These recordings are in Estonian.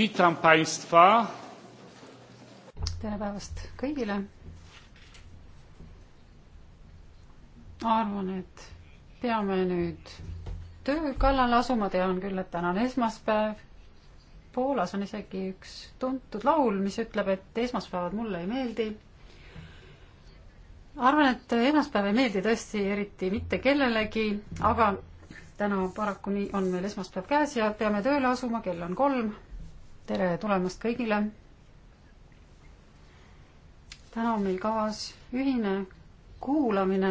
Witam Państwa. tere päevast kõigile. arvan, et peame nüüd töö kallale asuma, tean küll, et täna on esmaspäev. Poolas on isegi üks tuntud laul, mis ütleb, et esmaspäevad mulle ei meeldi. arvan, et esmaspäev ei meeldi tõesti eriti mitte kellelegi, aga täna paraku nii on meil esmaspäev käes ja peame tööle asuma, kell on kolm tere tulemast kõigile. täna on meil kavas ühine kuulamine,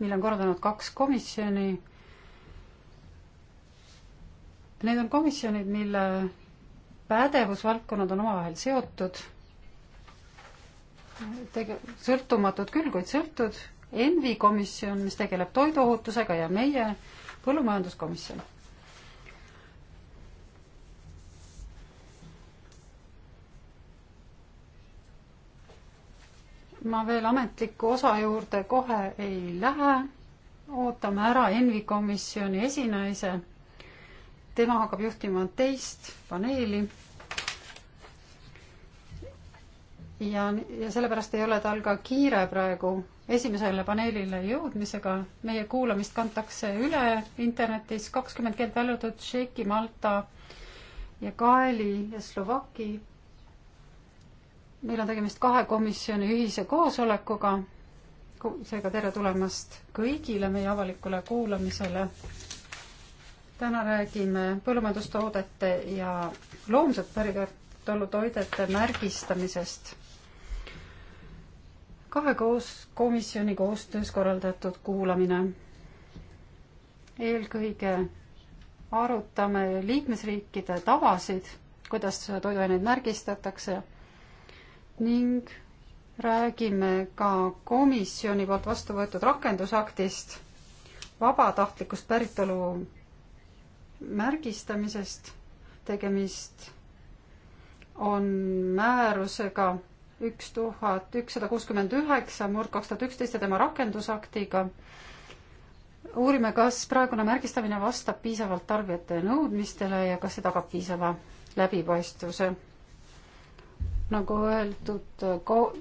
mille on korraldanud kaks komisjoni. Need on komisjonid, mille pädevusvaldkonnad on omavahel seotud. tege-, sõltumatud küll, kuid sõltud. Envi komisjon, mis tegeleb toiduohutusega ja meie põllumajanduskomisjon ma veel ametliku osa juurde kohe ei lähe, ootame ära Envi komisjoni esinaise. tema hakkab juhtima teist paneeli. ja, ja sellepärast ei ole tal ka kiire praegu esimesele paneelile jõudmisega. meie kuulamist kantakse üle internetis kakskümmend keelt välja arvatud Tšehhi, Malta ja Kaeli ja Slovaki meil on tegemist kahe komisjoni ühise koosolekuga, seega tere tulemast kõigile meie avalikule kuulamisele. täna räägime põllumajandustoodete ja loomset päritolutoidete märgistamisest. kahe koos, komisjoni koostöös korraldatud kuulamine. eelkõige arutame liikmesriikide tavasid, kuidas toiduaineid märgistatakse ning räägime ka komisjoni poolt vastu võetud rakendusaktist, vabatahtlikust päritolu märgistamisest, tegemist on määrusega üks tuhat ükssada kuuskümmend üheksa murd kaks tuhat üksteist ja tema rakendusaktiga. uurime, kas praegune märgistamine vastab piisavalt tarbijate nõudmistele ja kas see tagab piisava läbipaistvuse nagu öeldud,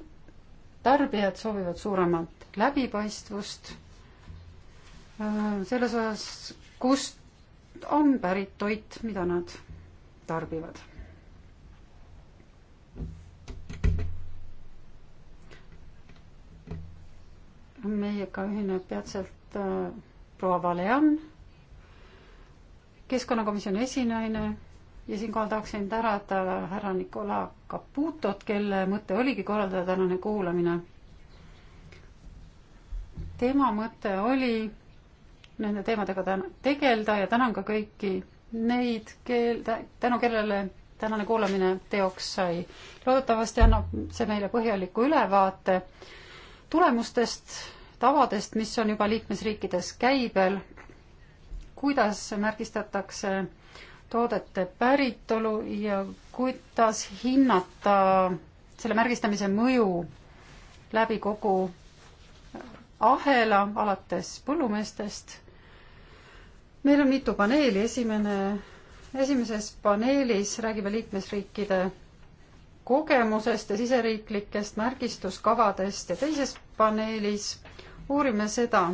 tarbijad soovivad suuremat läbipaistvust äh, selles osas, kust on pärit toit, mida nad tarbivad. meiega ühineb peatselt äh, proua Valean, keskkonnakomisjoni esinaine ja siinkohal tahaksin tänada härra Nicola Caputot, kelle mõte oligi korraldada tänane kuulamine. tema mõte oli nende teemadega täna tegeleda ja tänan ka kõiki neid, kel-, tänu kellele tänane kuulamine teoks sai. loodetavasti annab see meile põhjaliku ülevaate tulemustest, tavadest, mis on juba liikmesriikides käibel, kuidas märgistatakse toodete päritolu ja kuidas hinnata selle märgistamise mõju läbi kogu ahela, alates põllumeestest. meil on mitu paneeli, esimene, esimeses paneelis räägime liikmesriikide kogemusest ja siseriiklikest märgistuskavadest ja teises paneelis uurime seda,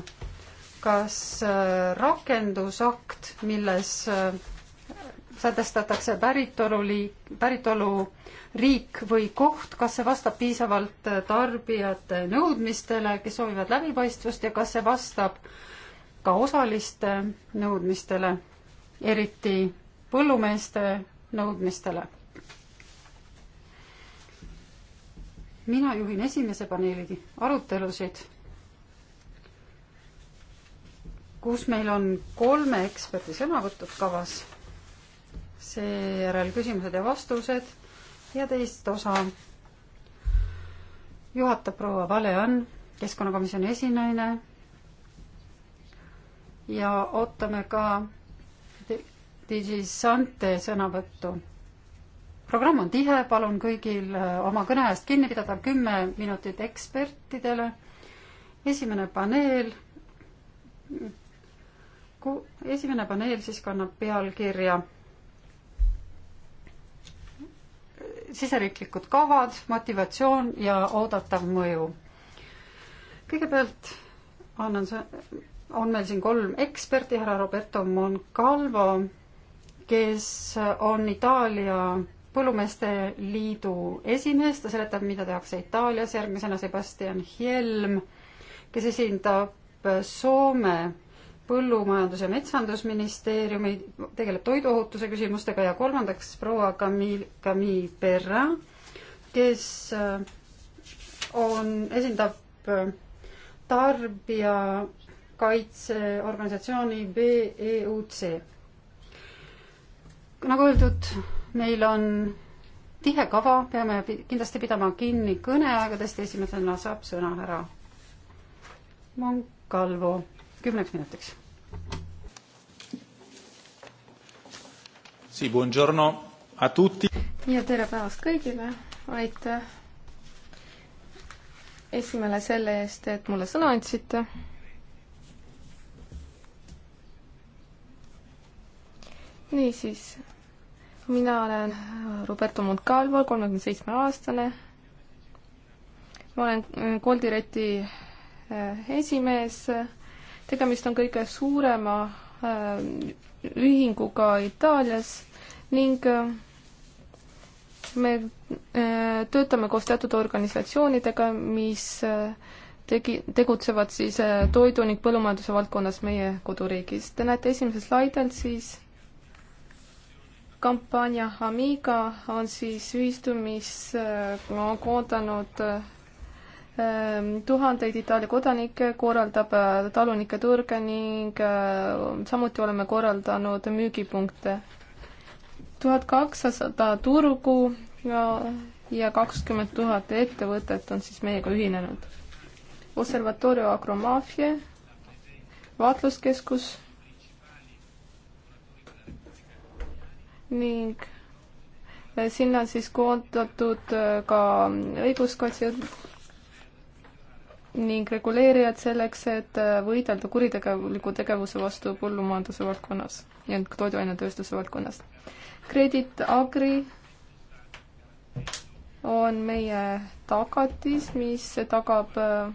kas äh, rakendusakt, milles äh, sätestatakse päritoluli, päritoluriik või koht, kas see vastab piisavalt äh, tarbijate nõudmistele, kes soovivad läbipaistvust ja kas see vastab ka osaliste nõudmistele, eriti põllumeeste nõudmistele. mina juhin esimese paneeli arutelusid, kus meil on kolme eksperdi sõnavõtud kavas seejärel küsimused ja vastused ja teist osa juhatab proua Valean, keskkonnakomisjoni esinaine. ja ootame ka Digi Sante sõnavõttu. programm on tihe, palun kõigil äh, oma kõneajast kinni pidada, kümme minutit ekspertidele. esimene paneel esimene paneel siis kannab pealkirja siseriiklikud kavad, motivatsioon ja oodatav mõju. kõigepealt annan see, on meil siin kolm eksperti, härra Roberto Moncalvo, kes on Itaalia Põllumeeste Liidu esimees, ta seletab, mida tehakse Itaalias, järgmisena Sebastian Helm, kes esindab Soome põllumajandus- ja metsandusministeeriumi, tegeleb toiduohutuse küsimustega ja kolmandaks proua Camille, Camille Perra, kes äh, on, esindab äh, tarbijakaitseorganisatsiooni BEUC. nagu öeldud, meil on tihe kava, peame kindlasti pidama kinni kõneaegadest ja esimesena saab sõna härra Monk Kalvo kümneks minutiks. nii et tere päevast kõigile, aitäh esimene selle eest, et mulle sõna andsite. niisiis, mina olen Roberto Montcalvo, kolmekümne seitsme aastane. ma olen Goldireti eh, esimees tegemist on kõige suurema äh, ühinguga Itaalias ning äh, me äh, töötame koos teatud organisatsioonidega, mis tegi, tegutsevad siis toidu ning põllumajanduse valdkonnas meie koduriigis. Te näete esimesel slaidil siis kampaania Amiga on siis ühistumis koondanud Ehm, tuhandeid Itaalia kodanikke, korraldab äh, talunike turge ning äh, samuti oleme korraldanud müügipunkte. tuhat kakssada turgu ja kakskümmend tuhat ettevõtet on siis meiega ühinenud. Observatorio Agromafia, vaatluskeskus ning äh, sinna on siis koondatud ka õiguskaitsjad ning reguleerijad selleks, et äh, võidelda kuritegeliku tegevuse vastu põllumajanduse valdkonnas ja toiduainetööstuse valdkonnas. Kredit Agri on meie tagatis, mis tagab äh,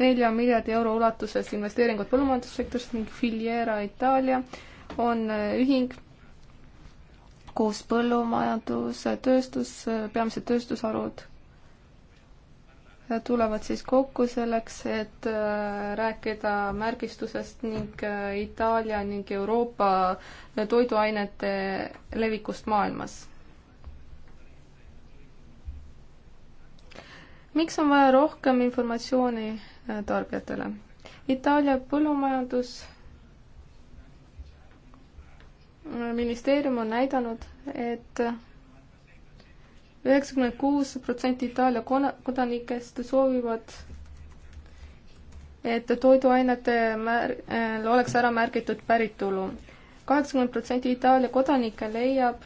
nelja miljardi euro ulatuses investeeringud põllumajandussektorist ning Filiera Itaalia on äh, ühing koos põllumajandus, tööstus, peamised tööstusharud tulevad siis kokku selleks, et äh, rääkida märgistusest ning äh, Itaalia ning Euroopa äh, toiduainete levikust maailmas. miks on vaja rohkem informatsiooni tarbijatele? Itaalia põllumajandus ministeerium on näidanud, et üheksakümmend kuus protsenti Itaalia kodanikest soovivad, et toiduainete määr-, äh, oleks ära märgitud päritolu. kaheksakümmend protsenti Itaalia kodanikke leiab,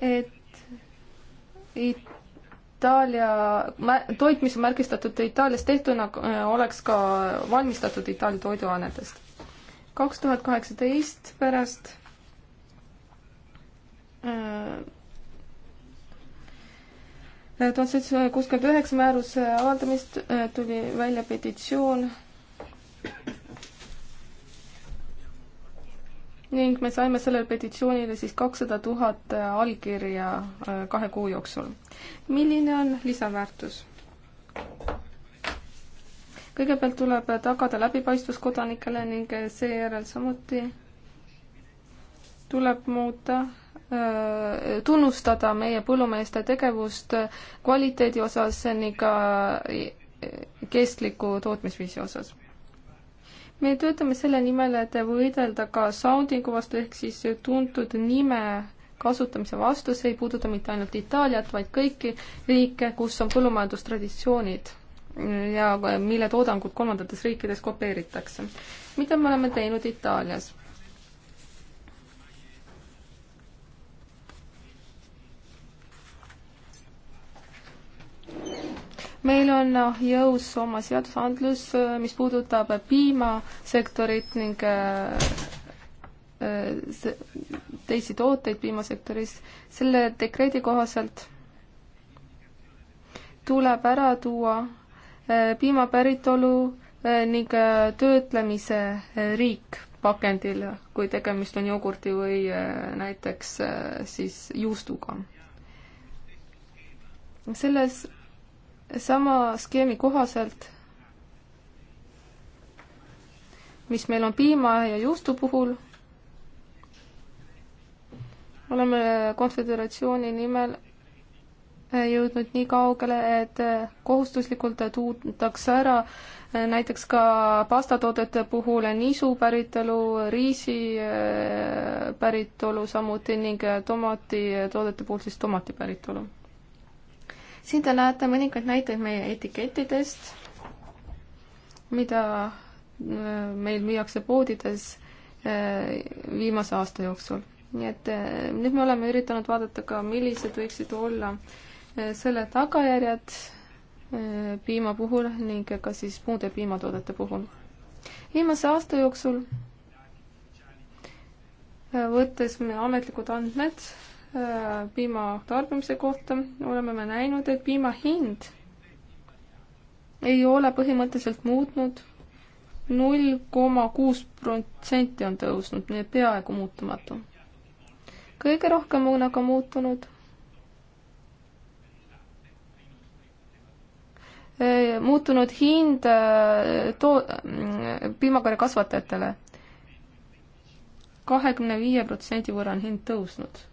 et Itaalia toit, mis on märgistatud Itaalias tehtuna, äh, oleks ka valmistatud Itaalia toiduainetest. kaks tuhat kaheksateist pärast Äh, tuhat seitsesada kuuskümmend üheksa määruse avaldamist äh, tuli välja petitsioon ning me saime sellele petitsioonile siis kakssada tuhat äh, allkirja kahe kuu jooksul. milline on lisaväärtus? kõigepealt tuleb tagada läbipaistvus kodanikele ning seejärel samuti tuleb muuta tunnustada meie põllumeeste tegevust kvaliteedi osas ning ka kestliku tootmisviisi osas. me töötame selle nimel, et võidelda ka saudingu vastu ehk siis tuntud nime kasutamise vastu, see ei puuduta mitte ainult Itaaliat, vaid kõiki riike, kus on põllumajandustraditsioonid ja mille toodangut kolmandates riikides kopeeritakse. mida me oleme teinud Itaalias? meil on äh, jõus oma seadusandlus, äh, mis puudutab äh, piimasektorit ning teisi tooteid piimasektoris. selle dekreedi kohaselt tuleb ära tuua piima päritolu ning töötlemise riik pakendil, kui tegemist on jogurti või näiteks siis juustuga. selles sama skeemi kohaselt, mis meil on piima ja juustu puhul, oleme konföderatsiooni nimel eh, jõudnud nii kaugele, et eh, kohustuslikult tuutakse ära eh, näiteks ka pastatoodete puhul nisu päritolu, riisi päritolu samuti ning tomatitoodete puhul siis tomati päritolu siin te näete mõningaid näiteid meie etikettidest, mida äh, meil müüakse poodides äh, viimase aasta jooksul. nii et äh, nüüd me oleme üritanud vaadata ka, millised võiksid olla selle tagajärjed piima puhul ning ka siis muude piimatoodete puhul. viimase aasta jooksul, võttes ametlikud andmed Äh, piima tarbimise kohta oleme me näinud, et piima hind ei ole põhimõtteliselt muutnud. null koma kuus protsenti on tõusnud, nii et peaaegu muutumatu. kõige rohkem on aga muutunud äh, muutunud hind äh, too-, mm, piimakarja kasvatajatele. kahekümne viie protsendi võrra on hind tõusnud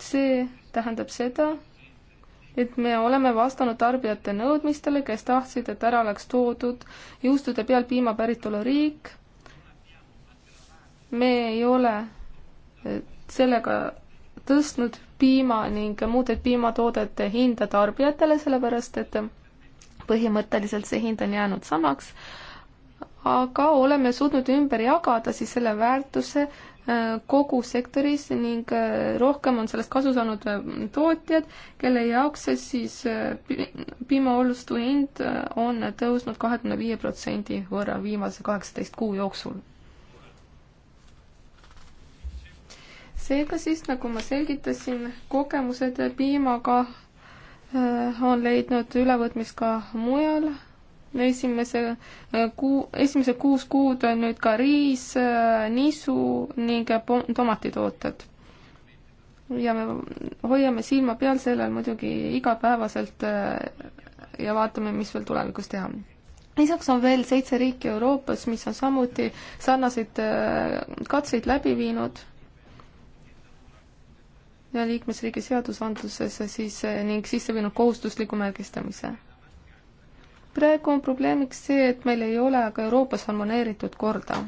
see tähendab seda, et me oleme vastanud tarbijate nõudmistele, kes tahtsid, et ära oleks toodud juustude peal piima päritoluriik. me ei ole e, sellega tõstnud piima ning muude piimatoodete hinda tarbijatele, sellepärast et põhimõtteliselt see hind on jäänud samaks, aga oleme suutnud ümber jagada siis selle väärtuse, kogu sektoris ning äh, rohkem on sellest kasu saanud äh, tootjad, kelle jaoks siis äh, piimaollustu hind on tõusnud kahekümne viie protsendi võrra viimase kaheksateist kuu jooksul. seega siis, nagu ma selgitasin, kogemused piimaga on leidnud ülevõtmist ka mujal esimese äh, kuu, esimesed kuus kuud on nüüd ka riis, äh, nisu ning äh, tomatitooted. ja me hoiame silma peal sellel muidugi igapäevaselt ja vaatame, mis veel tulevikus teha. lisaks on veel seitse riiki Euroopas, mis on samuti sarnaseid katseid läbi viinud ja liikmesriigi seadusandlusesse siis ning sisse viinud kohustusliku märgistamise praegu on probleemiks see, et meil ei ole ka Euroopas harmoneeritud korda.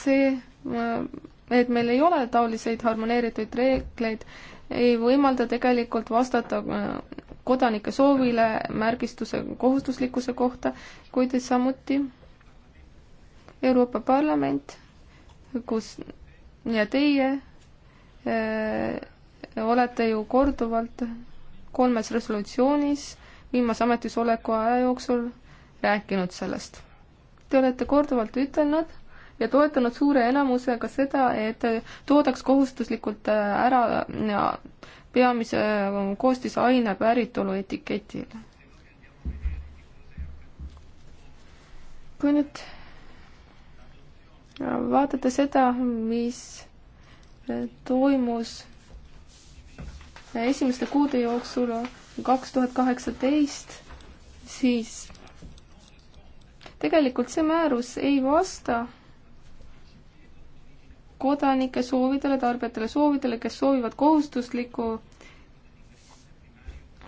see, et meil ei ole taoliseid harmoneeritud reegleid, ei võimalda tegelikult vastata äh, kodanike soovile märgistuse kohustuslikkuse kohta, kuid samuti Euroopa Parlament, kus ja teie öö, äh, olete ju korduvalt kolmes resolutsioonis viimase ametisoleku aja jooksul rääkinud sellest. Te olete korduvalt ütelnud ja toetanud suure enamusega seda, et toodaks kohustuslikult äh, ära peamise äh, koostisaine päritolu etiketile. kui nüüd vaatate seda, mis äh, toimus esimeste kuude jooksul kaks tuhat kaheksateist, siis tegelikult see määrus ei vasta kodanike soovidele, tarbijatele soovidele, kes soovivad kohustuslikku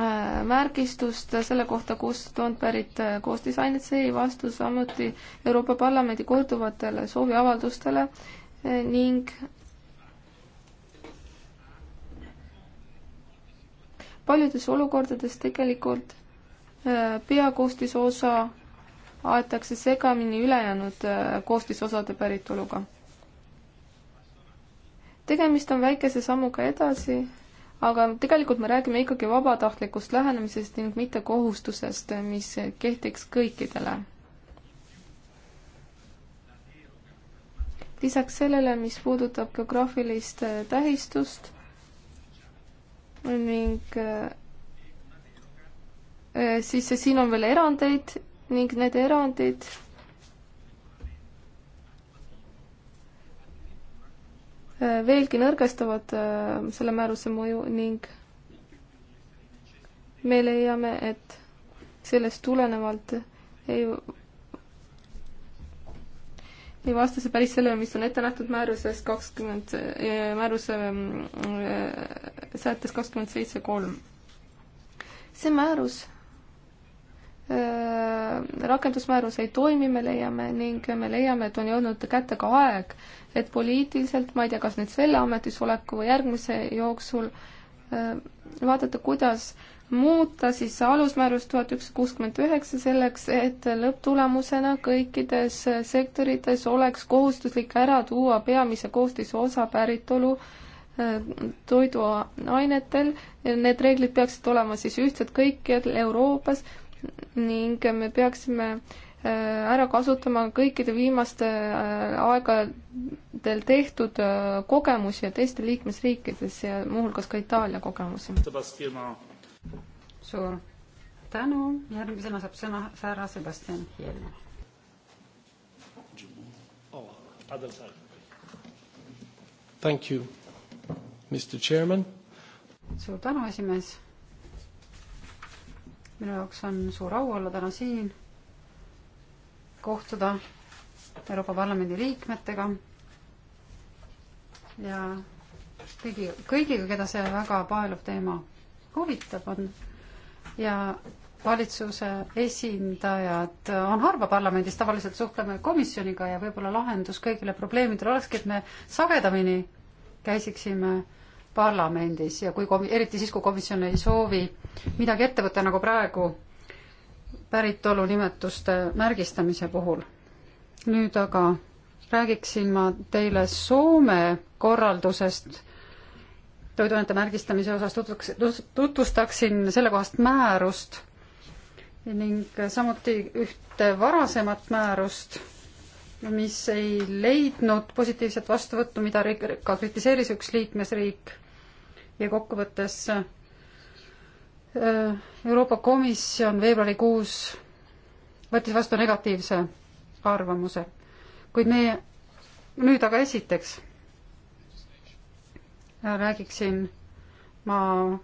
äh, märgistust selle kohta, kust on pärit äh, koostisained, see ei vastu samuti Euroopa Parlamendi korduvatele sooviavaldustele äh, ning paljudes olukordades tegelikult äh, peakoostise osa aetakse segamini ülejäänud äh, koostisosade päritoluga. tegemist on väikese sammuga edasi, aga tegelikult me räägime ikkagi vabatahtlikust lähenemisest ning mitte kohustusest, mis kehtiks kõikidele. lisaks sellele, mis puudutab geograafilist äh, tähistust ning äh, äh, siis siin on veel erandeid ning need erandid äh, veelgi nõrgestavad selle määruse mõju ning me leiame, et sellest tulenevalt ei ei vasta see päris sellele, mis on ette nähtud määruses kakskümmend, eh, määruse eh, sättes kakskümmend seitse kolm. see määrus, eh, rakendusmäärus ei toimi, me leiame, ning me leiame, et on jõudnud kätte ka aeg, et poliitiliselt, ma ei tea, kas nüüd selle ametisoleku või järgmise jooksul, vaadata, kuidas muuta siis alusmäärus tuhat ükssada kuuskümmend üheksa selleks, et lõpptulemusena kõikides sektorites oleks kohustuslik ära tuua peamise koostise osa päritolu äh, toiduainetel. Need reeglid peaksid olema siis ühtsed kõikjal Euroopas ning me peaksime äh, ära kasutama kõikide viimaste äh, aegadel tehtud kogemusi ja teiste liikmesriikides ja muuhulgas ka Itaalia kogemusi suur tänu, järgmisena saab sõna härra Sebastian Helme. Thank you, Mr Chairman. suur tänu, esimees. minu jaoks on suur au olla täna siin, kohtuda Euroopa Parlamendi liikmetega ja kõigi, kõigiga, keda see väga paeluv teema huvitab, on ja valitsuse esindajad on harva parlamendis, tavaliselt suhtleme komisjoniga ja võib-olla lahendus kõigile probleemidele olekski, et me sagedamini käisiksime parlamendis ja kui komi-, eriti siis, kui komisjon ei soovi midagi ette võtta, nagu praegu päritolunimetuste märgistamise puhul. nüüd aga räägiksin ma teile Soome korraldusest toiduainete märgistamise osas tutvuks, tutvustaksin sellekohast määrust ning samuti ühte varasemat määrust, mis ei leidnud positiivset vastuvõttu, mida ka kritiseeris üks liikmesriik ja kokkuvõttes Euroopa Komisjon veebruarikuus võttis vastu negatiivse arvamuse. kuid meie, nüüd aga esiteks räägiksin ma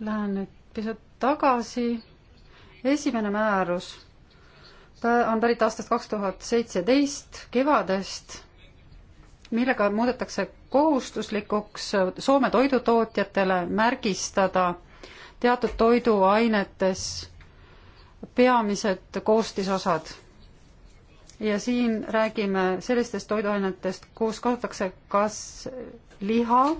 lähen nüüd pisut tagasi. esimene määrus on pärit aastast kaks tuhat seitseteist kevadest, millega muudetakse kohustuslikuks Soome toidutootjatele märgistada teatud toiduainetes peamised koostisosad ja siin räägime sellistest toiduainetest, kus kasutatakse kas liha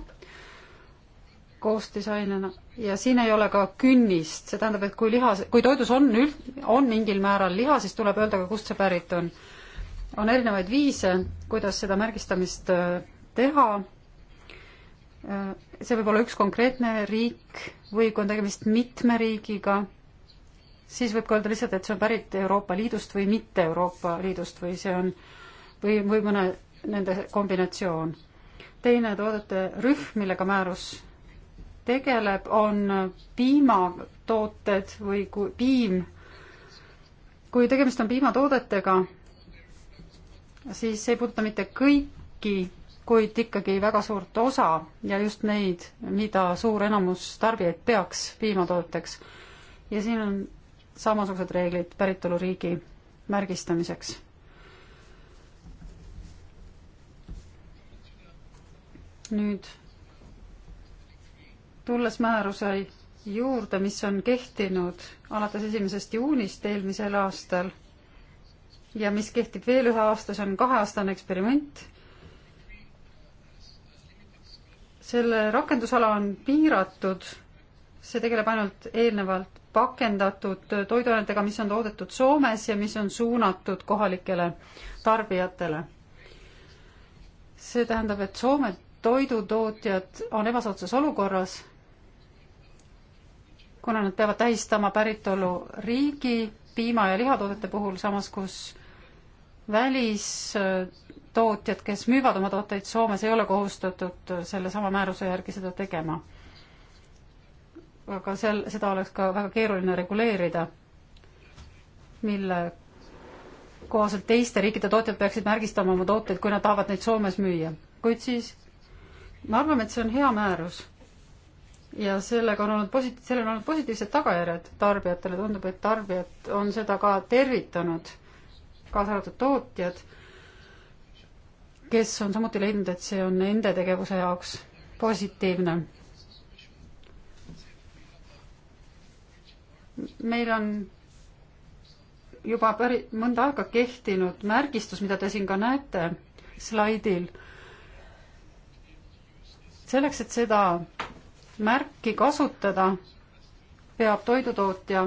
koostisainena ja siin ei ole ka künnist, see tähendab, et kui liha, kui toidus on üld, on mingil määral liha, siis tuleb öelda ka, kust see pärit on. on erinevaid viise, kuidas seda märgistamist äh, teha. Äh, see võib olla üks konkreetne riik või kui on tegemist mitme riigiga siis võib ka öelda lihtsalt, et see on pärit Euroopa Liidust või mitte Euroopa Liidust või see on või, või mõne nende kombinatsioon. teine toodete rühm, millega määrus tegeleb, on piimatooted või kui, piim. kui tegemist on piimatoodetega, siis see ei puuduta mitte kõiki, kuid ikkagi väga suurt osa ja just neid, mida suur enamus tarbijaid peaks piimatooteks. ja siin on samasugused reeglid päritoluriigi märgistamiseks. nüüd tulles määruse juurde, mis on kehtinud alates esimesest juunist eelmisel aastal ja mis kehtib veel ühe aasta, see on kaheaastane eksperiment. selle rakendusala on piiratud, see tegeleb ainult eelnevalt pakendatud toiduainetega, mis on toodetud Soomes ja mis on suunatud kohalikele tarbijatele. see tähendab, et Soome toidutootjad on ebasoodsas olukorras, kuna nad peavad tähistama päritoluriigi piima- ja lihatoodete puhul, samas kus välistootjad, kes müüvad oma tooteid Soomes, ei ole kohustatud sellesama määruse järgi seda tegema aga sel, seda oleks ka väga keeruline reguleerida, mille kohaselt teiste riikide tootjad peaksid märgistama oma tooteid, kui nad tahavad neid Soomes müüa. kuid siis me arvame, et see on hea määrus. ja sellega on olnud posi-, sellel on olnud positiivsed tagajärjed tarbijatele, tundub, et tarbijad on seda ka tervitanud, kaasa arvatud tootjad, kes on samuti leidnud, et see on nende tegevuse jaoks positiivne meil on juba päri, mõnda aega kehtinud märgistus, mida te siin ka näete slaidil. selleks, et seda märki kasutada, peab toidutootja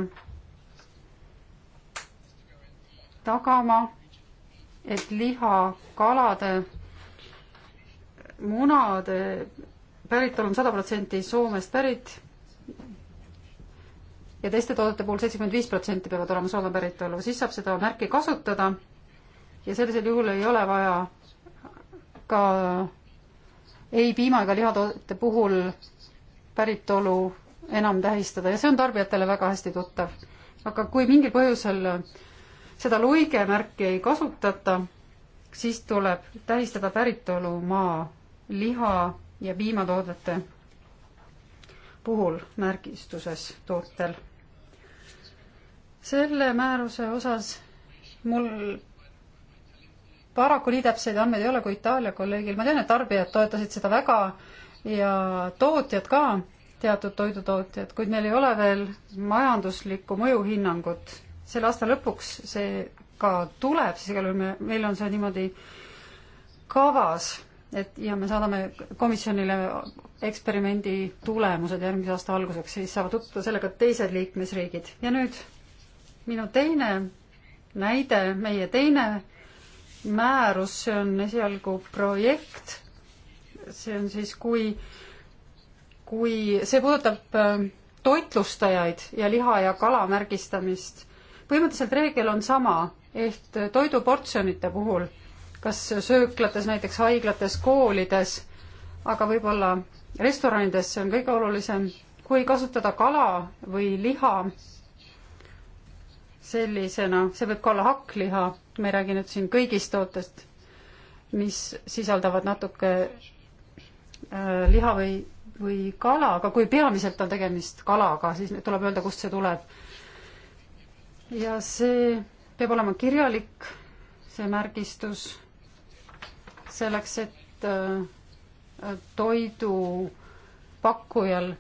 tagama, et liha, kalade, munade päritolu on sada protsenti Soomest pärit ja teiste toodete puhul seitsekümmend viis protsenti peavad olema Soome päritolu, siis saab seda märki kasutada ja sellisel juhul ei ole vaja ka ei piima ega lihatoodete puhul päritolu enam tähistada ja see on tarbijatele väga hästi tuttav. aga kui mingil põhjusel seda luigemärki ei kasutata, siis tuleb tähistada päritolumaa liha ja piimatoodete puhul märgistuses tootel. selle määruse osas mul paraku nii täpseid andmeid ei ole kui Itaalia kolleegil, ma tean, et tarbijad toetasid seda väga ja tootjad ka, teatud toidutootjad, kuid meil ei ole veel majanduslikku mõjuhinnangut. selle aasta lõpuks see ka tuleb, siis igal juhul me, meil on see niimoodi kavas et ja me saadame komisjonile eksperimendi tulemused järgmise aasta alguseks, siis saavad tutvuda sellega teised liikmesriigid. ja nüüd minu teine näide, meie teine määrus, see on esialgu projekt, see on siis, kui, kui see puudutab äh, toitlustajaid ja liha ja kala märgistamist. põhimõtteliselt reegel on sama, ehk toiduportsjonite puhul kas sööklates, näiteks haiglates, koolides, aga võib-olla restoranides, see on kõige olulisem, kui kasutada kala või liha sellisena, see võib ka olla hakkliha, me ei räägi nüüd siin kõigist tootest, mis sisaldavad natuke äh, liha või, või kala, aga kui peamiselt on tegemist kalaga, siis tuleb öelda, kust see tuleb. ja see peab olema kirjalik, see märgistus selleks, et äh, toidupakkujal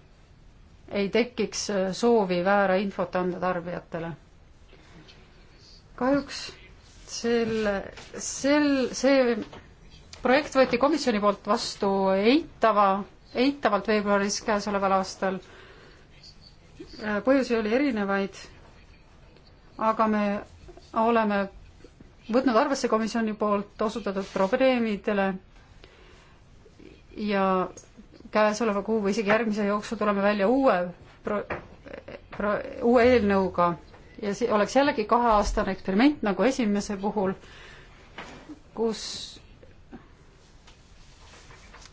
ei tekiks äh, soovi väära infot anda tarbijatele. kahjuks selle, sel, see projekt võeti komisjoni poolt vastu eitava, eitavalt veebruaris käesoleval aastal. Äh, põhjusi oli erinevaid, aga me oleme võtnud arvesse komisjoni poolt osutatud probleemidele ja käesoleva kuu või isegi järgmise jooksul tuleme välja uue pro, pro, uue eelnõuga ja see oleks jällegi kaheaastane eksperiment nagu esimese puhul, kus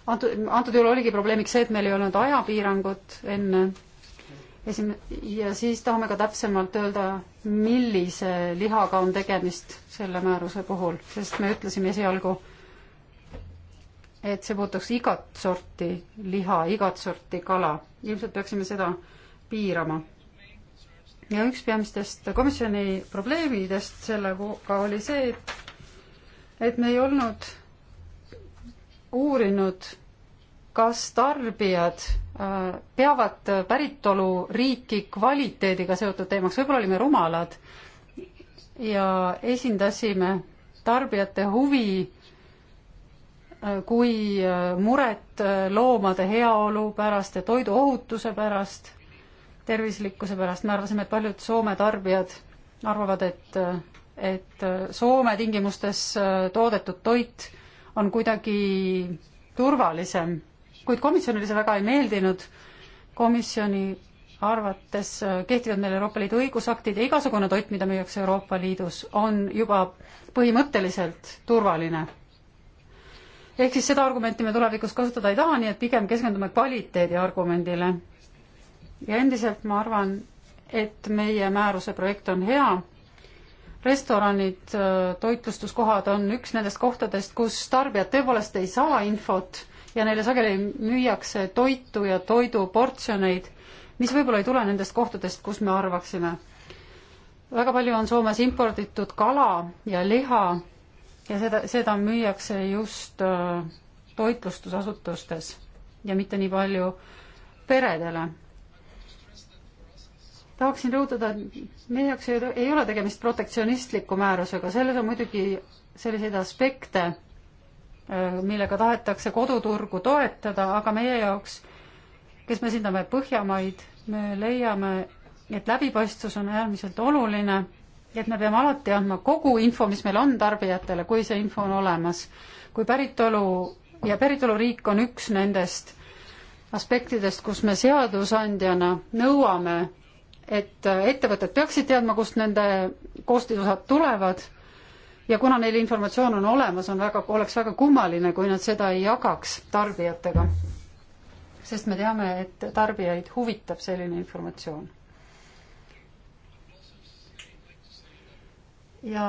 antud, antud juhul oligi probleemiks see, et meil ei olnud ajapiirangut enne esim- ja siis tahame ka täpsemalt öelda, millise lihaga on tegemist selle määruse puhul, sest me ütlesime esialgu, et see puutuks igat sorti liha, igat sorti kala. ilmselt peaksime seda piirama. ja üks peamistest komisjoni probleemidest sellega oli see, et et me ei olnud uurinud kas tarbijad äh, peavad päritoluriiki kvaliteediga seotud teemaks, võib-olla olime rumalad ja esindasime tarbijate huvi äh, kui äh, muret loomade heaolu pärast ja toiduohutuse pärast, tervislikkuse pärast, me arvasime, et paljud Soome tarbijad arvavad, et, et Soome tingimustes toodetud toit on kuidagi turvalisem kuid komisjonile see väga ei meeldinud. komisjoni arvates kehtivad meil Euroopa Liidu õigusaktid ja igasugune toit, mida müüakse Euroopa Liidus, on juba põhimõtteliselt turvaline. ehk siis seda argumenti me tulevikus kasutada ei taha, nii et pigem keskendume kvaliteedi argumendile. ja endiselt ma arvan, et meie määruse projekt on hea restoranid, toitlustuskohad on üks nendest kohtadest, kus tarbijad tõepoolest ei saa infot ja neile sageli müüakse toitu ja toiduportsjoneid, mis võib-olla ei tule nendest kohtadest, kus me arvaksime. väga palju on Soomes imporditud kala ja liha ja seda, seda müüakse just äh, toitlustusasutustes ja mitte nii palju peredele tahaksin rõhutada, et meie jaoks ei ole tegemist protektsionistliku määrusega, selles on muidugi selliseid aspekte, Äh, millega tahetakse koduturgu toetada, aga meie jaoks, kes me esindame Põhjamaid, me leiame, et läbipaistvus on äärmiselt oluline, et me peame alati andma kogu info, mis meil on tarbijatele, kui see info on olemas. kui päritolu ja päritoluriik on üks nendest aspektidest, kus me seadusandjana nõuame, et ettevõtted peaksid teadma, kust nende koostisosad tulevad ja kuna neil informatsioon on olemas, on väga, oleks väga kummaline, kui nad seda ei jagaks tarbijatega. sest me teame, et tarbijaid huvitab selline informatsioon. ja,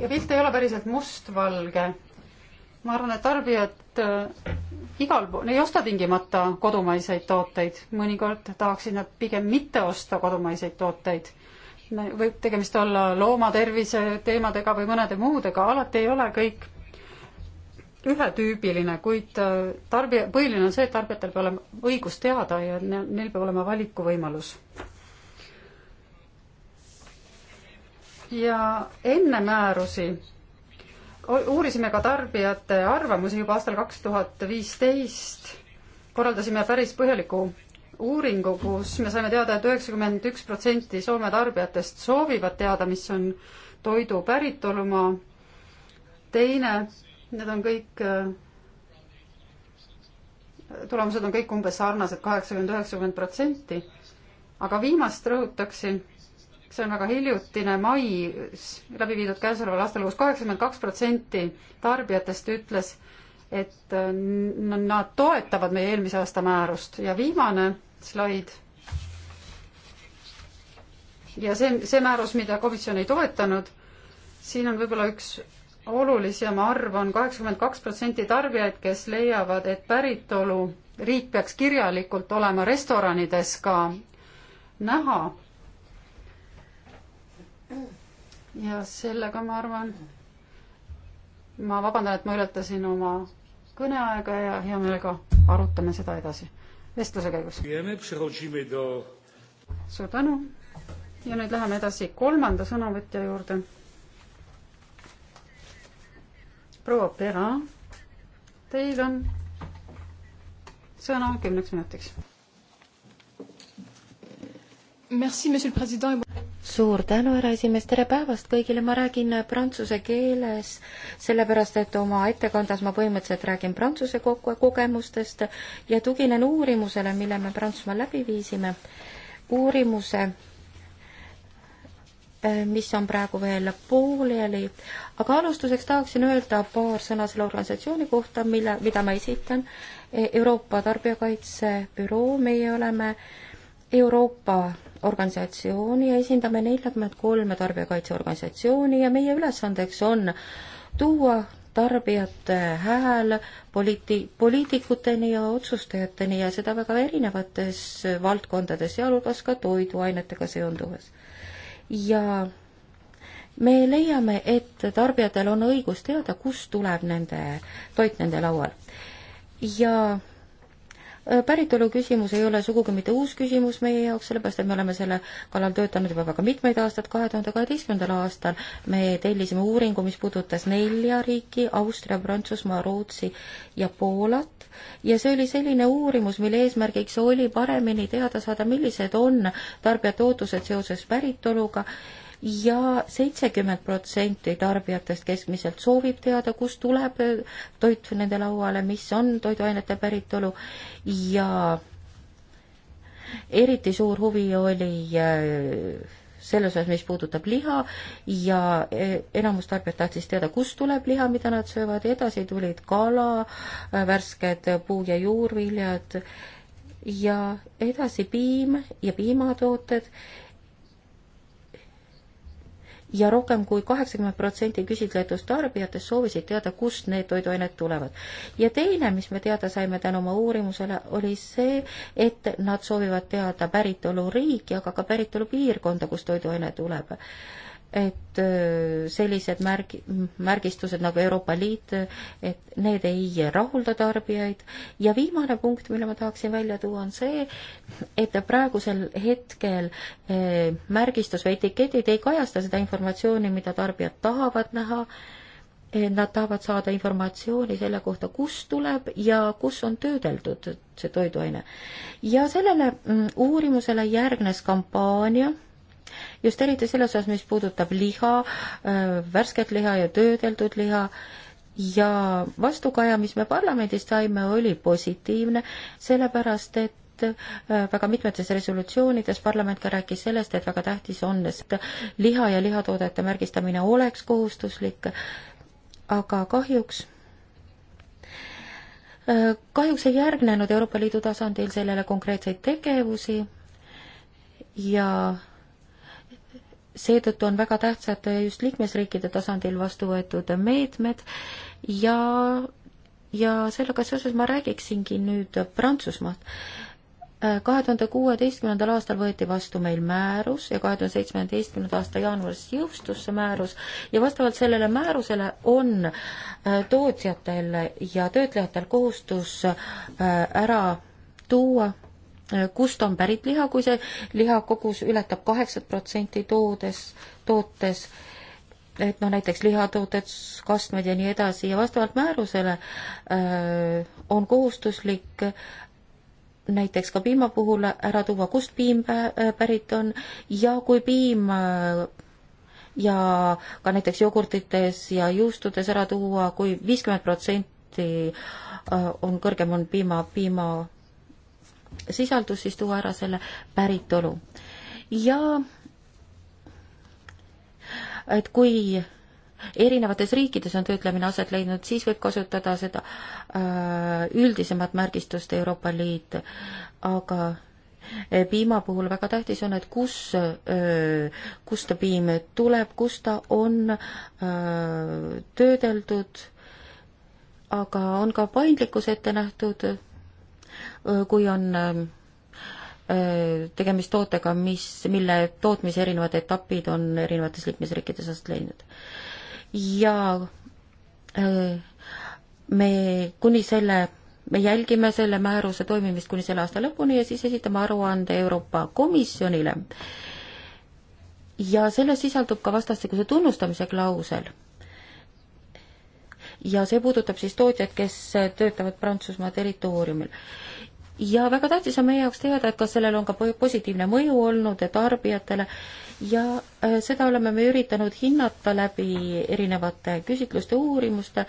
ja pilt ei ole päriselt mustvalge. ma arvan, et tarbijad äh, igal pool, ei osta tingimata kodumaiseid tooteid, mõnikord tahaksid nad pigem mitte osta kodumaiseid tooteid võib tegemist olla loomatervise teemadega või mõnede muudega, alati ei ole kõik ühetüübiline, kuid äh, tarbija, põhiline on see, et tarbijatel peab olema õigus teada ja neil peab olema valikuvõimalus. ja enne määrusi uurisime ka tarbijate arvamusi juba aastal kaks tuhat viisteist, korraldasime päris põhjaliku uuringu, kus me saime teada et, et üheksakümmend üks protsenti Soome tarbijatest soovivad teada, mis on toidu päritolumaa. teine, need on kõik, äh, tulemused on kõik umbes sarnased, kaheksakümmend, üheksakümmend protsenti. aga viimast rõhutaksin, see on väga hiljutine, mais läbi viidud käesoleval aastal, kus kaheksakümmend kaks protsenti tarbijatest ütles, et äh, nad toetavad meie eelmise aasta määrust ja viimane slaid. ja see, see määrus, mida komisjon ei toetanud, siin on võib-olla üks olulisem arv on kaheksakümmend kaks protsenti tarbijaid, kes leiavad, et päritoluriik peaks kirjalikult olema restoranides ka näha. ja sellega ma arvan, ma vabandan, et ma ületasin oma kõneaega ja hea meelega arutame seda edasi vestluse käigus. suur tänu ja nüüd läheme edasi kolmanda sõnavõtja juurde. proua Pera, teil on sõna kümneks minutiks. Merci, monsieur le president suur tänu, härra esimees, tere päevast kõigile, ma räägin prantsuse keeles, sellepärast et oma ettekandes ma põhimõtteliselt räägin prantsuse kogemustest ja tuginen uurimusele, mille me Prantsusmaal läbi viisime. uurimuse, äh, mis on praegu veel pooleli, aga alustuseks tahaksin öelda paar sõna selle organisatsiooni kohta, mille, mida ma esitan. E-, Euroopa Tarbijakaitsebüroo, meie oleme Euroopa organisatsiooni ja esindame neljakümmet kolme tarbijakaitseorganisatsiooni ja meie ülesandeks on tuua tarbijate hääl poliiti-, poliitikuteni ja otsustajateni ja seda väga erinevates valdkondades, sealhulgas ka toiduainetega seonduvas. ja me leiame, et tarbijatel on õigus teada, kust tuleb nende toit nende laual. ja päritolu küsimus ei ole sugugi mitte uus küsimus meie jaoks, sellepärast et me oleme selle kallal töötanud juba väga mitmeid aastaid, kahe tuhande kaheteistkümnendal aastal me tellisime uuringu, mis puudutas nelja riiki, Austria, Prantsusmaa, Rootsi ja Poolat, ja see oli selline uurimus, mille eesmärgiks oli paremini teada saada, millised on tarbijate ootused seoses päritoluga, ja seitsekümmend protsenti tarbijatest keskmiselt soovib teada, kust tuleb äh, toit nende lauale, mis on toiduainete päritolu ja eriti suur huvi oli äh, selles osas, mis puudutab liha ja äh, enamus tarbijad tahtis teada, kust tuleb liha, mida nad söövad, edasi tulid kala, värsked puu- ja juurviljad ja edasi piim ja piimatooted ja rohkem kui kaheksakümmend protsenti küsitletud tarbijatest soovisid teada, kust need toiduained tulevad. ja teine, mis me teada saime tänu oma uurimusele, oli see, et nad soovivad teada päritoluriiki, aga ka päritolupiirkonda, kust toiduaine tuleb et äh, sellised märg, märgistused nagu Euroopa Liit, et need ei rahulda tarbijaid ja viimane punkt, mille ma tahaksin välja tuua, on see, et praegusel hetkel äh, märgistus või etiketid ei kajasta seda informatsiooni, mida tarbijad tahavad näha, äh, nad tahavad saada informatsiooni selle kohta, kust tuleb ja kus on töödeldud see toiduaine. ja sellele mm, uurimusele järgnes kampaania just eriti selles osas, mis puudutab liha, äh, värsket liha ja töödeldud liha ja vastukaja, mis me parlamendis saime, oli positiivne, sellepärast et äh, väga mitmetes resolutsioonides parlament ka rääkis sellest, et väga tähtis on, et liha ja lihatoodete märgistamine oleks kohustuslik, aga kahjuks äh, kahjuks ei järgnenud Euroopa Liidu tasandil sellele konkreetseid tegevusi ja seetõttu on väga tähtsad just liikmesriikide tasandil vastu võetud meetmed ja, ja sellega seoses ma räägiksingi nüüd Prantsusmaalt. kahe tuhande kuueteistkümnendal aastal võeti vastu meil määrus ja kahe tuhande seitsmeteistkümnenda aasta jaanuaris jõustus see määrus ja vastavalt sellele määrusele on äh, tootjatel ja töötlejatel kohustus äh, ära tuua Äh, kust on pärit liha, kui see liha kogus ületab kaheksat protsenti toodes, tootes, et noh, näiteks lihatooted, kastmed ja nii edasi ja vastavalt määrusele öö, äh, on kohustuslik näiteks ka piima puhul ära tuua, kust piim äh, pärit on ja kui piim ja ka näiteks jogurtites ja juustudes ära tuua kui, kui viiskümmend protsenti on kõrgem, on piima, piima sisaldus, siis tuua ära selle päritolu. ja et kui erinevates riikides on töötlemine aset leidnud, siis võib kasutada seda öö, äh, üldisemat märgistust Euroopa Liit, aga äh, piima puhul väga tähtis on, et kus, äh, kust ta piim tuleb, kus ta on öö, töödeldud, aga on ka paindlikkus ette nähtud kui on tegemist tootega, mis, mille tootmise erinevad etapid on erinevates liikmesriikides aset leidnud. ja me kuni selle me jälgime selle määruse toimimist kuni selle aasta lõpuni ja siis esitame aruande Euroopa Komisjonile. ja selles sisaldub ka vastastikuse tunnustamise klausel ja see puudutab siis tootjaid, kes töötavad Prantsusmaa territooriumil. ja väga tähtis on meie jaoks teada, et kas sellel on ka positiivne mõju olnud tarbijatele ja äh, seda oleme me üritanud hinnata läbi erinevate küsitluste, uurimuste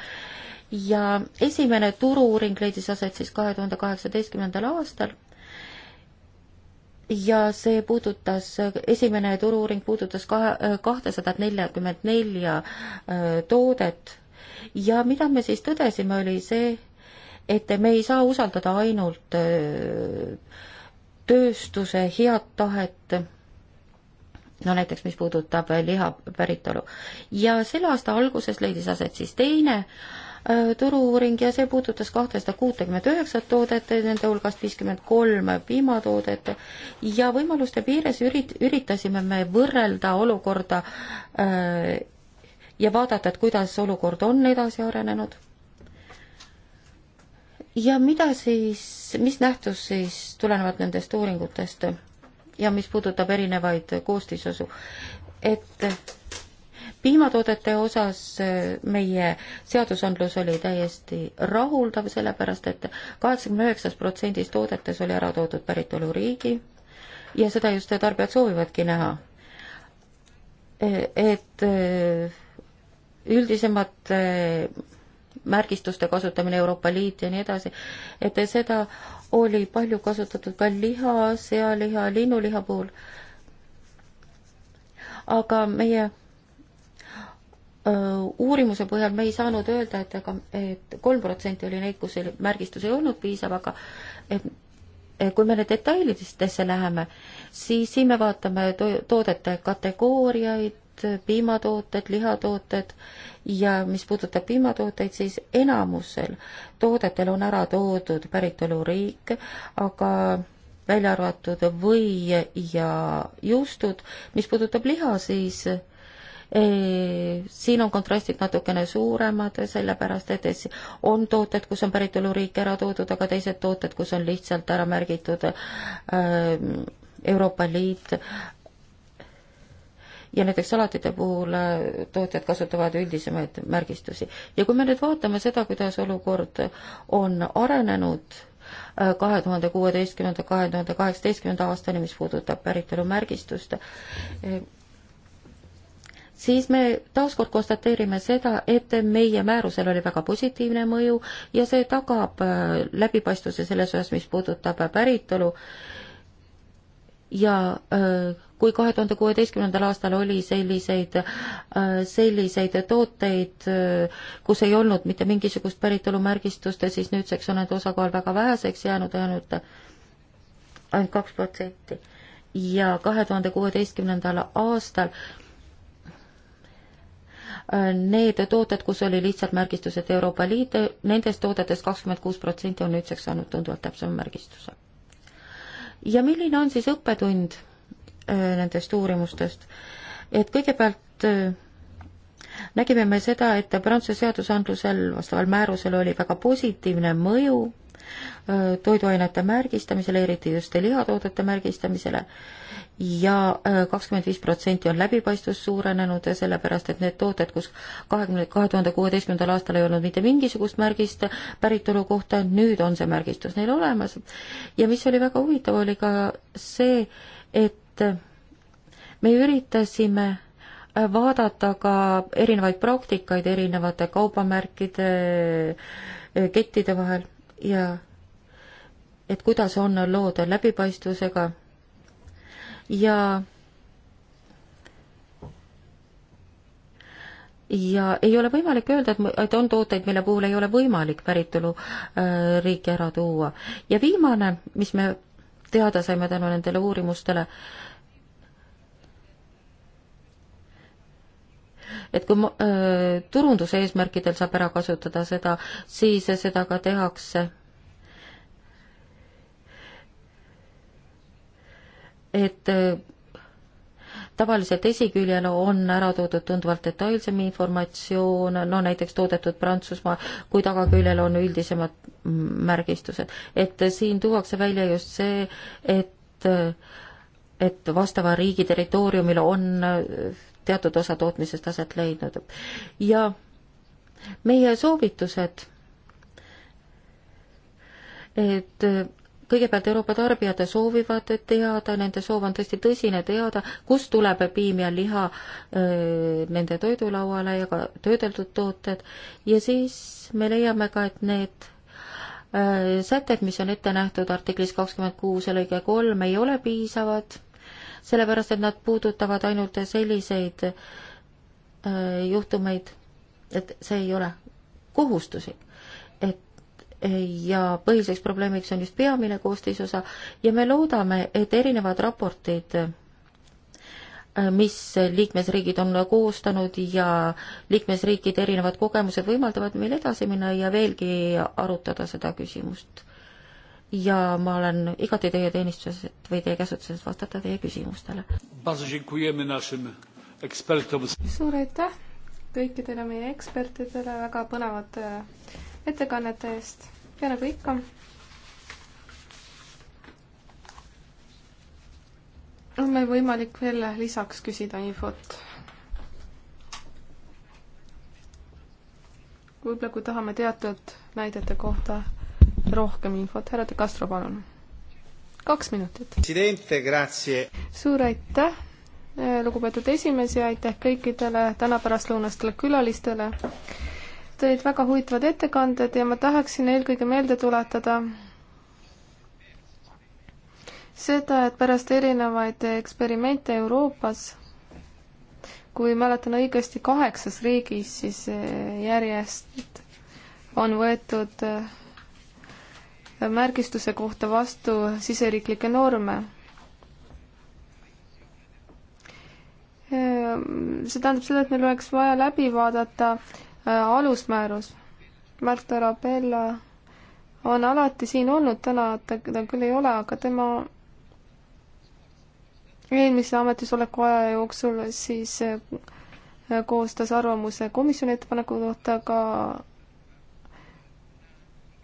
ja esimene turu-uuring leidis aset siis kahe tuhande kaheksateistkümnendal aastal ja see puudutas, esimene turu-uuring puudutas kahe, äh, kahtesadat neljakümmet nelja äh, toodet ja mida me siis tõdesime, oli see, et me ei saa usaldada ainult äh, tööstuse head tahet, no näiteks mis puudutab äh, liha päritolu. ja selle aasta alguses leidis aset siis teine äh, turu-uuring ja see puudutas kahtesada kuutekümmet üheksat toodet, nende hulgast viiskümmend kolm piimatoodet ja võimaluste piires ürit-, üritasime me võrrelda olukorda äh, ja vaadata, et kuidas olukord on edasi arenenud. ja mida siis, mis nähtus siis tulenevalt nendest uuringutest ja mis puudutab erinevaid koostisosu, et piimatoodete osas meie seadusandlus oli täiesti rahuldav, sellepärast et kaheksakümne üheksas protsendis toodetes oli ära toodud päritoluriigi ja seda just tarbijad soovivadki näha. et üldisemate märgistuste kasutamine, Euroopa Liit ja nii edasi, et seda oli palju kasutatud ka liha, sealiha, linnuliha puhul. aga meie öö, uurimuse põhjal me ei saanud öelda, et aga, et kolm protsenti oli neid, kus märgistus ei olnud piisav, aga et kui me nüüd detailidesse läheme, siis siin me vaatame to toodete kategooriaid, piimatooted, lihatooted ja mis puudutab piimatooteid, siis enamusel toodetel on ära toodud päritoluriik, aga välja arvatud või ja juustud, mis puudutab liha, siis e, siin on kontrastid natukene suuremad, sellepärast et on tooted, kus on päritoluriik ära toodud, aga teised tooted, kus on lihtsalt ära märgitud ähm, Euroopa Liit ja näiteks salatite puhul äh, tootjad kasutavad üldisemaid märgistusi. ja kui me nüüd vaatame seda, kuidas olukord on arenenud äh, kahe tuhande kuueteistkümnenda, kahe tuhande kaheksateistkümnenda aastani, mis puudutab päritolumärgistust, äh, siis me taaskord konstateerime seda, et meie määrusel oli väga positiivne mõju ja see tagab läbipaistvuse selles osas, mis puudutab päritolu ja öö, kui kahe tuhande kuueteistkümnendal aastal oli selliseid, äh, selliseid tooteid, äh, kus ei olnud mitte mingisugust päritolumärgistust, siis nüüdseks on nende osakaal väga väheseks jäänud, ainult, ainult kaks protsenti. ja kahe tuhande kuueteistkümnendal aastal äh, Need tooted, kus oli lihtsalt märgistused Euroopa Liit, nendest toodetest kakskümmend kuus protsenti on nüüdseks saanud tunduvalt täpsema märgistuse. ja milline on siis õppetund Äh, nendest uurimustest. et kõigepealt äh, nägime me seda, et Prantsuse seadusandlusel, vastaval määrusel oli väga positiivne mõju äh, toiduainete märgistamisele, eriti just lihatoodete märgistamisele ja kakskümmend viis protsenti on läbipaistvus suurenenud ja sellepärast, et need tooted, kus kahekümne, kahe tuhande kuueteistkümnendal aastal ei olnud mitte mingisugust märgist päritolu kohta, nüüd on see märgistus neil olemas. ja mis oli väga huvitav, oli ka see, et et me üritasime vaadata ka erinevaid praktikaid erinevate kaubamärkide, kettide vahel ja et kuidas on lood läbipaistvusega ja ja ei ole võimalik öelda, et, et on tooteid, mille puhul ei ole võimalik päritoluriiki äh, ära tuua. ja viimane, mis me teada saime tänu nendele uurimustele, et kui äh, turunduse eesmärkidel saab ära kasutada seda, siis seda ka tehakse. et äh, tavaliselt esiküljel on ära toodud tunduvalt detailsem informatsioon, no näiteks toodetud Prantsusmaa, kui tagaküljel on üldisemad märgistused. et siin tuuakse välja just see, et äh, et vastava riigi territooriumil on äh, teatud osa tootmisest aset leidnud. ja meie soovitused, et äh, kõigepealt Euroopa tarbijad soovivad teada, nende soov on tõesti tõsine teada, kust tuleb piim ja liha öö, äh, nende toidulauale ja ka töödeldud tooted ja siis me leiame ka, et need öö, sätted, mis on ette nähtud artiklis kakskümmend kuus ja lõige kolm, ei ole piisavad sellepärast et nad puudutavad ainult selliseid äh, juhtumeid, et see ei ole kohustuslik. et ja põhiliseks probleemiks on just peamine koostisosa ja me loodame, et erinevad raportid äh, mis liikmesriigid on koostanud ja liikmesriikide erinevad kogemused võimaldavad meil edasi minna ja veelgi arutada seda küsimust ja ma olen igati teie teenistuses, et või teie käsutuses vastata teie küsimustele. suur aitäh kõikidele meie ekspertidele väga põnevate ettekannete eest ja nagu ikka, on meil võimalik veel lisaks küsida infot. võib-olla kui tahame teatud näidete kohta rohkem infot. härra De Castro, palun. kaks minutit. suur aitäh, eh, lugupeetud esimees ja aitäh kõikidele täna pärastlõunastele külalistele. Teid väga huvitavad ettekanded ja ma tahaksin eelkõige meelde tuletada seda, et pärast erinevaid eksperimente Euroopas kui mäletan õigesti, kaheksas riigis siis eh, järjest on võetud eh, märgistuse kohta vastu siseriiklikke norme. see tähendab seda, et meil oleks vaja läbi vaadata äh, alusmäärus. Marta Rabella on alati siin olnud, täna ta, ta küll ei ole, aga tema eelmise ametisoleku aja jooksul siis äh, koostas arvamuse komisjoni ettepaneku kohta, aga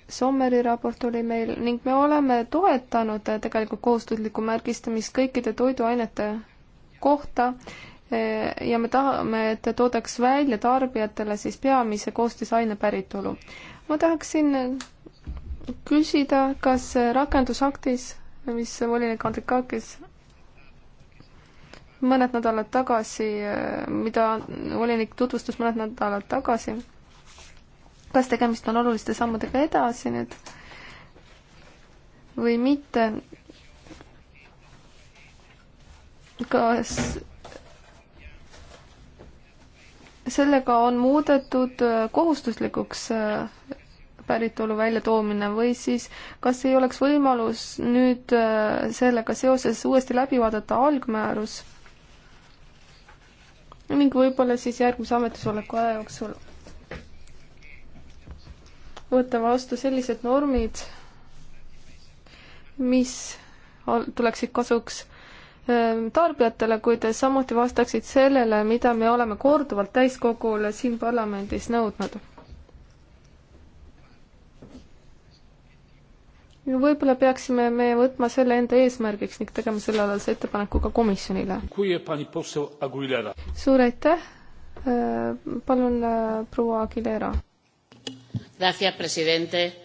Sommeri raport oli meil ning me oleme toetanud äh, tegelikult kohustuslikku märgistamist kõikide toiduainete kohta äh, ja me tahame, et toodaks välja tarbijatele siis peamise koostisaine päritolu. ma tahaksin äh, küsida, kas rakendusaktis, mis volinik Andrikakis mõned nädalad tagasi, mida volinik tutvustas mõned nädalad tagasi, kas tegemist on oluliste sammudega edasi nüüd või mitte. kas sellega on muudetud kohustuslikuks päritolu väljatoomine või siis kas ei oleks võimalus nüüd sellega seoses uuesti läbi vaadata algmäärus ning võib-olla siis järgmise ametisoleku aja jooksul võtta vastu sellised normid, mis tuleksid kasuks ähm, tarbijatele, kuid samuti vastaksid sellele, mida me oleme korduvalt täiskogule siin parlamendis nõudnud. võib-olla peaksime me võtma selle enda eesmärgiks ning tegema sellealase ettepaneku ka komisjonile. suur aitäh, äh, palun äh, proua Aguilera Gracias, presidente.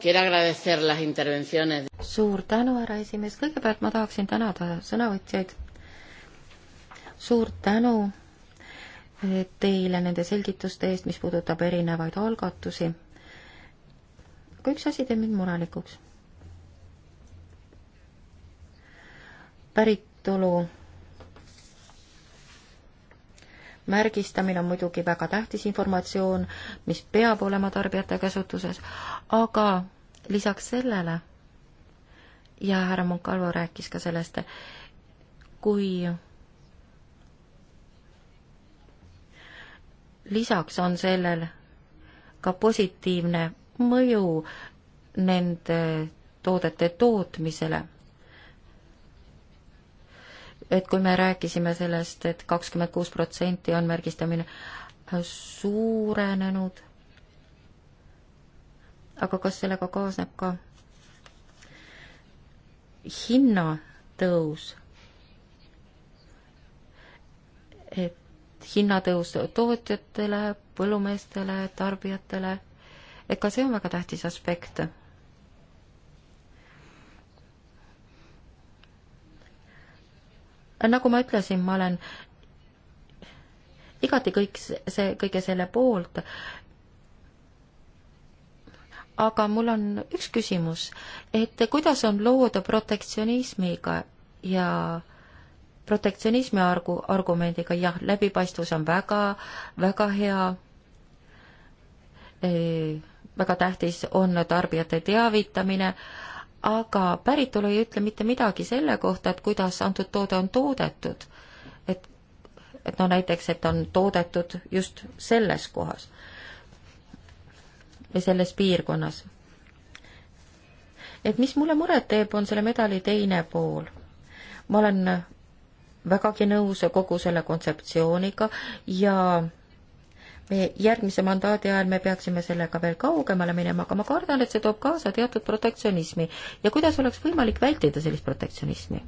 Quiero agradecer las intervenciones. suur tänu, härra esimees, kõigepealt ma tahaksin tänada sõnavõtjaid. suur tänu eh, teile nende selgituste eest, mis puudutab erinevaid algatusi. aga üks asi teeb mind murelikuks. päritolu märgistamine on muidugi väga tähtis informatsioon, mis peab olema tarbijate käsutuses, aga lisaks sellele ja härra Moncalvo rääkis ka sellest, kui lisaks on sellel ka positiivne mõju nende toodete tootmisele et kui me rääkisime sellest et, et kakskümmend kuus protsenti on märgistamine äh, suurenenud, aga kas sellega kaasneb ka hinnatõus? et hinnatõus tootjatele, põllumeestele, tarbijatele, et ka see on väga tähtis aspekt nagu ma ütlesin, ma olen igati kõik see, kõige selle poolt. aga mul on üks küsimus, et kuidas on lood protektsionismiga ja protektsionismi argu-, argumendiga, jah, läbipaistvus on väga, väga hea e väga tähtis on tarbijate teavitamine, aga päritolu ei ütle mitte midagi selle kohta, et kuidas antud toode on toodetud. et, et no näiteks, et on toodetud just selles kohas või selles piirkonnas. et mis mulle muret teeb, on selle medali teine pool. ma olen vägagi nõus kogu selle kontseptsiooniga ja järgmise mandaadi ajal me peaksime sellega veel kaugemale minema, aga ma kardan, et see toob kaasa teatud protektsionismi. ja kuidas oleks võimalik vältida sellist protektsionismi?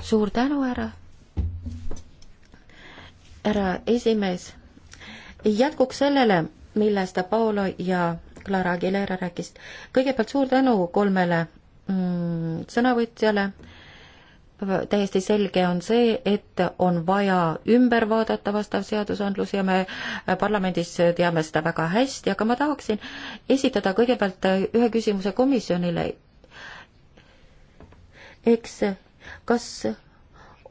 suur tänu, härra, härra esimees. jätkuks sellele, millest Paolo ja Clara Aguilera rääkisid. kõigepealt suur tänu kolmele mm, sõnavõtjale äh, täiesti selge on see, et on vaja ümber vaadata vastav seadusandlus ja me äh, parlamendis teame seda väga hästi, aga ma tahaksin esitada kõigepealt äh, ühe küsimuse komisjonile. eks kas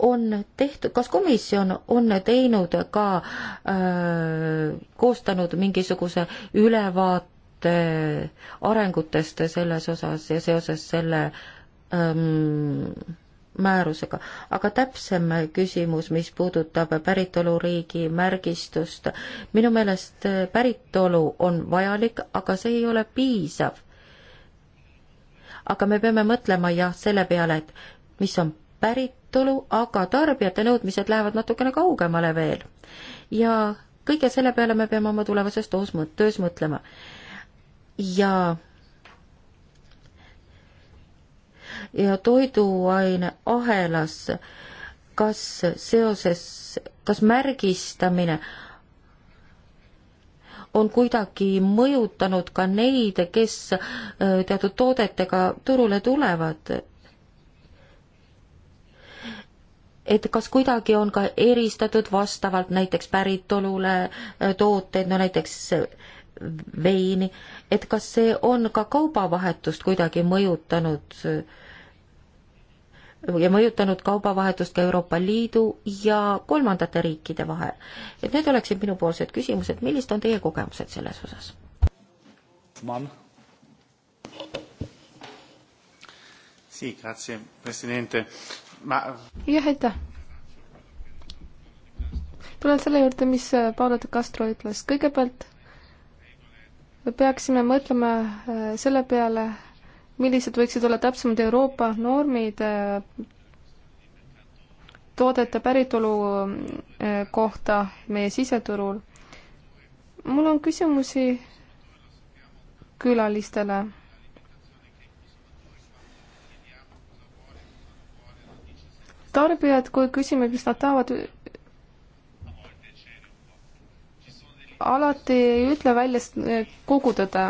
on tehtud, kas komisjon on teinud ka öö, äh, koostanud mingisuguse ülevaate arengutest selles osas ja seoses selle öö, ähm, määrusega. aga täpsem küsimus, mis puudutab päritoluriigi märgistust. minu meelest päritolu on vajalik, aga see ei ole piisav. aga me peame mõtlema jah, selle peale, et mis on päritolu, aga tarbijate nõudmised lähevad natukene kaugemale veel. ja kõige selle peale me peame oma tulevases toos, töös mõtlema. ja ja toiduaine ahelas, kas seoses, kas märgistamine on kuidagi mõjutanud ka neid, kes äh, teatud toodetega turule tulevad? et kas kuidagi on ka eristatud vastavalt näiteks päritolule äh, tooteid, no näiteks äh, veini, et kas see on ka kaubavahetust kuidagi mõjutanud äh, ja mõjutanud kaubavahetust ka Euroopa Liidu ja kolmandate riikide vahel. et need oleksid minupoolsed küsimused, millised on teie kogemused selles osas? jah, aitäh! tulen selle juurde, mis äh, Paolo de Castro ütles. kõigepealt me peaksime mõtlema äh, selle peale, millised võiksid olla täpsemad Euroopa normid äh, toodete päritolu äh, kohta meie siseturul. mul on küsimusi külalistele. tarbijad, kui küsime, mis nad tahavad, alati ei ütle välja äh, kogu tõde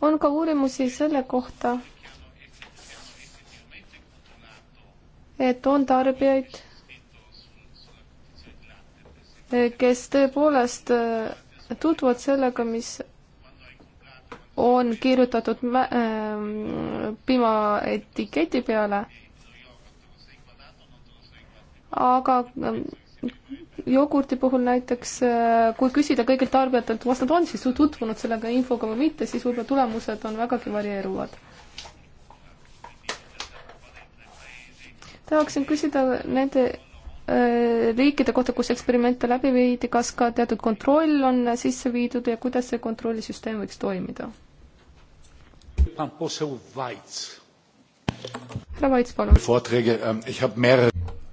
on ka uurimusi selle kohta, et on tarbijaid, kes tõepoolest äh, tutvuvad sellega, mis on kirjutatud äh, piimaetiketi peale, aga ähm, jogurti puhul näiteks, äh, kui küsida kõigilt tarbijatelt, kas nad on siis tutvunud sellega infoga või mitte, siis võib-olla tulemused on vägagi varieeruvad. tahaksin küsida nende äh, riikide kohta, kus eksperimente läbi viidi, kas ka teatud kontroll on sisse viidud ja kuidas see kontrollisüsteem võiks toimida? härra Vaits, palun. Ähm,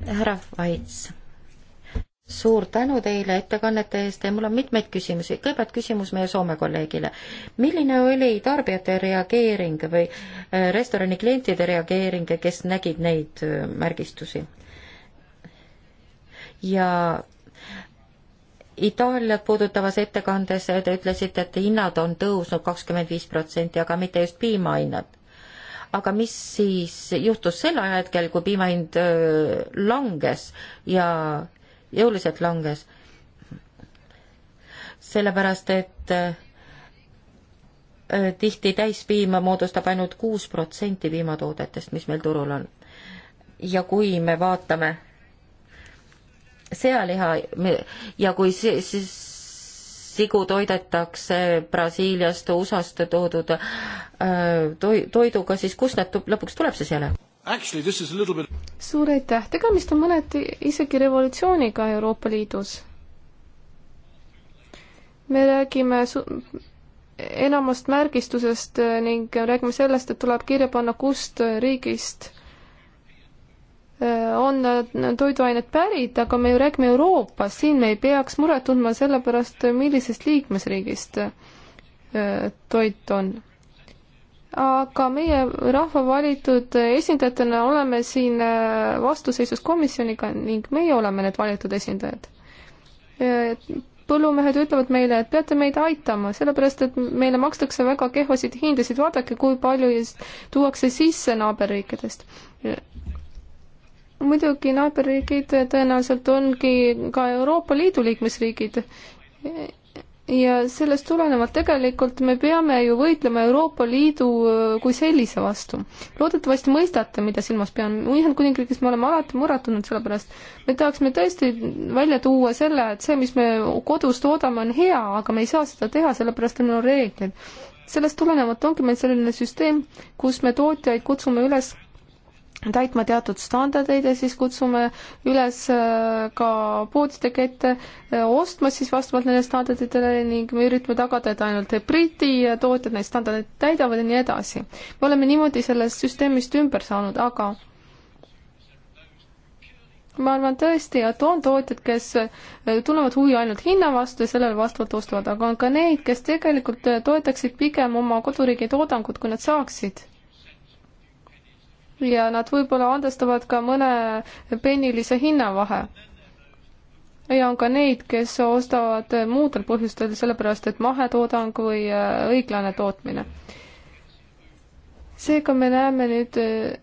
härra Vaits suur tänu teile ettekannete eest ja mul on mitmeid küsimusi. kõigepealt küsimus meie Soome kolleegile. milline oli tarbijate reageering või äh, restorani klientide reageering, kes nägid neid äh, märgistusi? ja Itaaliat puudutavas ettekandes te ütlesite, et hinnad on tõusnud kakskümmend viis protsenti, aga mitte just piimahinnad aga mis siis juhtus sel ajahetkel, kui piima hind äh, langes ja jõuliselt langes. sellepärast, et äh, tihti täispiima moodustab ainult kuus protsenti piimatoodetest, mis meil turul on. ja kui me vaatame sealiha ja kui see, siis sigu toidetakse Brasiiliast, USA-st toodud äh, toiduga, siis kust nad lõpuks tuleb see sealiha? Bit... suur aitäh, tegemist on mõneti isegi revolutsiooniga Euroopa Liidus. me räägime su-, enamast märgistusest eh, ning räägime sellest, et tuleb kirja panna, kust riigist eh, on toiduained pärit, aga me ju räägime Euroopast, siin me ei peaks muret tundma selle pärast, millisest liikmesriigist eh, toit on aga meie rahva valitud esindajatena oleme siin äh, vastuseisus komisjoniga ning meie oleme need valitud esindajad. põllumehed ütlevad meile, et peate meid aitama, sellepärast et meile makstakse väga kehvasid hindasid, vaadake, kui palju tuuakse sisse naaberriikidest. muidugi naaberriigid tõenäoliselt ongi ka Euroopa Liidu liikmesriigid ja sellest tulenevalt tegelikult me peame ju võitlema Euroopa Liidu äh, kui sellise vastu. loodetavasti mõistate, mida silmas pean. Ühendkuningriigis me oleme alati muret tundnud selle pärast. me tahaksime tõesti välja tuua selle, et see, mis me kodus toodame, on hea, aga me ei saa seda teha, sellepärast on reeglid. sellest tulenevalt ongi meil selline süsteem, kus me tootjaid kutsume üles täitma teatud standardeid ja siis kutsume üles äh, ka poodidekette äh, ostma siis vastavalt nendele standarditele ning me üritame tagada, et ainult Briti äh, tootjad neid standardeid täidavad ja nii edasi. me oleme niimoodi sellest süsteemist ümber saanud, aga ma arvan tõesti, et on tootjad, kes tunnevad huvi ainult hinna vastu ja sellele vastavalt ostavad, aga on ka neid, kes tegelikult toetaksid pigem oma koduriigi toodangut, kui nad saaksid ja nad võib-olla andestavad ka mõne pennilise hinnavahe. ja on ka neid, kes ostavad muudel põhjustel, sellepärast et mahetoodang või äh, õiglane tootmine. seega me näeme nüüd äh,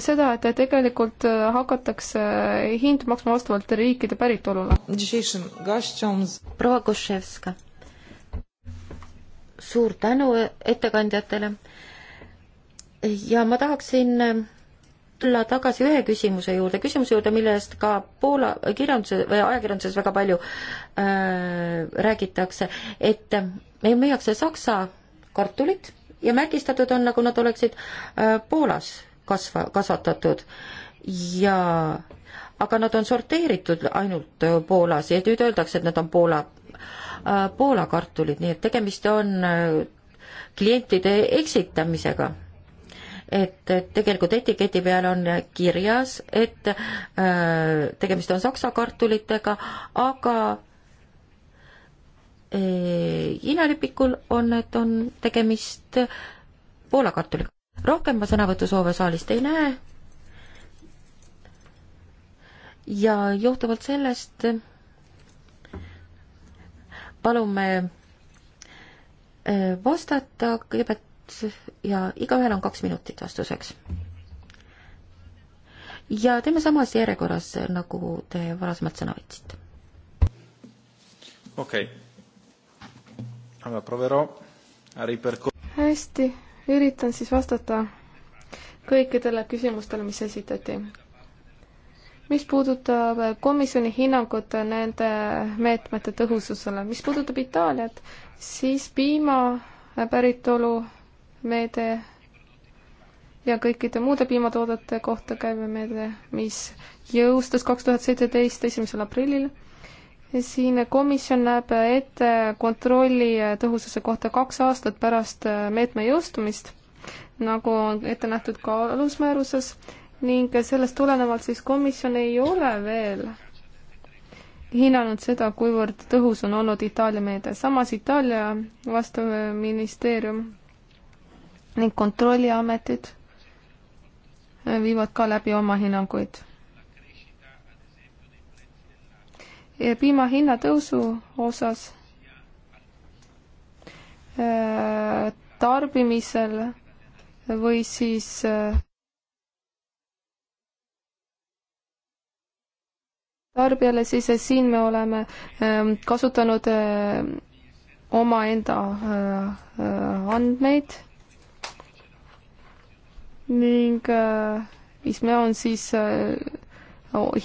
seda, et tegelikult äh, hakatakse hind maksma vastavalt riikide päritolule. proua Koševska, suur tänu ettekandjatele ja ma tahaksin äh, tulla tagasi ühe küsimuse juurde, küsimuse juurde, millest ka Poola kirjanduses või ajakirjanduses väga palju äh, räägitakse, et äh, meil müüakse Saksa kartulit ja märgistatud on, nagu nad oleksid äh, Poolas kasva, kasvatatud ja aga nad on sorteeritud ainult äh, Poolas ja nüüd öeldakse, et nad on Poola äh,, Poola kartulid, nii et tegemist on äh, klientide eksitamisega et tegelikult etiketi peal on kirjas, et äh, tegemist on saksa kartulitega, aga Hiina äh, lipikul on, et on tegemist Poola kartuliga. rohkem ma sõnavõtusoove saalist ei näe. ja johtuvalt sellest palume äh, vastata kõigepealt ja igaühel on kaks minutit vastuseks. ja teeme samas järjekorras, nagu te varasemalt sõna võtsite. okei okay.. hästi, üritan siis vastata kõikidele küsimustele, mis esitati. mis puudutab komisjoni hinnangut nende meetmete tõhususele, mis puudutab Itaaliat, siis piima päritolu meede ja kõikide muude piimatoodete kohta käibemeede, mis jõustus kaks tuhat seitseteist esimesel aprillil. siin komisjon näeb ette kontrolli tõhususe kohta kaks aastat pärast meetme jõustumist, nagu on ette nähtud ka alusmääruses ning sellest tulenevalt siis komisjon ei ole veel hinnanud seda, kuivõrd tõhus on olnud Itaalia meede. samas Itaalia vastav ministeerium ning kontrolliametid viivad ka läbi oma hinnanguid. piima hinna tõusu osas äh, tarbimisel või siis äh, tarbijale, siis äh, siin me oleme kasutanud omaenda andmeid ning äh, ISME on siis äh,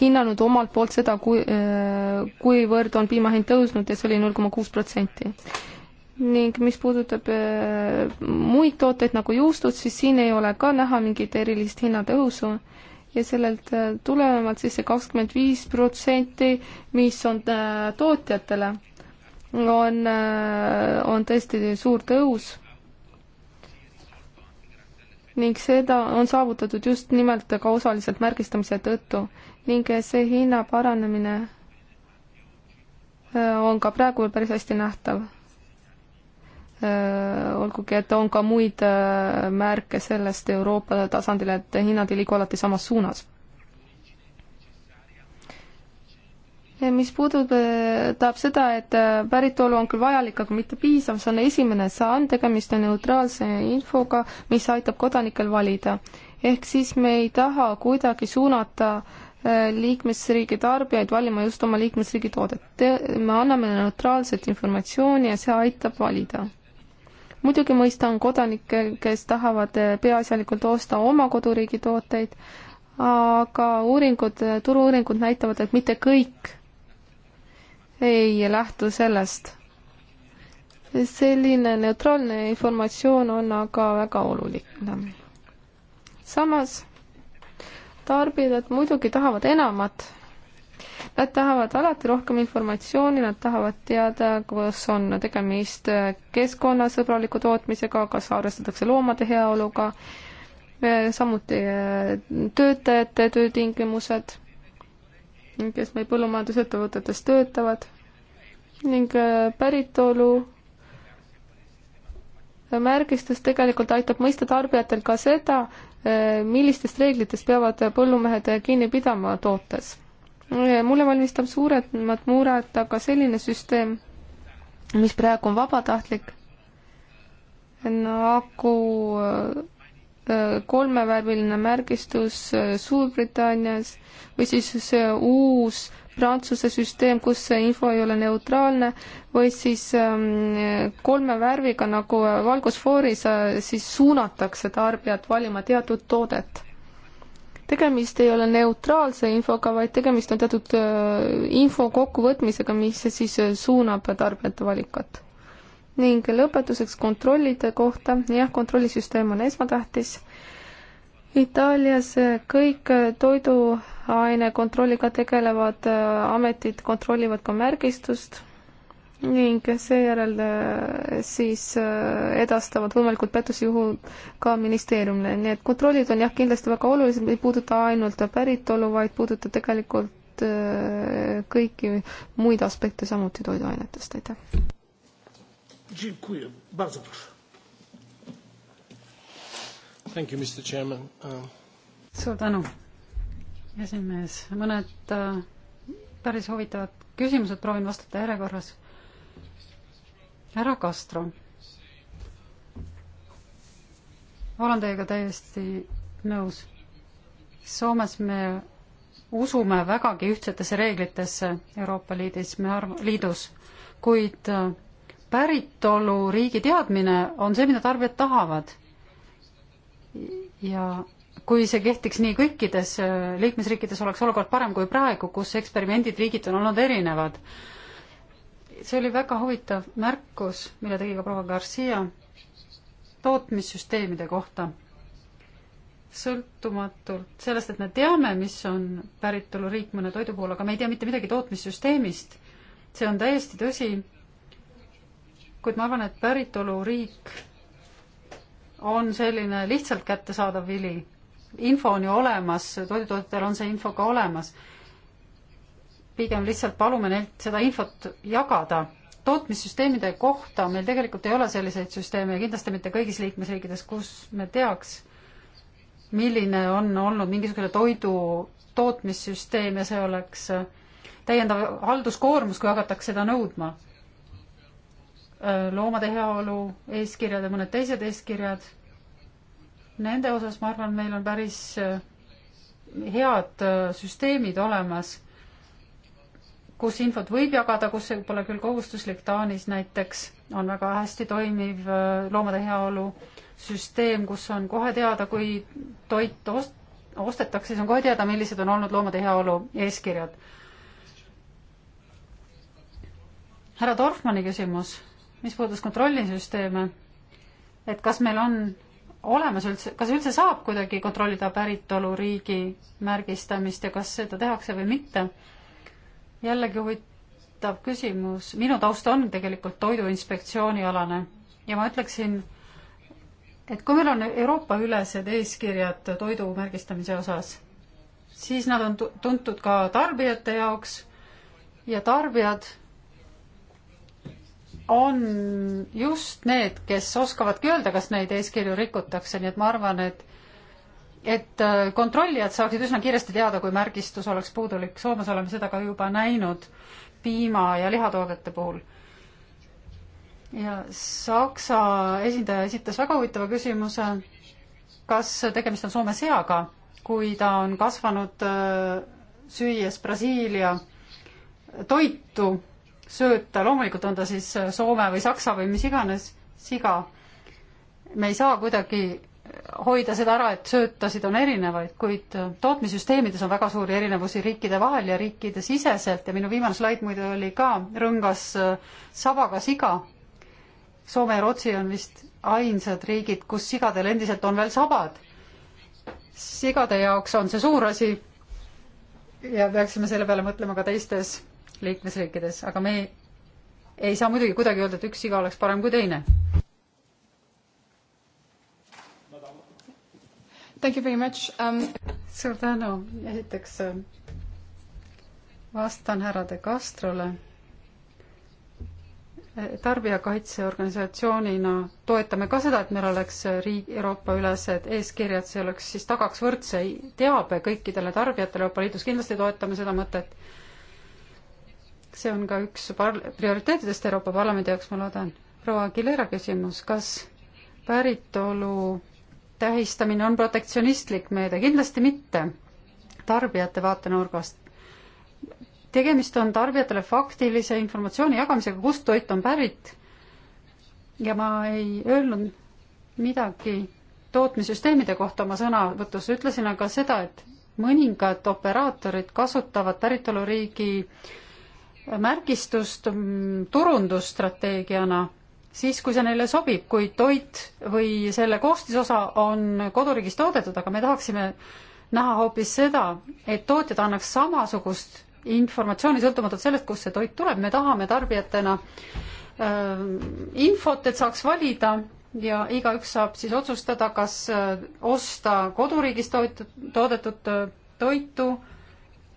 hinnanud omalt poolt seda, kui, äh, kuivõrd on piima hind tõusnud ja see oli null koma kuus protsenti. ning mis puudutab muid tooteid nagu juustud, siis siin ei ole ka näha mingit erilist hinnatõusu ja sellelt tulenevalt siis see kakskümmend viis protsenti, mis on tootjatele, on, on tõesti suur tõus ning seda on saavutatud just nimelt ka osaliselt märgistamise tõttu ning see hinna paranemine äh, on ka praegu päris hästi nähtav. Äh, olgugi, et on ka muid äh, märke sellest Euroopa tasandil, et hinnad ei liigu alati samas suunas mis puudutab seda, et äh, päritolu on küll vajalik, aga mitte piisav, see on esimene samm, tegemist on neutraalse infoga, mis aitab kodanikel valida. ehk siis me ei taha kuidagi suunata äh, liikmesriigi tarbijaid valima just oma liikmesriigi toodet. me anname neutraalset informatsiooni ja see aitab valida. muidugi mõistan kodanikke, kes tahavad äh, peaasjalikult osta oma koduriigi tooteid, aga uuringud, turu-uuringud näitavad, et mitte kõik ei lähtu sellest. selline neutraalne informatsioon on aga väga oluline. samas tarbijad muidugi tahavad enamat. Nad tahavad alati rohkem informatsiooni, nad tahavad teada, kas on tegemist keskkonnasõbraliku tootmisega, kas arvestatakse loomade heaoluga, samuti töötajate töötingimused kes meil põllumajandusettevõtetes töötavad ning äh, päritolu äh, märgistus tegelikult aitab mõista tarbijatel ka seda, äh, millistest reeglitest peavad põllumehed kinni pidama tootes. mulle valmistab suuremat muret aga selline süsteem, mis praegu on vabatahtlik, nagu kolmevärviline märgistus äh, Suurbritannias või siis see uus Prantsuse süsteem, kus see info ei ole neutraalne või siis ähm, kolme värviga nagu äh, valgusfooris äh, siis suunatakse tarbijat valima teatud toodet. tegemist ei ole neutraalse infoga, vaid tegemist on teatud info kokkuvõtmisega, mis siis suunab tarbijate valikat ning lõpetuseks kontrollide kohta, jah, kontrollisüsteem on esmatähtis. Itaalias kõik toiduaine kontrolliga tegelevad äh, ametid kontrollivad ka märgistust ning seejärel äh, siis äh, edastavad võimalikud pettusjuhud ka ministeeriumile, nii et kontrollid on jah, kindlasti väga olulised, ei puuduta ainult päritolu, vaid puudutab tegelikult kõiki muid aspekte samuti toiduainetest, aitäh! Dziękuję. Bardzo proszę. Thank you, Mr Chairman uh.... suur tänu, esimees. mõned uh, päris huvitavad küsimused, proovin vastata järjekorras. härra Castro, olen teiega täiesti nõus. Soomes me usume vägagi ühtsetesse reeglitesse Euroopa Liidis, me arv-, liidus, kuid uh, päritoluriigi teadmine on see, mida tarbijad tahavad. ja kui see kehtiks nii kõikides äh, liikmesriikides, oleks olukord parem kui praegu, kus eksperimendid riigid on olnud erinevad. see oli väga huvitav märkus, mille tegi ka proua Garcia tootmissüsteemide kohta. sõltumatult sellest, et me teame, mis on päritoluriik mõne toidu puhul, aga me ei tea mitte midagi tootmissüsteemist, see on täiesti tõsi kuid ma arvan, et päritoluriik on selline lihtsalt kättesaadav vili. info on ju olemas, toidutootjatel on see info ka olemas. pigem lihtsalt palume neilt seda infot jagada. tootmissüsteemide kohta meil tegelikult ei ole selliseid süsteeme ja kindlasti mitte kõigis liikmesriikides, kus me teaks, milline on olnud mingisugune toidu tootmissüsteem ja see oleks täiendav halduskoormus, kui hakatakse seda nõudma Äh, loomade heaolu eeskirjad ja mõned teised eeskirjad. Nende osas ma arvan, meil on päris äh, head äh, süsteemid olemas, kus infot võib jagada, kus see pole küll kohustuslik, Taanis näiteks on väga hästi toimiv loomade heaolu süsteem, kus on kohe teada, kui toit ost-, ostetakse, siis on kohe teada, millised on olnud loomade heaolu eeskirjad. härra Dorfmanni küsimus mis puudutas kontrollisüsteeme, et kas meil on olemas üldse, kas üldse saab kuidagi kontrollida päritoluriigi märgistamist ja kas seda tehakse või mitte? jällegi huvitav küsimus, minu taust on tegelikult Toiduinspektsiooni alane ja ma ütleksin, et kui meil on Euroopa-ülesed eeskirjad toidu märgistamise osas, siis nad on tuntud ka tarbijate jaoks ja tarbijad on just need, kes oskavadki öelda, kas neid eeskirju rikutakse, nii et ma arvan, et et äh, kontrollijad saaksid üsna kiiresti teada, kui märgistus oleks puudulik. Soomes oleme seda ka juba näinud piima- ja lihatoodete puhul. ja Saksa esindaja esitas väga huvitava küsimuse, kas tegemist on Soome seaga, kui ta on kasvanud äh, süües Brasiilia toitu sööta, loomulikult on ta siis äh, Soome või Saksa või mis iganes siga. me ei saa kuidagi äh, hoida seda ära, et söötasid on erinevaid, kuid äh, tootmissüsteemides on väga suuri erinevusi riikide vahel ja riikide siseselt ja minu viimane slaid muide oli ka rõngas sabaga siga. Soome ja Rootsi on vist ainsad riigid, kus sigadel endiselt on veel sabad. sigade jaoks on see suur asi ja peaksime selle peale mõtlema ka teistes liikmesriikides, aga me ei saa muidugi kuidagi öelda, et üks siga oleks parem kui teine. Thank you very much um.... suur tänu, esiteks äh, vastan härra De Castrole. Äh, tarbijakaitseorganisatsioonina toetame ka seda, et meil oleks äh, riik, Euroopa-ülesed eeskirjad, see oleks siis tagaks võrdse teabe kõikidele tarbijatele Euroopa Liidus, kindlasti toetame seda mõtet see on ka üks par-, prioriteetidest Euroopa Parlamendi jaoks, ma loodan. proua Aguilera küsimus, kas päritolu tähistamine on protektsionistlik meede, kindlasti mitte tarbijate vaatenurgast. tegemist on tarbijatele faktilise informatsiooni jagamisega, kust toit on pärit ja ma ei öelnud midagi tootmissüsteemide kohta oma sõnavõtus, ütlesin aga seda, et mõningad operaatorid kasutavad päritoluriigi äh, märgistust turundusstrateegiana siis, kui see neile sobib, kui toit või selle koostisosa on koduriigis toodetud, aga me tahaksime näha hoopis seda, et tootjad annaks samasugust informatsiooni sõltumatult sellest, kust see toit tuleb, me tahame tarbijatena äh, infot, et saaks valida ja igaüks saab siis otsustada, kas äh, osta koduriigis toitu, toodetud äh, toitu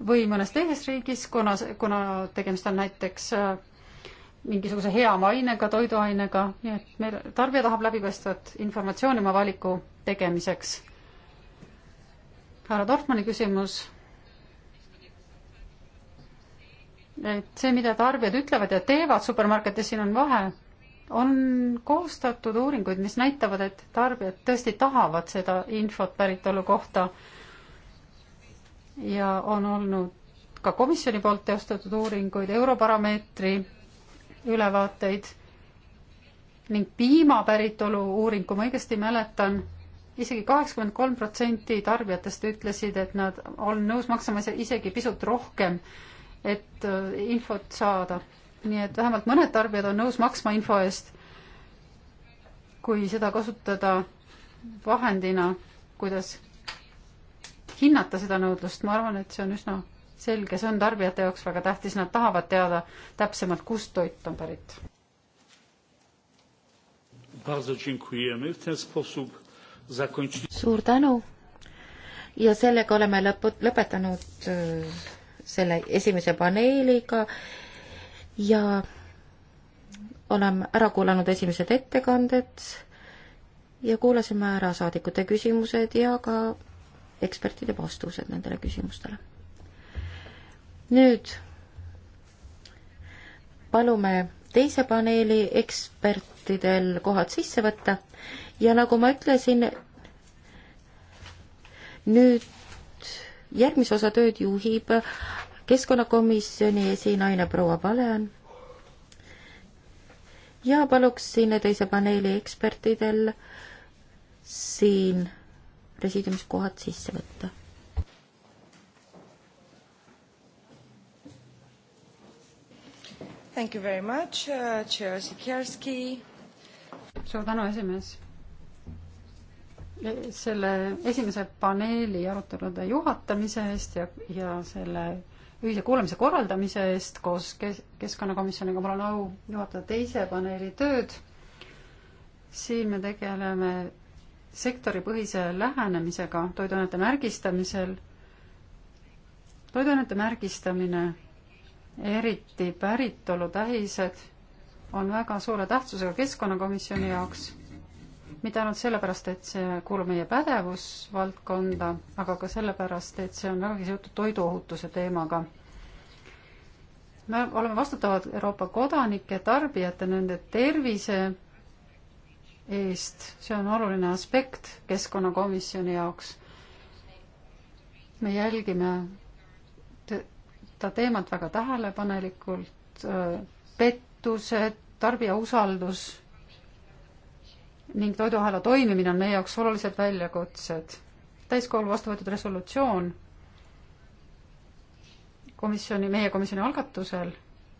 või mõnes teises riigis, kuna, kuna tegemist on näiteks äh, mingisuguse hea mainega, toiduainega, nii et meil, tarbija tahab läbipaistvat informatsiooni oma valiku tegemiseks. härra Dorfmanni küsimus. et see, mida tarbijad ütlevad ja teevad supermarketis, siin on vahe. on koostatud uuringuid, mis näitavad, et tarbijad tõesti tahavad seda infot päritolu kohta ja on olnud ka komisjoni poolt teostatud uuringuid, Europarameetri ülevaateid ning piimapäritolu uuring, kui ma õigesti mäletan isegi, isegi kaheksakümmend kolm protsenti tarbijatest ütlesid, et nad on nõus maksama isegi pisut rohkem, et äh, infot saada. nii et vähemalt mõned tarbijad on nõus maksma info eest, kui seda kasutada vahendina, kuidas hinnata seda nõudlust, ma arvan, et see on üsna selge, see on tarbijate jaoks väga tähtis, nad tahavad teada täpsemalt, kust toit on pärit. suur tänu ja sellega oleme lõpu-, lõpetanud äh, selle esimese paneeliga ja oleme ära kuulanud esimesed ettekanded ja kuulasime ära saadikute küsimused ja ka ekspertide vastused nendele küsimustele. nüüd palume teise paneeli ekspertidel kohad sisse võtta ja nagu ma ütlesin, nüüd järgmise osa tööd juhib keskkonnakomisjoni esinaine proua Palean ja paluksin teise paneeli ekspertidel siin presiidiumiskohad sisse võtta. Thank you very much uh,, Chair Sikerski. suur tänu, esimees. selle esimese paneeli arutelude juhatamise eest ja, ja selle ühise kuulamise korraldamise eest koos kes-, Keskkonnakomisjoniga, mul on au juhatada teise paneeli tööd. siin me tegeleme sektoripõhise lähenemisega toiduainete märgistamisel. toiduainete märgistamine, eriti päritolutähised, on väga suure tähtsusega Keskkonnakomisjoni jaoks, mitte ainult sellepärast, et see kuulub meie pädevusvaldkonda, aga ka sellepärast, et see on vägagi seotud toiduohutuse teemaga. me oleme vastutavad Euroopa kodanike, tarbijate, nende tervise eest, see on oluline aspekt Keskkonnakomisjoni jaoks. me jälgime seda teemat väga tähelepanelikult, pettused, tarbija usaldus ning toiduahela toimimine on meie jaoks olulised väljakutsed. täiskool vastu võetud resolutsioon komisjoni, meie komisjoni algatusel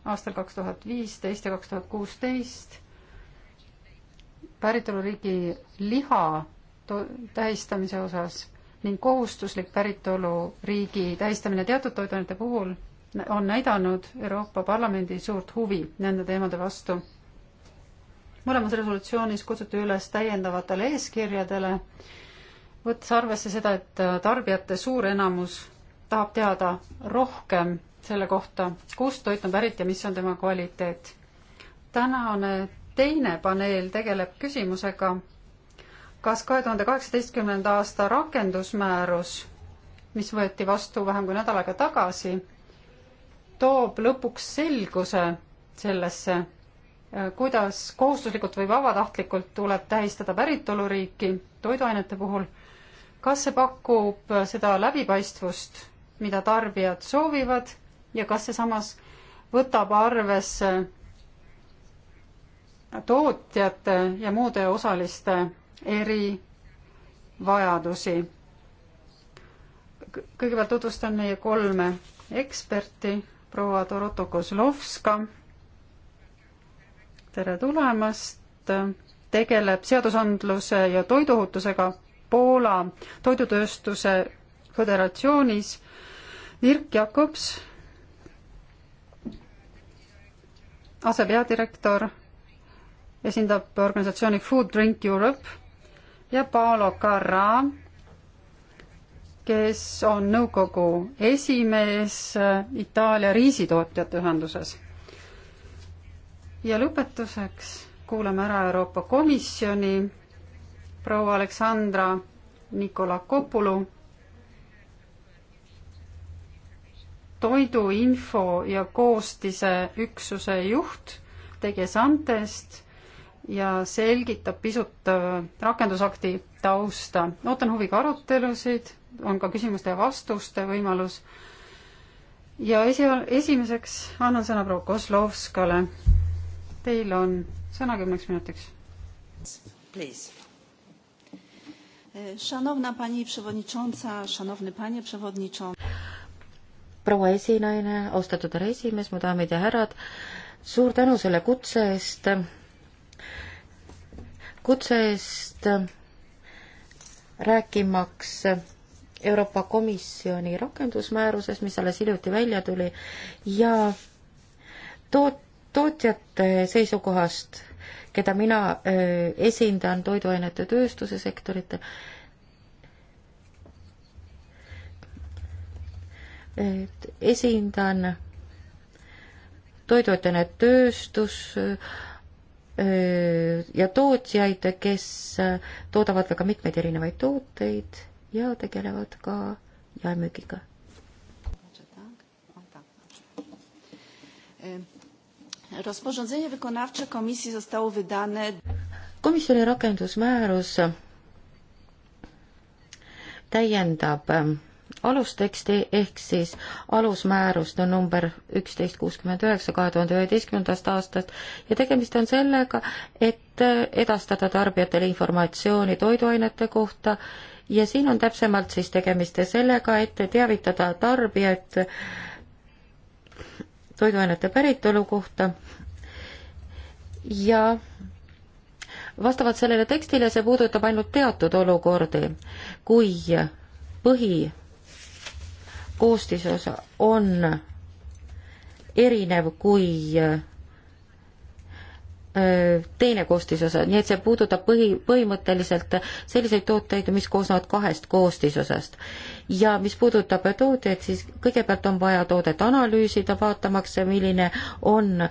aastal kaks tuhat viisteist ja kaks tuhat kuusteist päritoluriigi liha tähistamise osas ning kohustuslik päritoluriigi tähistamine teatud toiduainete puhul on näidanud Euroopa Parlamendi suurt huvi nende teemade vastu. mõlemas resolutsioonis kutsuti üles täiendavatele eeskirjadele, võttes arvesse seda, et tarbijate suur enamus tahab teada rohkem selle kohta, kust toit on pärit ja mis on tema kvaliteet. tänane teine paneel tegeleb küsimusega, kas kahe tuhande kaheksateistkümnenda aasta rakendusmäärus, mis võeti vastu vähem kui nädal aega tagasi, toob lõpuks selguse sellesse, äh, kuidas kohustuslikult või vabatahtlikult tuleb tähistada päritoluriiki toiduainete puhul, kas see pakub äh, seda läbipaistvust, mida tarbijad soovivad ja kas see samas võtab arvesse tootjate ja muude osaliste erivajadusi. kõigepealt tutvustan meie kolme eksperti, proua Doroto Kozlovska, tere tulemast, tegeleb seadusandluse ja toiduohutusega Poola Toidutööstuse Föderatsioonis Dirk Jakobs, asepeadirektor esindab organisatsiooni Food Drink Europe ja Paolo Carra, kes on nõukogu esimees äh, Itaalia riisitootjate ühenduses. ja lõpetuseks kuulame ära Euroopa Komisjoni proua Aleksandra Nikolakopulu toiduinfo ja koostise üksuse juht Tegesantest ja selgitab pisut äh, rakendusakti tausta. ootan huviga arutelusid, on ka küsimuste ja vastuste võimalus. ja esi, esimeseks annan sõna proua Kozlovskale. Teil on sõna kümneks minutiks. Please. E, Szanowna pani przewodnicząca, szanowny panie przewodniczący. proua esinaine, austatud härra esimees, mu daamid ja härrad, suur tänu selle kutse eest kutse eest rääkimaks Euroopa Komisjoni rakendusmääruses, mis alles hiljuti välja tuli ja toot-, tootjate seisukohast, keda mina öö, äh, esindan toiduainete tööstuse sektoritel, et esindan toiduainete tööstus öö, ja tootjaid, kes äh, toodavad väga mitmeid erinevaid tooteid ja tegelevad ka jaemüügiga. Rozporządzenie wykonawcze komisji zostało wydane komisjoni rakendusmäärus täiendab alusteksti ehk siis alusmäärust on number üksteist kuuskümmend üheksa kahe tuhande üheteistkümnendast aastast ja tegemist on sellega, et edastada tarbijatele informatsiooni toiduainete kohta ja siin on täpsemalt siis tegemist sellega, et teavitada tarbijat toiduainete päritolu kohta ja vastavalt sellele tekstile see puudutab ainult teatud olukordi, kui põhi koostises on erinev kui teine koostisosa, nii et see puudutab põhi, põhimõtteliselt selliseid tooteid, mis koosnevad kahest koostisosast. ja mis puudutab tooteid, siis kõigepealt on vaja toodet analüüsida, vaatamaks, milline on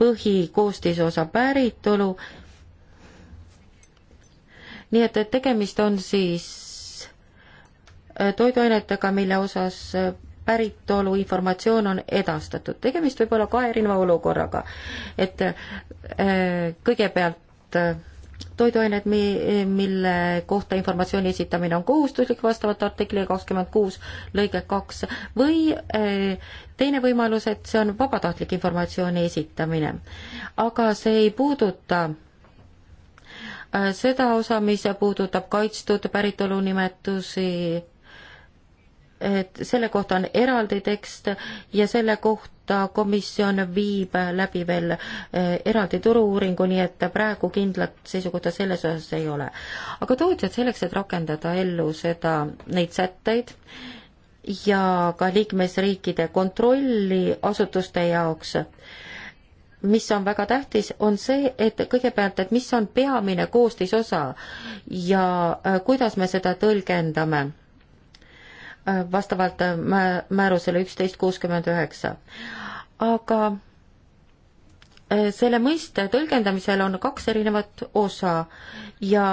põhikoostisosa päritolu. nii et, et tegemist on siis Äh, toiduainetega, mille osas äh, päritolu informatsioon on edastatud. tegemist võib olla ka erineva olukorraga, et äh, kõigepealt toiduained, mi-, mille kohta informatsiooni esitamine on kohustuslik vastavalt artikli kakskümmend kuus lõige kaks või teine võimalus, et see on vabatahtlik informatsiooni esitamine. aga see ei puuduta seda osa, mis puudutab kaitstud päritolunimetusi et selle kohta on eraldi tekst ja selle kohta komisjon viib läbi veel eh, eraldi turu-uuringu, nii et praegu kindlat seisukohta selles osas ei ole. aga tootjad selleks, et rakendada ellu seda, neid sätteid, ja ka liikmesriikide kontrolliasutuste jaoks mis on väga tähtis, on see, et kõigepealt, et mis on peamine koostisosa ja eh, kuidas me seda tõlgendame. Äh, vastavalt äh, määrusele üksteist kuuskümmend üheksa. aga äh, selle mõiste tõlgendamisel on kaks erinevat osa ja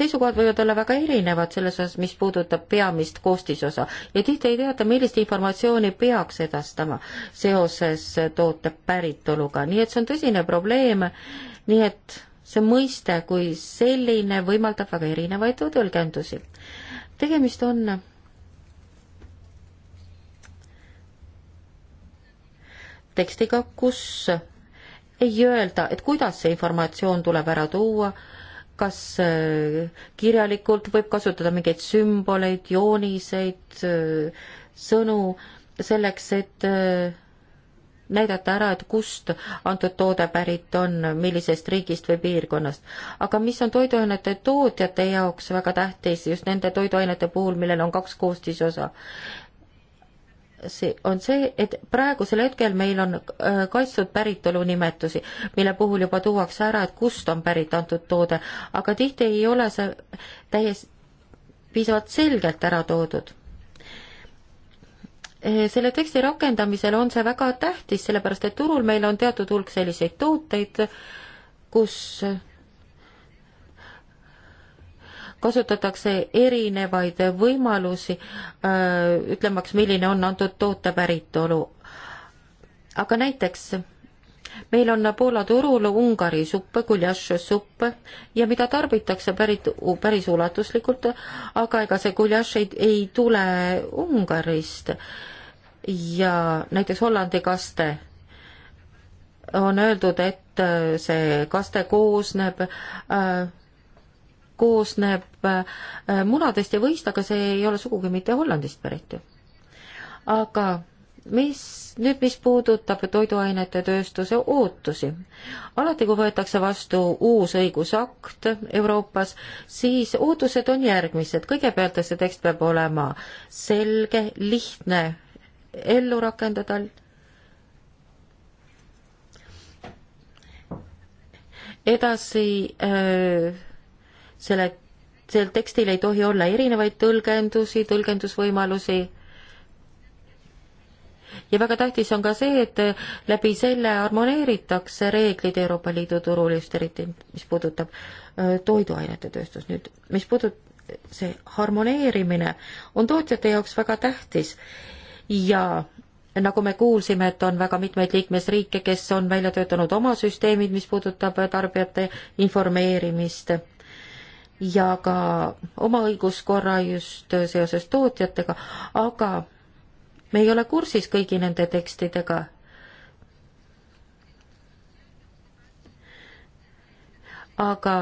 seisukohad võivad olla väga erinevad selles osas, mis puudutab peamist koostisosa ja tihti ei teata, millist informatsiooni peaks edastama seoses toote päritoluga, nii et see on tõsine probleem, nii et see mõiste kui selline võimaldab väga erinevaid tõlgendusi tegemist on tekstiga, kus ei öelda, et kuidas see informatsioon tuleb ära tuua, kas äh, kirjalikult võib kasutada mingeid sümboleid, jooniseid, äh, sõnu selleks, et äh, näidata ära, et kust antud toode pärit on, millisest riigist või piirkonnast. aga mis on toiduainete tootjate jaoks väga tähtis, just nende toiduainete puhul, millel on kaks koostisosa, see on see, et praegusel hetkel meil on äh, kaitstud päritolunimetusi, mille puhul juba tuuakse ära, et kust on pärit antud toode, aga tihti ei ole see täiesti piisavalt selgelt ära toodud Eh, selle teksti rakendamisel on see väga tähtis, sellepärast et turul meil on teatud hulk selliseid tooteid, kus kasutatakse erinevaid võimalusi äh, ütlemaks, milline on antud toote päritolu. aga näiteks meil on Poola turul Ungari supp, guljašsupp ja mida tarbitakse pärit, päris ulatuslikult, aga ega see guljaš ei, ei tule Ungarist ja näiteks Hollandi kaste on öeldud, et äh, see kaste koosneb äh, koosneb äh, munadest ja võist, aga see ei ole sugugi mitte Hollandist pärit ju. aga mis, nüüd mis puudutab toiduainete tööstuse ootusi. alati, kui võetakse vastu uus õigusakt Euroopas, siis ootused on järgmised. kõigepealt see tekst peab olema selge, lihtne ellu rakendada. edasi äh, selle, sel tekstil ei tohi olla erinevaid tõlgendusi, tõlgendusvõimalusi ja väga tähtis on ka see, et läbi selle harmoneeritakse reeglid Euroopa Liidu turul just eriti, mis puudutab äh, toiduainete tööstust nüüd, mis puudutab see harmoneerimine on tootjate jaoks väga tähtis ja nagu me kuulsime, et on väga mitmeid liikmesriike, kes on välja töötanud oma süsteemid, mis puudutab tarbijate informeerimist ja ka oma õiguskorra just seoses tootjatega, aga me ei ole kursis kõigi nende tekstidega. aga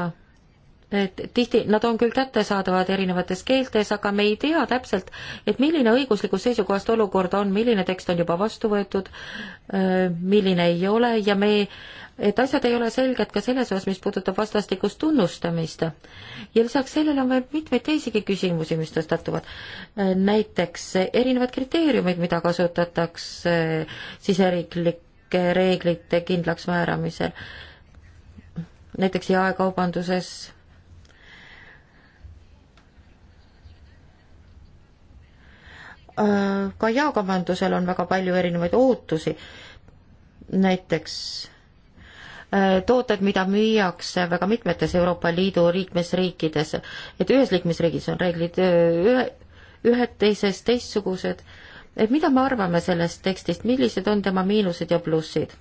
tihti nad on küll kättesaadavad erinevates keeltes, aga me ei tea täpselt, et milline õiguslikust seisukohast olukord on, milline tekst on juba vastu võetud, äh, milline ei ole ja me, et asjad ei ole selged ka selles osas, mis puudutab vastastikust tunnustamist. ja lisaks sellele on veel mitmeid teisigi küsimusi, mis tõstatuvad. Äh, näiteks erinevad kriteeriumid, mida kasutatakse siseriiklike reeglite kindlaksmääramisel näiteks jaekaubanduses Äh, ka jaekaubandusel on väga palju erinevaid ootusi. näiteks äh, tooted, mida müüakse väga mitmetes Euroopa Liidu liikmesriikides, et ühes liikmesriigis on reeglid äh, ühe, ühed, teises teistsugused, et mida me arvame sellest tekstist, millised on tema miinused ja plussid?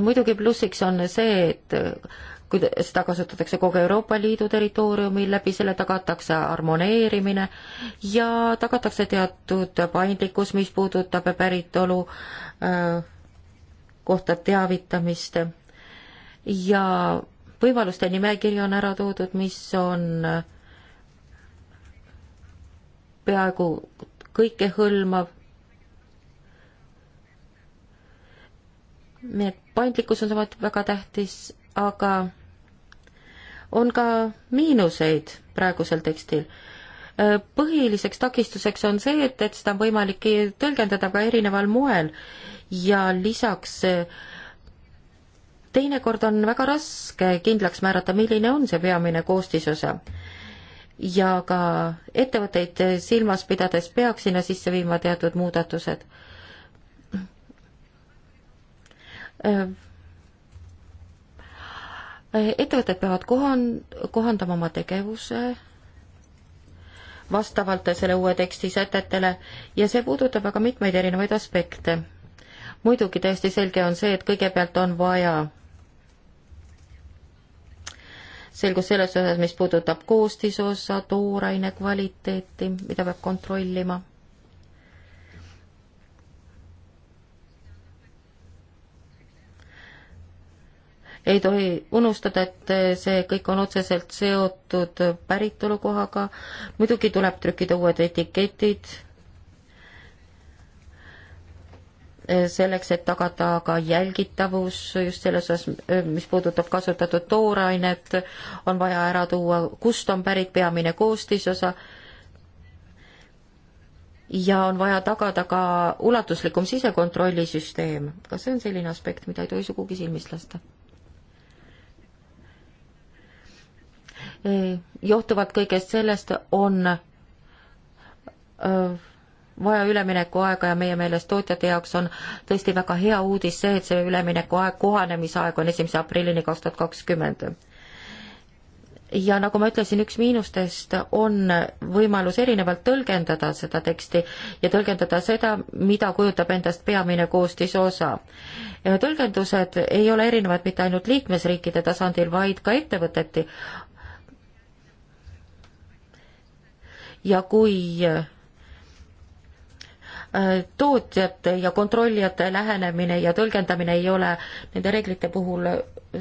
muidugi plussiks on see, et kui seda kasutatakse kogu Euroopa Liidu territooriumil, läbi selle tagatakse harmoneerimine ja tagatakse teatud paindlikkus, mis puudutab päritolu äh, kohta teavitamist ja võimaluste nimekiri on ära toodud, mis on äh, peaaegu kõikehõlmav. nii et paindlikkus on samuti väga tähtis aga on ka miinuseid praegusel tekstil. põhiliseks takistuseks on see, et, et seda on võimalik tõlgendada ka erineval moel ja lisaks teinekord on väga raske kindlaks määrata, milline on see peamine koostisosa. ja ka ettevõtteid silmas pidades peaks sinna sisse viima teatud muudatused ettevõtted peavad kohan-, kohandama oma tegevuse vastavalt selle uue teksti sätetele ja see puudutab väga mitmeid erinevaid aspekte. muidugi täiesti selge on see, et kõigepealt on vaja selgus selles osas, mis puudutab koostisosa, tooraine kvaliteeti, mida peab kontrollima ei tohi unustada, et see kõik on otseselt seotud päritolukohaga, muidugi tuleb trükkida uued etiketid, selleks, et tagada ka jälgitavus just selles osas, mis puudutab kasutatud toorainet, on vaja ära tuua, kust on pärit peamine koostisosa ja on vaja tagada ka ulatuslikum sisekontrollisüsteem. ka see on selline aspekt, mida ei tohi sugugi silmist lasta Mm, johtuvalt kõigest sellest on vaja üleminekuaega ja meie meelest tootjate jaoks on tõesti väga hea uudis see, et see üleminekuaeg, kohanemisaeg on esimese aprillini kaks tuhat kakskümmend. ja nagu ma ütlesin, üks miinustest on võimalus erinevalt tõlgendada seda teksti ja tõlgendada seda, mida kujutab endast peamine koostisosa. tõlgendused ei ole erinevad mitte ainult liikmesriikide tasandil, vaid ka ettevõteti ja kui äh, tootjate ja kontrollijate lähenemine ja tõlgendamine ei ole nende reeglite puhul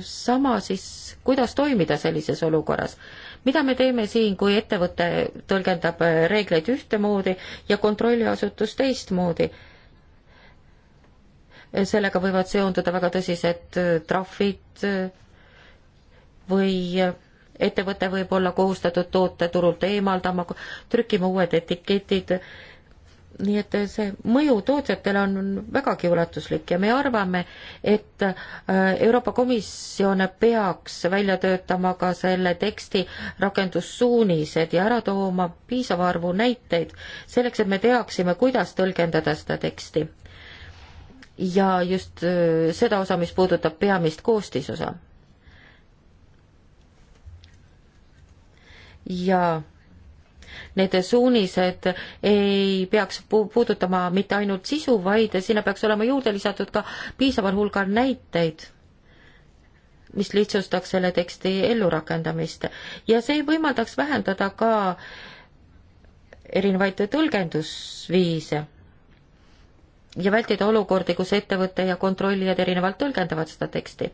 sama, siis kuidas toimida sellises olukorras? mida me teeme siin, kui ettevõte tõlgendab äh, reegleid ühtemoodi ja kontrolliasutus teistmoodi? sellega võivad seonduda väga tõsised äh, trahvid või ettevõte võib olla kohustatud toote turult eemaldama, trükkima uued etiketid, nii et see mõju tootjatele on vägagi ulatuslik ja me arvame, et äh, Euroopa Komisjon peaks välja töötama ka selle teksti rakendussuunised ja ära tooma piisava arvu näiteid, selleks et me teaksime, kuidas tõlgendada seda teksti. ja just äh, seda osa, mis puudutab peamist koostisosa ja need suunised ei peaks puudutama mitte ainult sisu, vaid sinna peaks olema juurde lisatud ka piisaval hulgal näiteid, mis lihtsustaks selle teksti ellurakendamist ja see võimaldaks vähendada ka erinevaid tõlgendusviise ja vältida olukordi, kus ettevõte ja kontrollijad erinevalt tõlgendavad seda teksti.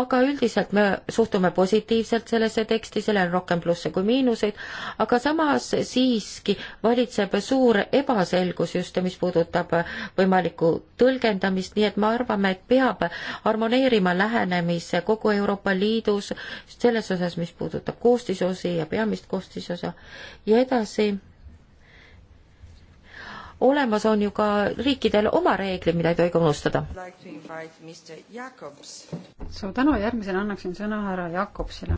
aga üldiselt me suhtume positiivselt sellesse teksti, sellel on rohkem plusse kui miinuseid, aga samas siiski valitseb suur ebaselgus just, mis puudutab võimalikku tõlgendamist, nii et me arvame, et peab harmoneerima lähenemise kogu Euroopa Liidus selles osas, mis puudutab koostisosi ja peamist koostisosa ja edasi olemas on ju ka riikidel oma reeglid, mida ei tohi ka unustada. suur tänu, järgmisena annaksin sõna härra Jakobsile.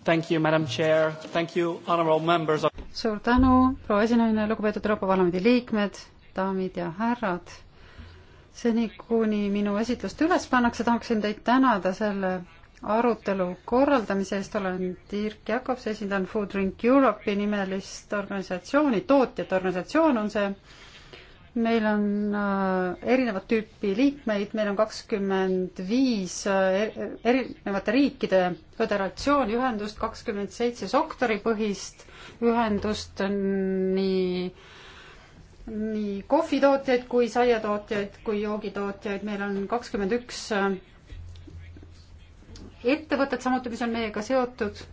suur tänu, proua esinaine, lugupeetud Euroopa Parlamendi liikmed, daamid ja härrad. seni, kuni minu esitlust üles pannakse, tahaksin teid tänada selle arutelu korraldamise eest olen Dirk Jakobs, esindan Food Drink Europe'i nimelist organisatsiooni, tootjate organisatsioon on see meil on äh, erinevat tüüpi liikmeid, meil on kakskümmend viis äh, erinevate riikide föderatsiooni ühendust, kakskümmend seitse sektoripõhist ühendust, nii nii kohvitootjaid kui saiatootjaid kui joogitootjaid, meil on kakskümmend üks äh, ettevõtet samuti, mis on meiega seotud.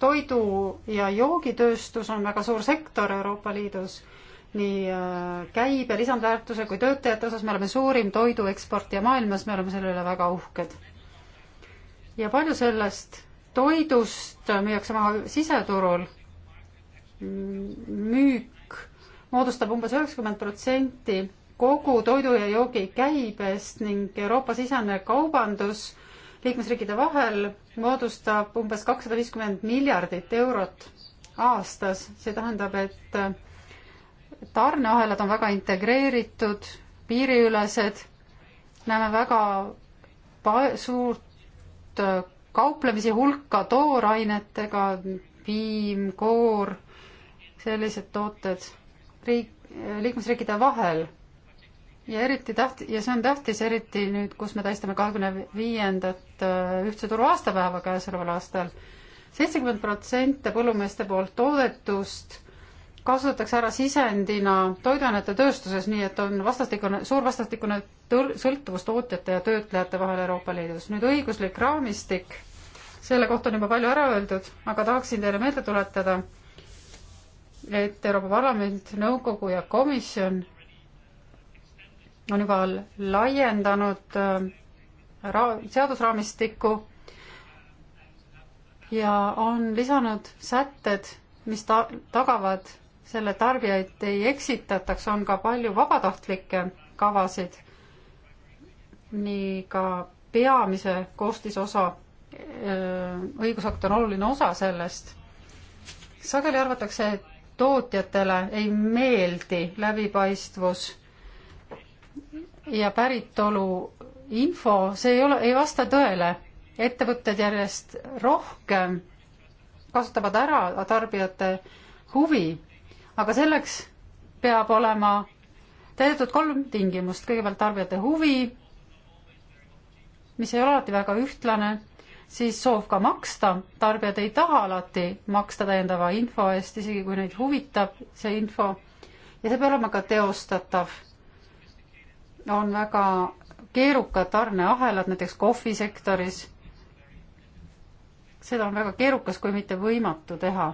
toidu- ja joogitööstus on väga suur sektor Euroopa Liidus nii äh, käibe, lisandväärtuse kui töötajate osas, me oleme suurim toidueksportija maailmas, me oleme selle üle väga uhked. ja palju sellest toidust müüakse maha siseturul, müük moodustab umbes üheksakümmend protsenti kogu toidu ja joogi käibest ning Euroopa-sisene kaubandus liikmesriikide vahel moodustab umbes kakssada viiskümmend miljardit eurot aastas, see tähendab, et tarneahelad on väga integreeritud, piiriülesed, näeme väga suurt äh, kauplemise hulka toorainetega, piim, koor, sellised tooted riik, liikmesriikide vahel. ja eriti täht-, ja see on tähtis eriti nüüd, kus me tähistame kahekümne viiendat äh, ühtse turu aastapäeva käesoleval aastal. seitsekümmend protsenti põllumeeste poolt toodetust kasutatakse ära sisendina toiduainete tööstuses, nii et on vastastikune, suur vastastikune tõl-, sõltuvus tootjate ja töötlejate vahel Euroopa Liidus. nüüd õiguslik raamistik, selle kohta on juba palju ära öeldud, aga tahaksin teile meelde tuletada, et Euroopa Parlament, Nõukogu ja Komisjon on juba laiendanud äh, ra-, seadusraamistikku ja on lisanud sätted, mis ta-, tagavad selle tarbijaid ei eksitataks, on ka palju vabatahtlikke kavasid, nii ka peamise koostisosa, õigusakt on oluline osa sellest. sageli arvatakse, et tootjatele ei meeldi läbipaistvus ja päritolu info, see ei ole, ei vasta tõele. ettevõtted järjest rohkem kasutavad ära tarbijate huvi aga selleks peab olema täidetud kolm tingimust, kõigepealt tarbijate huvi, mis ei ole alati väga ühtlane, siis soov ka maksta, tarbijad ei taha alati maksta täiendava info eest, isegi kui neid huvitab see info ja see peab olema ka teostatav. on väga keerukad tarneahelad, näiteks kohvisektoris. seda on väga keerukas, kui mitte võimatu teha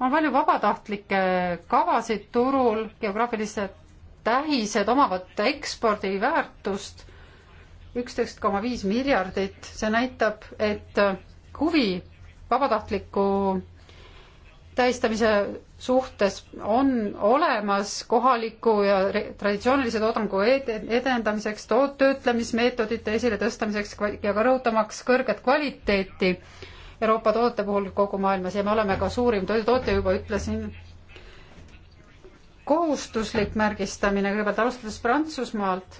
on palju vabatahtlikke kavasid turul, geograafilised tähised omavad ekspordiväärtust üksteist koma viis miljardit, see näitab, et huvi vabatahtliku tähistamise suhtes on olemas kohaliku ja traditsioonilise toodangu edendamiseks, toot-, töötlemismeetodite esiletõstamiseks ja ka rõhutamaks kõrget kvaliteeti Euroopa toodete puhul kogu maailmas ja me oleme ka suurim toidutootja, juba ütlesin. kohustuslik märgistamine, kõigepealt alustades Prantsusmaalt,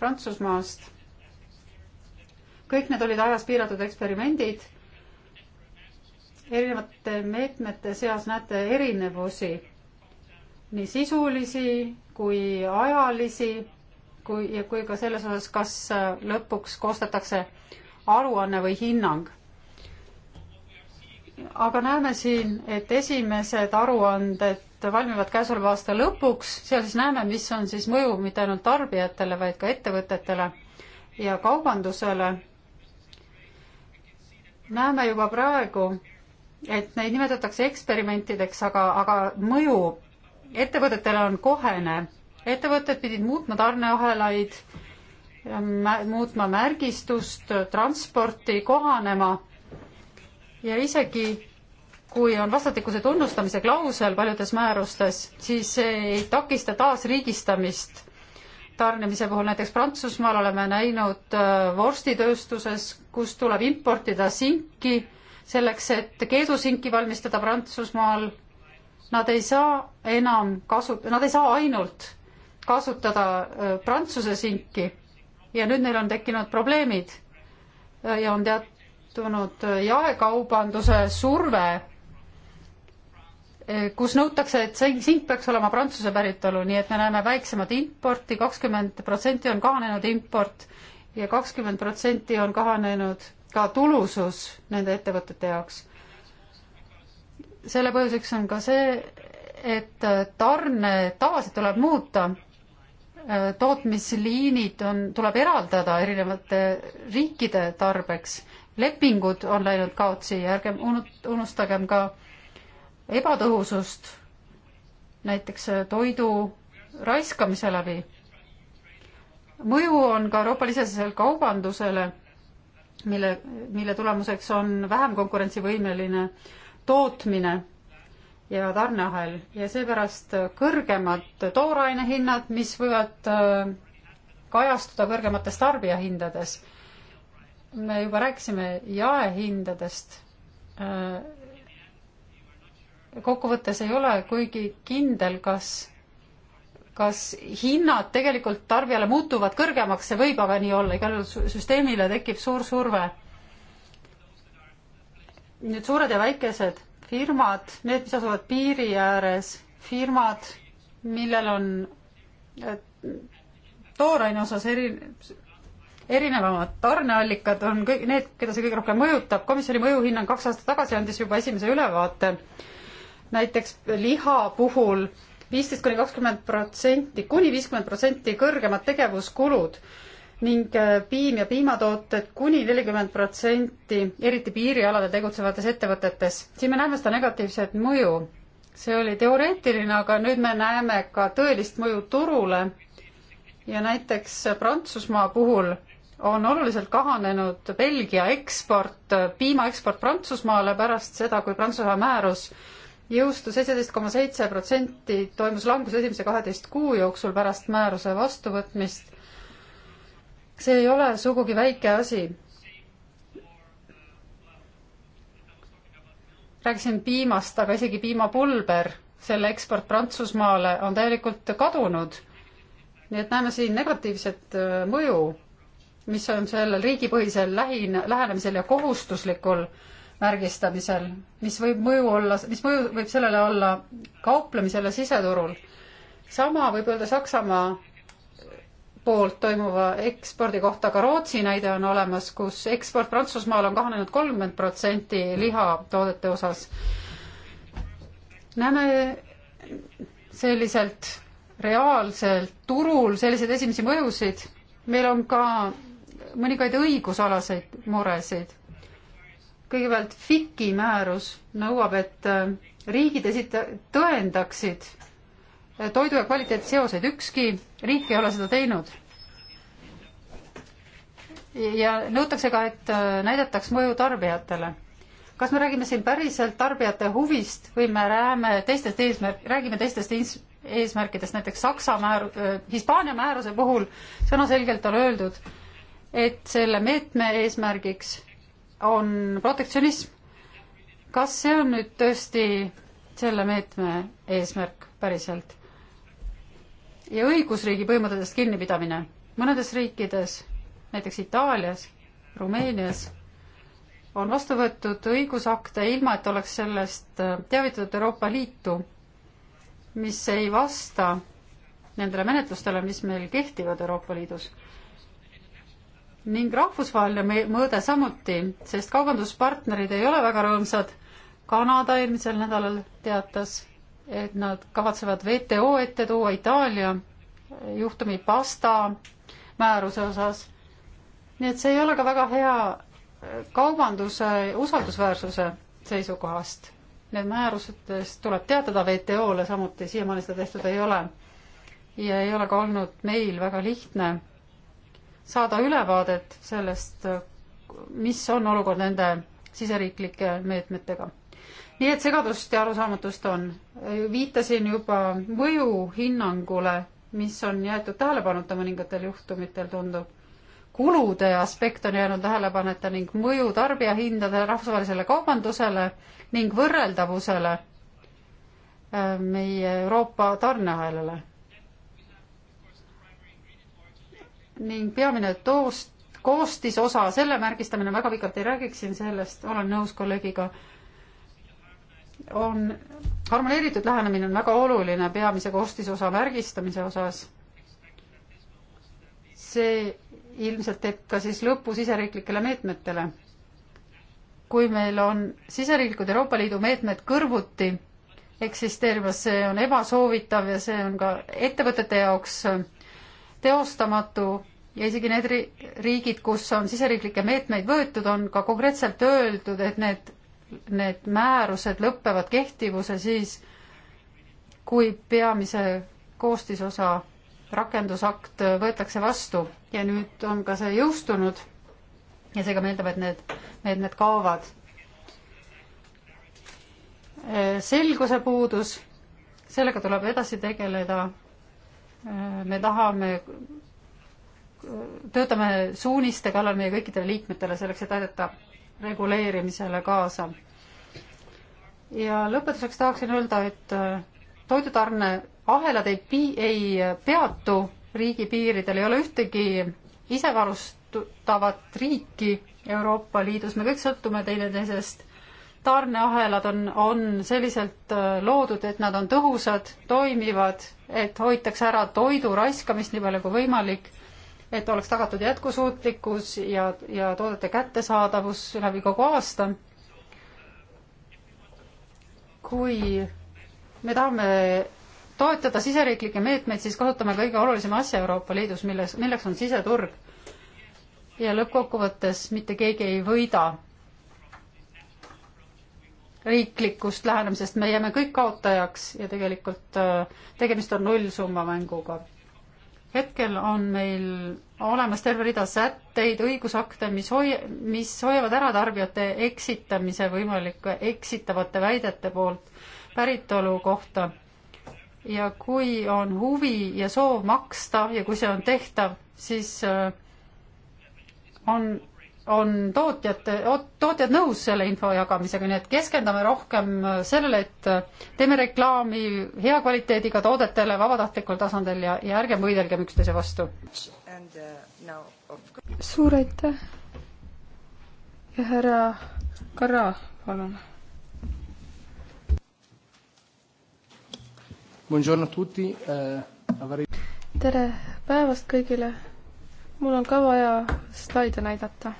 Prantsusmaast. kõik need olid ajas piiratud eksperimendid. erinevate meetmete seas näete erinevusi, nii sisulisi kui ajalisi kui, ja kui ka selles osas, kas lõpuks koostatakse aruanne või hinnang. aga näeme siin, et esimesed aruanded valmivad käesoleva aasta lõpuks, seal siis näeme, mis on siis mõju mitte ainult tarbijatele, vaid ka ettevõtetele ja kaubandusele. näeme juba praegu, et neid nimetatakse eksperimentideks, aga, aga mõju ettevõtetele on kohene. ettevõtted pidid muutma tarneahelaid muutma märgistust, transporti, kohanema ja isegi kui on vastastikuse tunnustamise klausel paljudes määrustes, siis see ei takista taasriigistamist. tarnimise puhul näiteks Prantsusmaal oleme näinud äh, vorstitööstuses, kus tuleb importida sinki selleks, et keedusinki valmistada Prantsusmaal. Nad ei saa enam kasu, nad ei saa ainult kasutada äh, Prantsuse sinki ja nüüd neil on tekkinud probleemid ja on teatunud jaekaubanduse surve, kus nõutakse, et see sink peaks olema Prantsuse päritolu, nii et me näeme väiksemat importi, kakskümmend protsenti on kahanenud import ja kakskümmend protsenti on kahanenud ka tulusus nende ettevõtete jaoks. selle põhjuseks on ka see, et tarne tavasid tuleb muuta Äh, tootmisliinid on, tuleb eraldada erinevate riikide tarbeks. lepingud on läinud kaotsi, ärgem unustagem ka ebatõhusust, näiteks äh, toidu raiskamise läbi. mõju on ka Euroopa-lisesel kaubandusele, mille, mille tulemuseks on vähem konkurentsivõimeline tootmine ja tarneahel ja seepärast kõrgemad tooraine hinnad, mis võivad äh, kajastuda kõrgemates tarbijahindades. me juba rääkisime jaehindadest. Äh, kokkuvõttes ei ole kuigi kindel, kas, kas hinnad tegelikult tarbijale muutuvad kõrgemaks, see võib aga nii olla, igal juhul süsteemile tekib suur surve. nüüd suured ja väikesed firmad, need, mis asuvad piiri ääres, firmad, millel on tooraine osas eri, erinevamad tarneallikad on kõik need, keda see kõige rohkem mõjutab. komisjoni mõjuhinnang kaks aastat tagasi andis juba esimese ülevaate. näiteks liha puhul viisteist kuni kakskümmend protsenti, kuni viiskümmend protsenti kõrgemad tegevuskulud ning äh, piim ja piimatooted kuni nelikümmend protsenti, eriti piirialadel tegutsevates ettevõtetes. siin me näeme seda negatiivset mõju. see oli teoreetiline, aga nüüd me näeme ka tõelist mõju turule. ja näiteks Prantsusmaa puhul on oluliselt kahanenud Belgia eksport, piima eksport Prantsusmaale pärast seda, kui Prantsusmaa määrus jõustus seitseteist koma seitse protsenti, toimus langus esimese kaheteist kuu jooksul pärast määruse vastuvõtmist see ei ole sugugi väike asi. rääkisin piimast, aga isegi piimapulber, selle eksport Prantsusmaale on täielikult kadunud. nii et näeme siin negatiivset äh, mõju, mis on sellel riigipõhisel lähin-, lähenemisel ja kohustuslikul märgistamisel, mis võib mõju olla, mis mõju võib sellele olla kauplemisele siseturul. sama võib öelda Saksamaa poolt toimuva ekspordi kohta, ka Rootsi näide on olemas, kus eksport Prantsusmaal on kahanenud kolmkümmend protsenti lihatoodete osas. näeme selliselt reaalselt turul selliseid esimesi mõjusid. meil on ka mõningaid õigusalaseid muresid. kõigepealt FIC-i määrus nõuab, et riigid esita-, tõendaksid toidu ja kvaliteetseoseid, ükski riik ei ole seda teinud. ja nõutakse ka, et äh, näidataks mõju tarbijatele. kas me räägime siin päriselt tarbijate huvist või me räägime teistest eesmärk, räägime teistest eesmärkidest, näiteks Saksa määr-, äh, Hispaania määruse puhul sõnaselgelt on öeldud, et selle meetme eesmärgiks on protektsionism. kas see on nüüd tõesti selle meetme eesmärk päriselt? ja õigusriigi põhimõtetest kinnipidamine. mõnedes riikides, näiteks Itaalias, Rumeenias, on vastu võetud õigusakte, ilma et oleks sellest äh, teavitatud Euroopa Liitu, mis ei vasta nendele menetlustele, mis meil kehtivad Euroopa Liidus. ning rahvusvaheline mõõde samuti, sest kaubanduspartnerid ei ole väga rõõmsad. Kanada eelmisel nädalal teatas et nad kavatsevad WTO ette tuua Itaalia juhtumi pasta määruse osas. nii et see ei ole ka väga hea äh, kaubanduse usaldusväärsuse seisukohast. Need määrused tuleb teatada WTO-le samuti, siiamaani seda tehtud ei ole. ja ei ole ka olnud meil väga lihtne saada ülevaadet sellest, äh, mis on olukord nende siseriiklike meetmetega nii et segadust ja arusaamatust on. viitasin juba mõjuhinnangule, mis on jäetud tähelepanuta mõningatel juhtumitel, tundub. kulude aspekt on jäänud tähelepanuta ning mõju tarbijahindade rahvusvahelisele kaubandusele ning võrreldavusele äh, meie Euroopa tarneahelale. ning peamine toost, koostisosa, selle märgistamine, väga pikalt ei räägiks siin sellest, olen nõus kolleegiga on, harmoneeritud lähenemine on väga oluline peamise koostisosa märgistamise osas. see ilmselt teeb ka siis lõpu siseriiklikele meetmetele. kui meil on siseriiklikud Euroopa Liidu meetmed kõrvuti eksisteerimas, see on ebasoovitav ja see on ka ettevõtete jaoks teostamatu ja isegi need riigid, kus on siseriiklikke meetmeid võetud, on ka konkreetselt öeldud, et need need määrused lõpevad kehtivuse siis, kui peamise koostisosa rakendusakt võetakse vastu ja nüüd on ka see jõustunud ja seega me eeldame, et need, et need kaovad. selguse puudus, sellega tuleb edasi tegeleda. me tahame, töötame suuniste kallal meie kõikidele liikmetele selleks, et aidata reguleerimisele kaasa. ja lõpetuseks tahaksin öelda, et äh, toidutarneahelad ei pii-, ei peatu riigipiiridel, ei ole ühtegi isevarustavat riiki Euroopa Liidus, me kõik sõltume teineteisest, tarneahelad on, on selliselt äh, loodud, et nad on tõhusad, toimivad, et hoitakse ära toidu raiskamist nii palju kui võimalik et oleks tagatud jätkusuutlikkus ja, ja toodete kättesaadavus läbi kogu aasta. kui me tahame toetada siseriiklikke meetmeid, siis kasutame kõige olulisema asja Euroopa Liidus, milles, milleks on siseturg. ja lõppkokkuvõttes mitte keegi ei võida riiklikust lähenemisest, me jääme kõik kaotajaks ja tegelikult äh, tegemist on nullsumma mänguga hetkel on meil olemas terve rida sätteid, õigusakte, mis hoi-, mis hoiavad ära tarbijate eksitamise võimalike eksitavate väidete poolt päritolu kohta. ja kui on huvi ja soov maksta ja kui see on tehtav, siis äh, on on tootjate, tootjad nõus selle info jagamisega, nii et keskendame rohkem sellele, et teeme reklaami hea kvaliteediga toodetele vabatahtlikul tasandil ja, ja ärgem võidelgem üksteise vastu. Uh, suur aitäh. ja härra Karra, palun. Eh, tere päevast kõigile. mul on ka vaja slaide näidata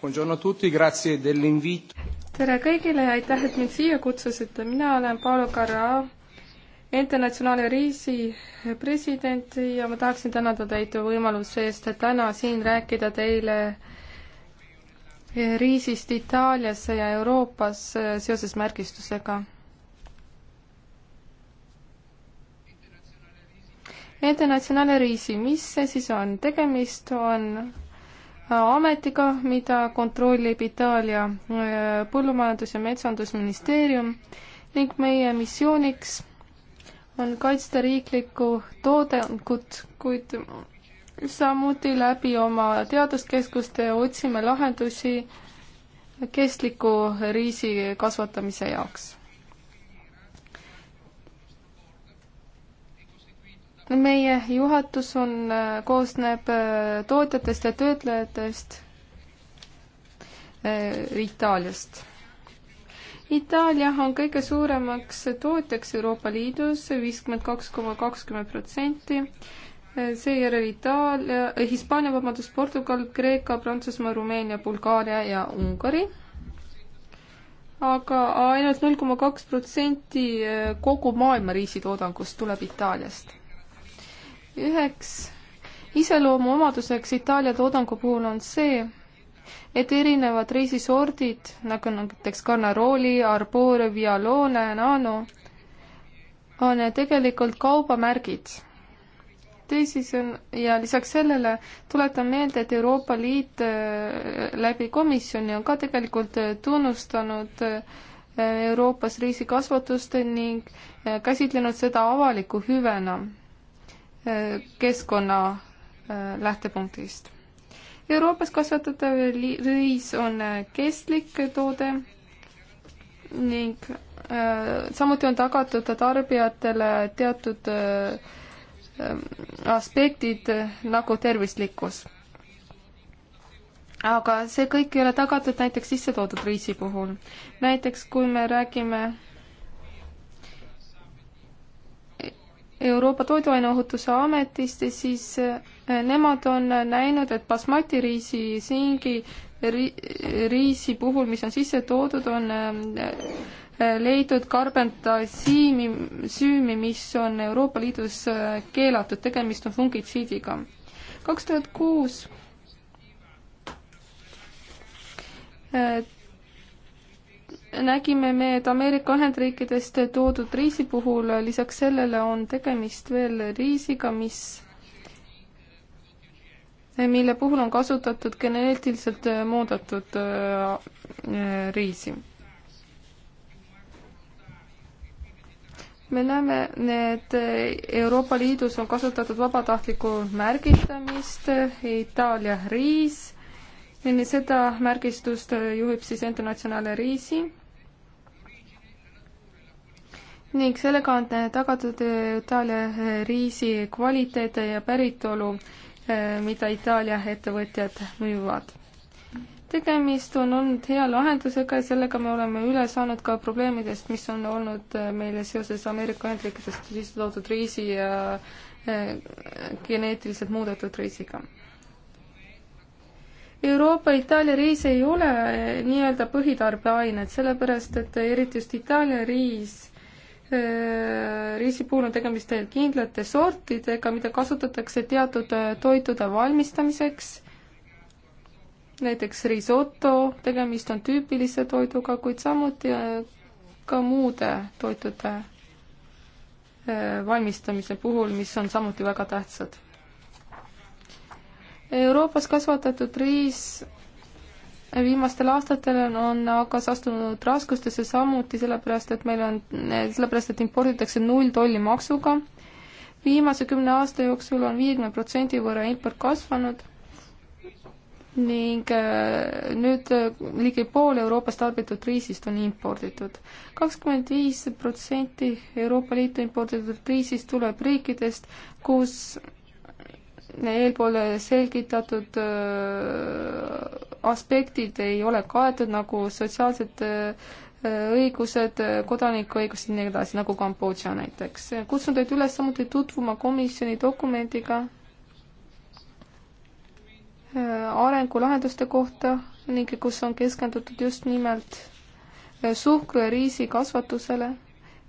Buongiorno a tutti, grazie dell'invito. tere kõigile ja aitäh, et mind siia kutsusite, mina olen Paolo Carrao, Internatsionaali Riisi president ja ma tahaksin tänada teid võimaluse eest täna siin rääkida teile riisist Itaalias ja Euroopas seoses märgistusega. Internatsionaali Riisi, mis see siis on, tegemist on ametiga, mida kontrollib Itaalia äh, põllumajandus- ja metsandusministeerium ning meie missiooniks on kaitsta riiklikku toodangut, kuid samuti läbi oma teaduskeskuste otsime lahendusi kestliku riisi kasvatamise jaoks meie juhatus on, äh, koosneb äh, tootjatest ja töötlejatest äh, Itaaliast. Itaalia on kõige suuremaks tootjaks Euroopa Liidus, viiskümmend kaks koma kakskümmend protsenti, seejärel Itaalia, Hispaania, vabandust, Portugal, Kreeka, Prantsusmaa, Rumeenia, Bulgaaria ja Ungari. aga ainult null koma kaks protsenti kogu maailma riisitoodangust tuleb Itaaliast üheks iseloomuomaduseks Itaalia toodangu puhul on see, et erinevad reisisordid, nagu näiteks Carnaroli, Arbore, Vialone, Nano, on tegelikult kaubamärgid. teisisõnu, ja lisaks sellele tuletan meelde, et Euroopa Liit äh, läbi komisjoni on ka tegelikult äh, tunnustanud äh, Euroopas reisikasvatust ning käsitlenud seda avaliku hüvena keskkonna äh, lähtepunktist. Euroopas kasvatatav riis on äh, kestlik toode ning äh, samuti on tagatud tarbijatele teatud aspektid nagu tervislikkus. aga see kõik ei ole tagatud näiteks sissetoodud riisi puhul. näiteks kui me räägime Euroopa Toiduaineohutuse Ametist, siis äh, nemad on näinud, et basmati riisi, singi ri, riisi puhul, mis on sisse toodud, on äh, äh, leitud karbentasiimi, süümi, mis on Euroopa Liidus keelatud, tegemist on fungitsiidiga. kaks tuhat kuus nägime me, et Ameerika Ühendriikidest toodud riisi puhul lisaks sellele on tegemist veel riisiga, mis, mille puhul on kasutatud geneetiliselt muudetud äh, riisi. me näeme, et Euroopa Liidus on kasutatud vabatahtlikku märgistamist, Itaalia riis enne seda märgistust juhib siis Internatsionale Riisi ning sellega on tagatud Itaalia riisi kvaliteet ja päritolu, eh, mida Itaalia ettevõtjad müüvad. tegemist on olnud hea lahendusega ja sellega me oleme üle saanud ka probleemidest, mis on olnud eh, meile seoses Ameerika Ühendriikidest sisse toodud riisi ja eh, geneetiliselt muudetud riisiga Euroopa Itaalia riis ei ole eh, nii-öelda põhitarbeained, sellepärast et eriti just Itaalia riis eh, riisi puhul on tegemist kindlate sortidega, mida kasutatakse teatud eh, toitude valmistamiseks, näiteks risoto, tegemist on tüüpilise toiduga, kuid samuti ka muude toitude valmistamise puhul, mis on samuti väga tähtsad Euroopas kasvatatud riis viimastel aastatel on aga astunud raskustesse samuti sellepärast, et meil on, sellepärast, et imporditakse nulltollimaksuga. viimase kümne aasta jooksul on viiekümne protsendi võrra import kasvanud ning äh, nüüd äh, ligi pool Euroopas tarbitud riisist on imporditud. kakskümmend viis protsenti Euroopa Liitu imporditud riisist tuleb riikidest, kus eelpool selgitatud äh, aspektid ei ole kaetud, nagu sotsiaalsed äh, õigused, kodanikuõigused ja nii edasi, nagu Kambodža näiteks. kutsun teid üles samuti tutvuma komisjoni dokumendiga äh, arengulahenduste kohta ning kus on keskendutud just nimelt suhkru ja riisi kasvatusele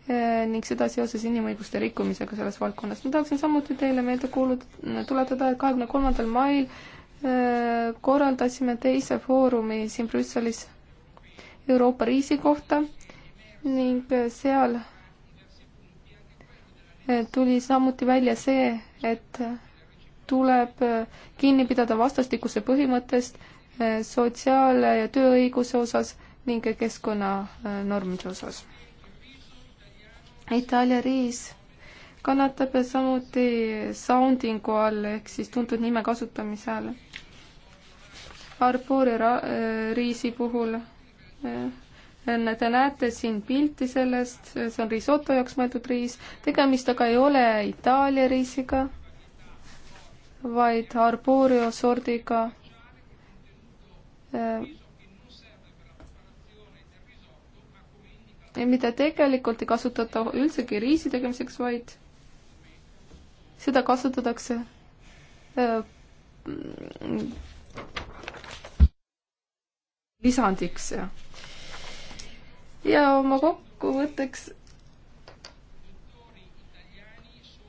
Äh, ning seda seoses inimõiguste rikkumisega selles valdkonnas. ma tahaksin samuti teile meelde kuulut-, tuletada, et kahekümne kolmandal mail äh, korraldasime teise foorumi siin Brüsselis Euroopa riisi kohta ning äh, seal tuli samuti välja see, et tuleb kinni pidada vastastikuse põhimõttest sotsiaal- ja tööõiguse osas ning keskkonnanormide osas Itaalia riis kannatab samuti sounding'u all ehk siis tuntud nime kasutamise all. Arbuuri äh, riisi puhul äh, te näete siin pilti sellest, see on risoto jaoks mõeldud riis, tegemist aga ei ole Itaalia riisiga, vaid arborio sordiga, äh, mida tegelikult ei kasutata üldsegi riisi tegemiseks, vaid seda kasutatakse äh, lisandiks. ja oma kokkuvõtteks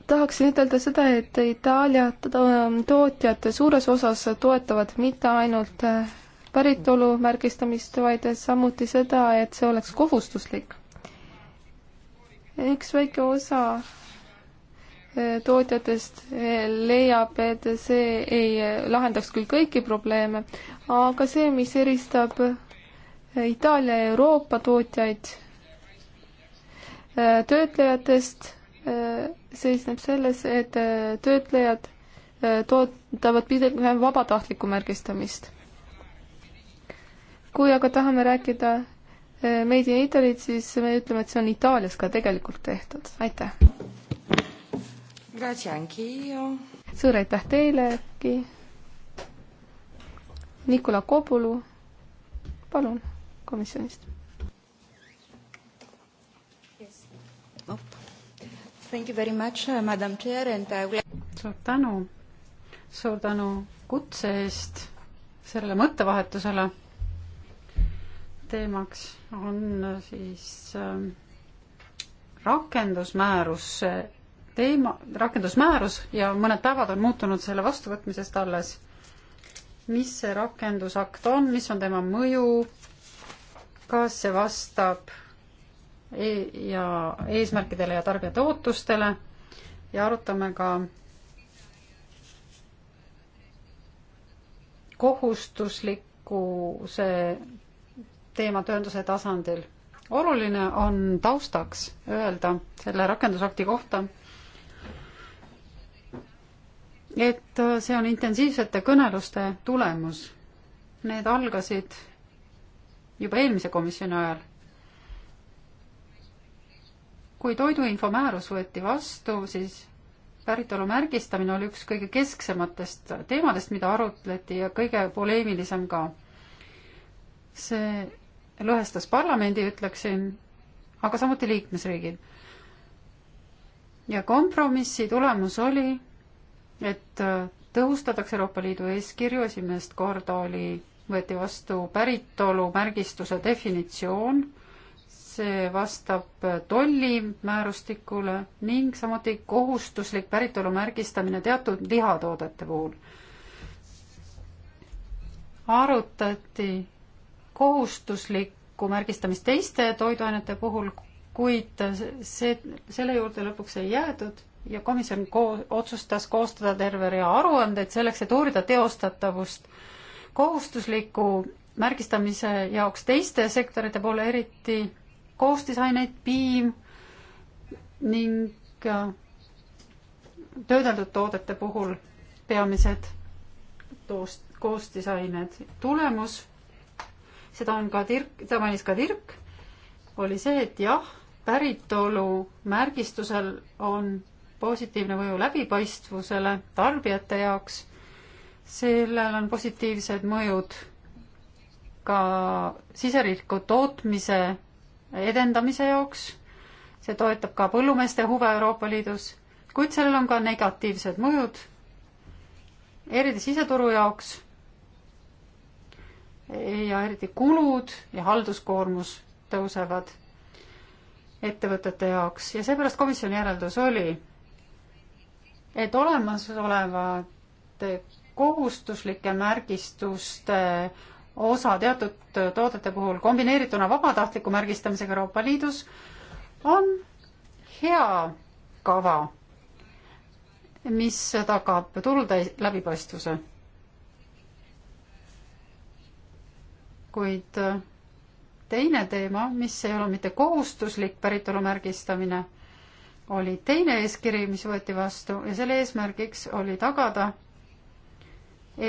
tahaksin ütelda seda, et Itaalia tootjad suures osas toetavad mitte ainult äh, päritolu märgistamist, vaid samuti seda, et see oleks kohustuslik. üks väike osa eh, tootjatest eh, leiab, et see ei eh, lahendaks küll kõiki probleeme, aga see, mis eristab Itaalia ja Euroopa tootjaid töötlejatest, seisneb selles, et töötlejad toodavad pigem vabatahtlikku märgistamist kui aga tahame rääkida eh, Made in Italy't, siis me ütleme, et see on Itaalias ka tegelikult tehtud, aitäh. suur aitäh teilegi. Nikola Kobulu, palun, komisjonist yes.. Uh, uh, suur tänu, suur tänu kutse eest sellele mõttevahetusele teemaks on siis ähm, rakendusmäärus teema, rakendusmäärus ja mõned päevad on muutunud selle vastuvõtmisest alles. mis see rakendusakt on, mis on tema mõju, kas see vastab e ja eesmärkidele ja tarbijate ootustele ja arutame ka kohustuslikkuse teemat ühenduse tasandil. oluline on taustaks öelda selle rakendusakti kohta, et see on intensiivsete kõneluste tulemus. Need algasid juba eelmise komisjoni ajal. kui toiduinfo määrus võeti vastu, siis päritolu märgistamine oli üks kõige kesksematest teemadest, mida arutleti ja kõige poleemilisem ka. see lõhestas parlamendi, ütleksin, aga samuti liikmesriigid. ja kompromissi tulemus oli, et äh, tõhustatakse Euroopa Liidu eeskirju, esimest korda oli, võeti vastu päritolumärgistuse definitsioon, see vastab äh, tollimäärustikule ning samuti kohustuslik päritolumärgistamine teatud lihatoodete puhul. arutati kohustuslikku märgistamist teiste toiduainete puhul, kuid see, selle juurde lõpuks ei jäädud ja komisjon koo-, otsustas koostada terve rea aruandeid selleks, et uurida teostatavust kohustusliku märgistamise jaoks teiste sektorite poole, eriti koostisaineid, piim ning äh, töödeldud toodete puhul peamised toost-, koostisained. tulemus seda on ka Dirk, seda mainis ka Dirk, oli see, et jah, päritolu märgistusel on positiivne mõju läbipaistvusele tarbijate jaoks, sellel on positiivsed mõjud ka siseriikliku tootmise edendamise jaoks, see toetab ka põllumeeste huve Euroopa Liidus, kuid sellel on ka negatiivsed mõjud, eriti siseturu jaoks ja eriti kulud ja halduskoormus tõusevad ettevõtete jaoks ja seepärast komisjoni järeldus oli, et olemasolevate kohustuslike märgistuste osa teatud toodete puhul kombineerituna vabatahtliku märgistamisega Euroopa Liidus on hea kava, mis tagab tulude läbipaistvuse kuid äh, teine teema, mis ei ole mitte kohustuslik päritolu märgistamine, oli teine eeskiri, mis võeti vastu ja selle eesmärgiks oli tagada,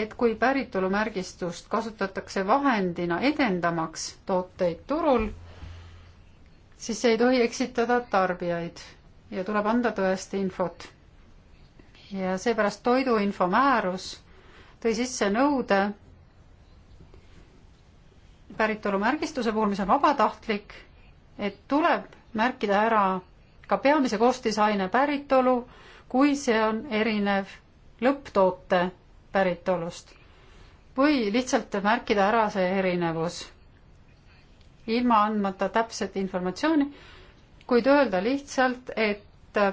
et kui päritolumärgistust kasutatakse vahendina edendamaks tooteid turul, siis ei tohi eksitada tarbijaid ja tuleb anda tõesti infot. ja seepärast toiduinfo määrus tõi sisse nõude päritolumärgistuse puhul, mis on vabatahtlik, et tuleb märkida ära ka peamise koostisaine päritolu, kui see on erinev lõpptoote päritolust või lihtsalt märkida ära see erinevus ilma andmata täpset informatsiooni, kuid öelda lihtsalt, et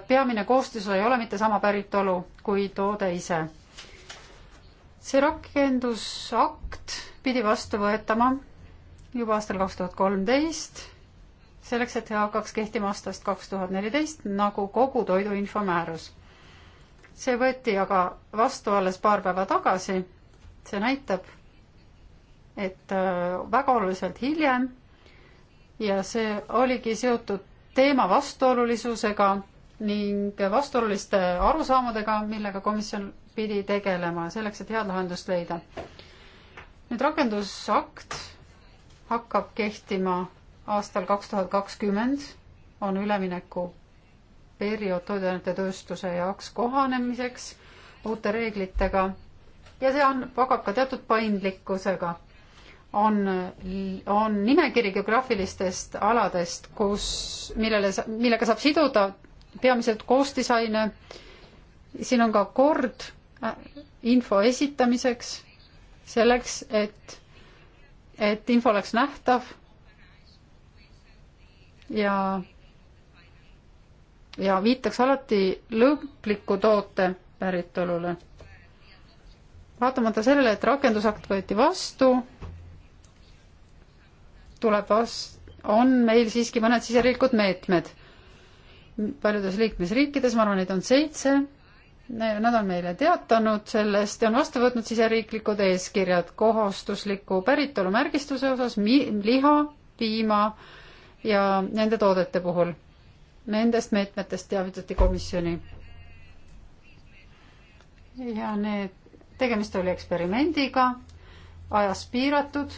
peamine koostisosa ei ole mitte sama päritolu kui toode ise. see rakendusakt pidi vastu võetama juba aastal kaks tuhat kolmteist, selleks, et hakkaks kehtima aastast kaks tuhat neliteist, nagu kogu toiduinfo määrus. see võeti aga vastu alles paar päeva tagasi. see näitab, et äh, väga oluliselt hiljem ja see oligi seotud teema vastuolulisusega ning vastuoluliste arusaamadega, millega komisjon pidi tegelema selleks, et head lahendust leida. nüüd rakendusakt hakkab kehtima aastal kaks tuhat kakskümmend, on ülemineku periood toiduainete tööstuse jaoks kohanemiseks uute reeglitega ja see on, pakub ka teatud paindlikkusega. on, on nimekiri geograafilistest aladest, kus, millele, millega saab siduda peamiselt koostisaine, siin on ka kord äh, info esitamiseks, selleks, et et info oleks nähtav ja, ja viitaks alati lõpliku toote päritolule. vaatamata sellele, et rakendusakt võeti vastu, tuleb vast-, on meil siiski mõned siseriiklikud meetmed. paljudes liikmesriikides, ma arvan, neid on seitse Nad on meile teatanud sellest ja on vastu võtnud siseriiklikud eeskirjad kohustusliku päritolumärgistuse osas mi-, liha, piima ja nende toodete puhul. Nendest meetmetest teavitati komisjoni. ja need, tegemist oli eksperimendiga, ajas piiratud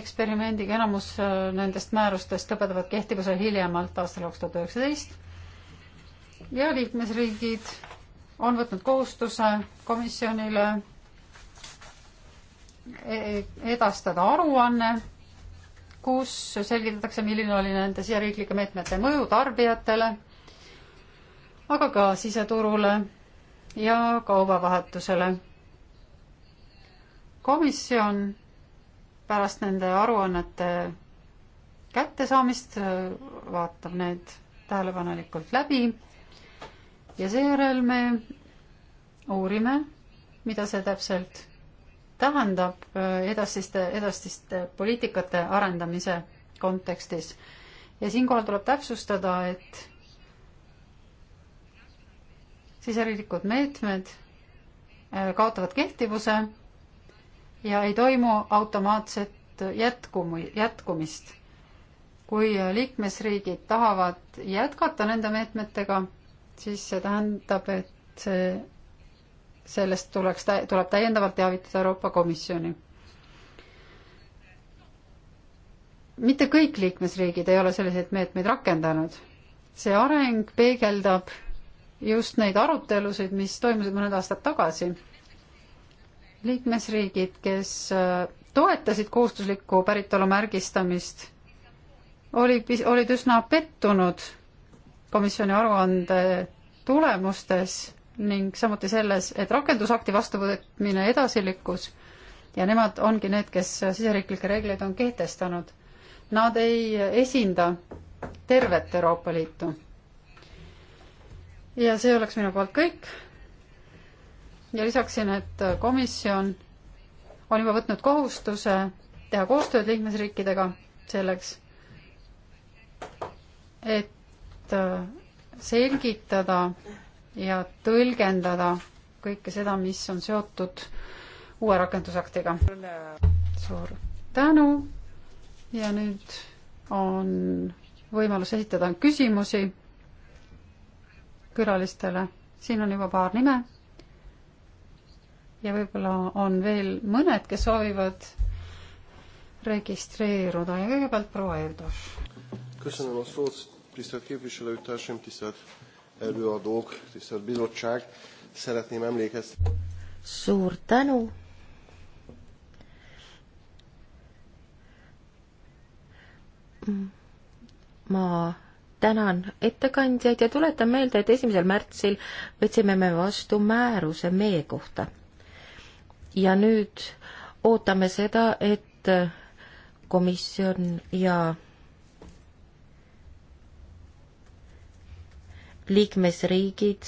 eksperimendiga, enamus äh, nendest määrustest lõpetavad kehtivuse hiljemalt aastal kaks tuhat üheksateist ja liikmesriigid on võtnud kohustuse komisjonile e-, edastada aruanne, kus selgitatakse, milline oli nende siseriiklike meetmete mõju tarbijatele, aga ka siseturule ja kaubavahetusele. komisjon pärast nende aruannete kättesaamist vaatab need tähelepanelikult läbi ja seejärel me uurime, mida see täpselt tähendab äh, edasiste, edasiste poliitikate arendamise kontekstis. ja siinkohal tuleb täpsustada, et siseriiklikud meetmed äh, kaotavad kehtivuse ja ei toimu automaatset jätkumu-, jätkumist. kui liikmesriigid tahavad jätkata nende meetmetega, siis see tähendab, et see, sellest tuleks, tuleb täiendavalt teavitada Euroopa Komisjoni. mitte kõik liikmesriigid ei ole selliseid meetmeid rakendanud. see areng peegeldab just neid arutelusid, mis toimusid mõned aastad tagasi. liikmesriigid, kes äh, toetasid kohustuslikku päritolu märgistamist, olid, olid üsna pettunud komisjoni aruande tulemustes ning samuti selles, et rakendusakti vastuvõtmine edasilikkus ja nemad ongi need, kes siseriiklikke reegleid on kehtestanud. Nad ei esinda tervet Euroopa Liitu. ja see oleks minu poolt kõik. ja lisaksin, et komisjon on juba võtnud kohustuse teha koostööd liikmesriikidega selleks, et Äh, selgitada ja tõlgendada kõike seda, mis on seotud uue rakendusaktiga. suur tänu ja nüüd on võimalus esitada küsimusi külalistele. siin on juba paar nime. ja võib-olla on veel mõned, kes soovivad registreeruda ja kõigepealt proua Eeldor. köszönöm a szót, Tisztelt képviselőtársaim, tisztelt előadók, tisztelt bizottság, szeretném emlékeztetni. Suur tänu! ma tänan ettekandjaid ja tuletan meelde, et esimesel märtsil võtsime me vastu määruse mee kohta. ja nüüd ootame seda, et komisjon ja liikmesriigid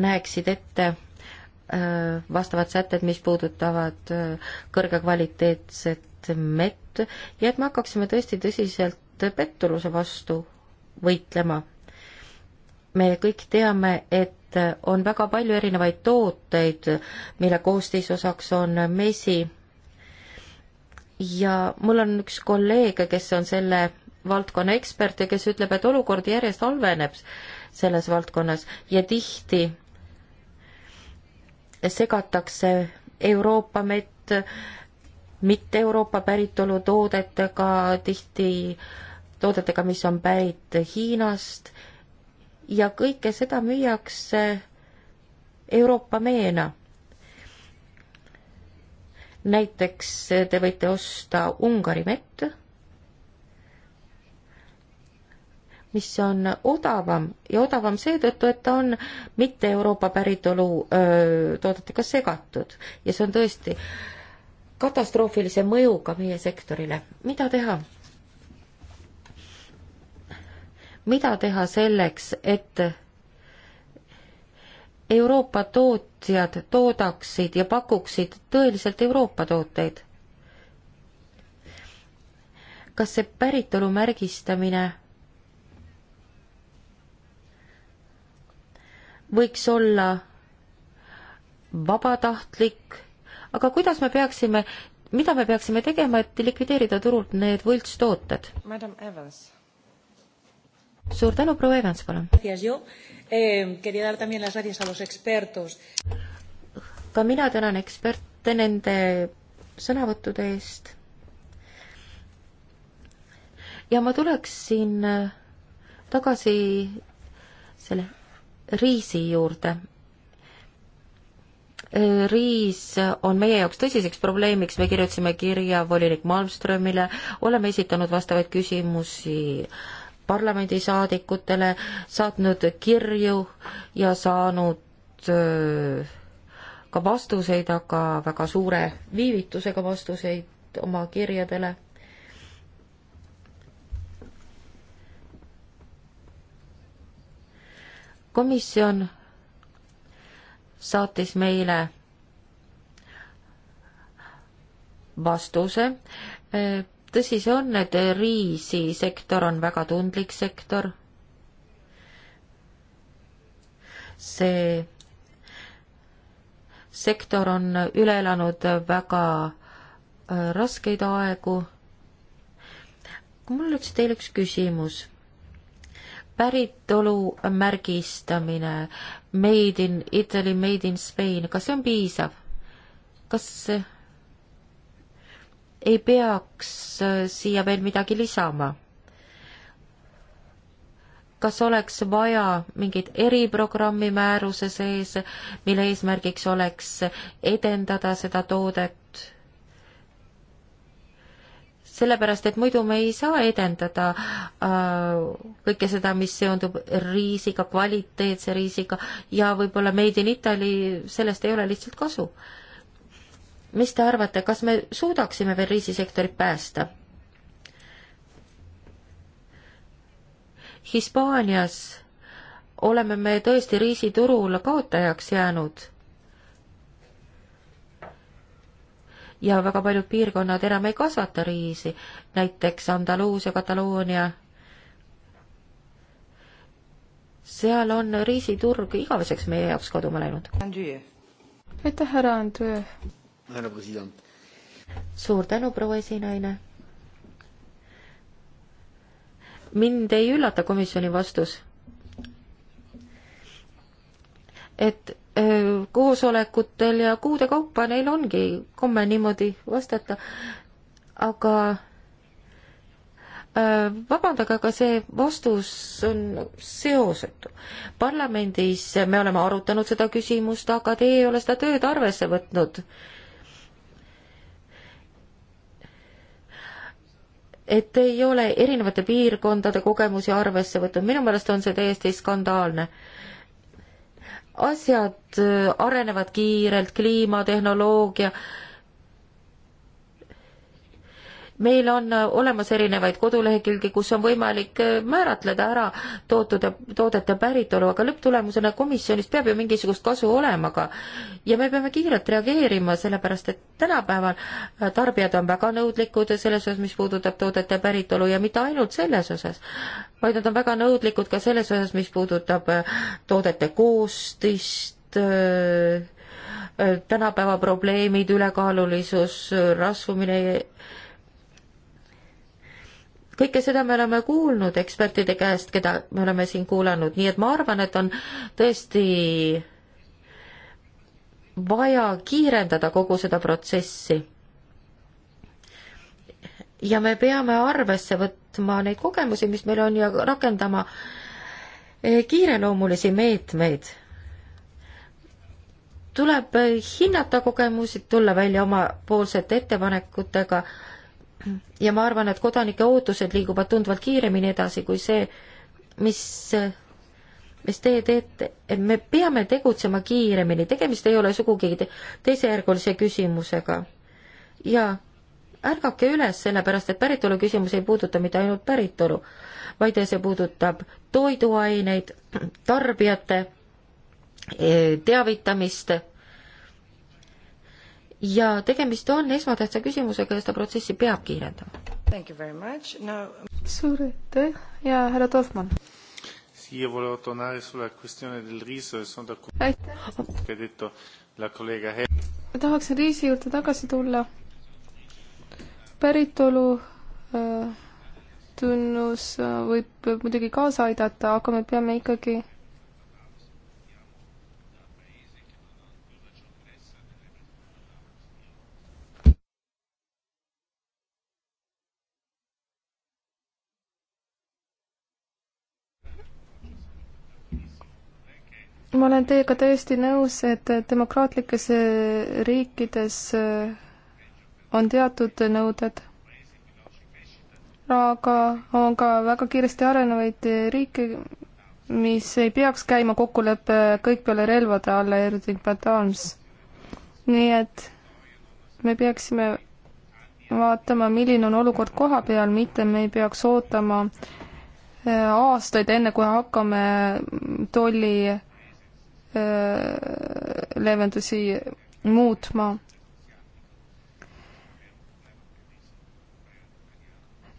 näeksid ette äh, vastavad sätted, mis puudutavad äh, kõrgekvaliteetset mett ja et me hakkaksime tõesti tõsiselt petturuse vastu võitlema. me kõik teame, et on väga palju erinevaid tooteid, mille koostisosaks on mesi. ja mul on üks kolleeg, kes on selle valdkonna eksperte, kes ütleb, et olukord järjest halveneb selles valdkonnas ja tihti segatakse Euroopa mett mitte Euroopa päritolu toodetega, tihti toodetega, mis on pärit Hiinast ja kõike seda müüakse Euroopa meena näiteks te võite osta Ungari mett mis on odavam ja odavam seetõttu, et ta on mitte Euroopa päritolu öö, toodetega segatud ja see on tõesti katastroofilise mõjuga meie sektorile. mida teha? mida teha selleks, et Euroopa tootjad toodaksid ja pakuksid tõeliselt Euroopa tooteid? kas see päritolu märgistamine võiks olla vabatahtlik, aga kuidas me peaksime, mida me peaksime tegema, et likvideerida turult need võltstooted? suur tänu, proua Evans, palun. Eh, ka mina tänan eksperte nende sõnavõttude eest. ja ma tuleksin tagasi selle riisi juurde. Äh, riis on meie jaoks tõsiseks probleemiks, me kirjutasime kirja volinik Malmströmile, oleme esitanud vastavaid küsimusi parlamendisaadikutele, saatnud kirju ja saanud öö, äh, ka vastuseid, aga väga suure viivitusega vastuseid oma kirjadele komisjon saatis meile vastuse. tõsi see on, et riisisektor on väga tundlik sektor. see sektor on üle elanud väga äh, raskeid aegu. mul oleks teile üks küsimus päritolu märgistamine, made in Italy, made in Spain, kas see on piisav? kas ei peaks äh, siia veel midagi lisama? kas oleks vaja mingit eriprogrammi määruse sees, mille eesmärgiks oleks edendada seda toodet sellepärast et muidu me ei saa edendada äh, kõike seda, mis seondub riisiga, kvaliteetse riisiga ja võib-olla Made in Italy, sellest ei ole lihtsalt kasu. mis te arvate, kas me suudaksime veel riisisektorit päästa? Hispaanias oleme me tõesti riisiturul kaotajaks jäänud ja väga paljud piirkonnad enam ei kasvata riisi, näiteks Andaluusia, Kataloonia. seal on riisiturg igaveseks meie jaoks kaduma läinud. aitäh, härra Andrei! härra president! suur tänu, proua esinaine! mind ei üllata komisjoni vastus, et koosolekutel ja kuude kaupa neil ongi komme niimoodi vastata, aga vabandage, aga see vastus on seosetu. parlamendis me oleme arutanud seda küsimust, aga te ei ole seda tööd arvesse võtnud. et ei ole erinevate piirkondade kogemusi arvesse võtnud, minu meelest on see täiesti skandaalne asjad äh, arenevad kiirelt, kliimatehnoloogia äh,, meil on äh, olemas erinevaid kodulehekülgi, kus on võimalik äh, määratleda ära tootude, toodete päritolu, aga lõpptulemusena komisjonist peab ju mingisugust kasu olema ka. ja me peame kiirelt reageerima, sellepärast et tänapäeval äh, tarbijad on väga nõudlikud selles osas, mis puudutab toodete päritolu ja mitte ainult selles osas, vaid nad on väga nõudlikud ka selles osas, mis puudutab toodete koostist, tänapäeva probleemid, ülekaalulisus, rasvumine kõike seda me oleme kuulnud ekspertide käest, keda me oleme siin kuulanud, nii et ma arvan, et on tõesti vaja kiirendada kogu seda protsessi. ja me peame arvesse võtma neid kogemusi, mis meil on ja rakendama eh, kiireloomulisi meetmeid tuleb hinnata kogemusi, tulla välja omapoolsete ettepanekutega ja ma arvan, et kodanike ootused liiguvad tunduvalt kiiremini edasi kui see, mis, mis teie teete, et me peame tegutsema kiiremini, tegemist ei ole sugugi te teisejärgulise küsimusega. ja ärgake üles, sellepärast et päritolu küsimus ei puuduta mitte ainult päritolu, vaid see puudutab toiduaineid, tarbijate eh, teavitamist ja tegemist on esmatähtsa küsimusega ja seda protsessi peab kiirendama. Now... Um, suur aitäh ja härra Dorfmann. E aitäh. ma tahaksin riisi juurde tagasi tulla. päritolu äh, tunnus äh, võib muidugi kaasa aidata, aga me peame ikkagi ma olen teiega täiesti nõus, et demokraatlikes eh, riikides eh, on teatud nõuded, aga on ka väga kiiresti arenevaid eh, riike, mis ei peaks käima kokkuleppe kõik peale relvade alla, eriti Batalms. nii et me peaksime vaatama, milline on olukord koha peal, mitte me ei peaks ootama aastaid, enne kui hakkame tolli Äh, leevendusi muutma.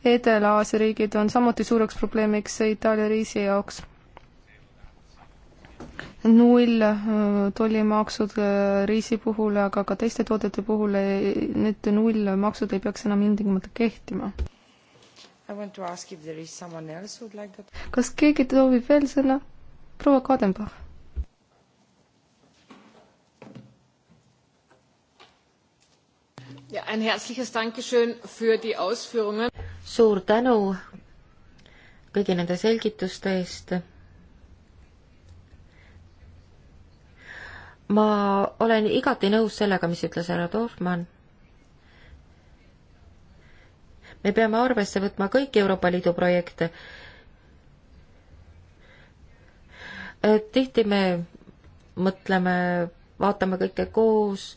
Edela-Aasia riigid on samuti suureks probleemiks Itaalia riisi jaoks. null äh, tollimaksud äh, riisi puhul, aga ka teiste toodete puhul, need nullmaksud ei peaks enam ilmtingimata kehtima. Like that... kas keegi soovib veel sõna? proua Kadenbach ja ein herzliches Dankeschön für die Ausführungen. suur tänu kõigi nende selgituste eest. ma olen igati nõus sellega, mis ütles härra Dorfmann. me peame arvesse võtma kõiki Euroopa Liidu projekte. tihti me mõtleme, vaatame kõike koos,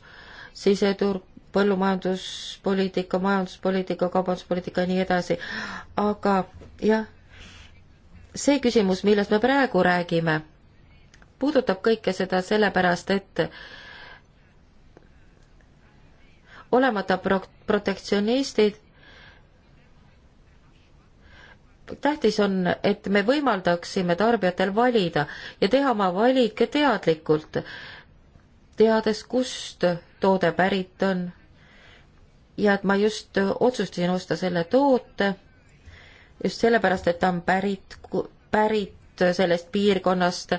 siseturg, põllumajanduspoliitika, majanduspoliitika, kaubanduspoliitika ja nii edasi. aga jah, see küsimus, millest me praegu räägime, puudutab kõike seda sellepärast, et olemata pro-, protektsionistid, tähtis on, et me võimaldaksime tarbijatel valida ja teha oma valik teadlikult, teades, kust toode pärit on ja et ma just otsustasin osta selle toote just sellepärast, et ta on pärit, pärit sellest piirkonnast.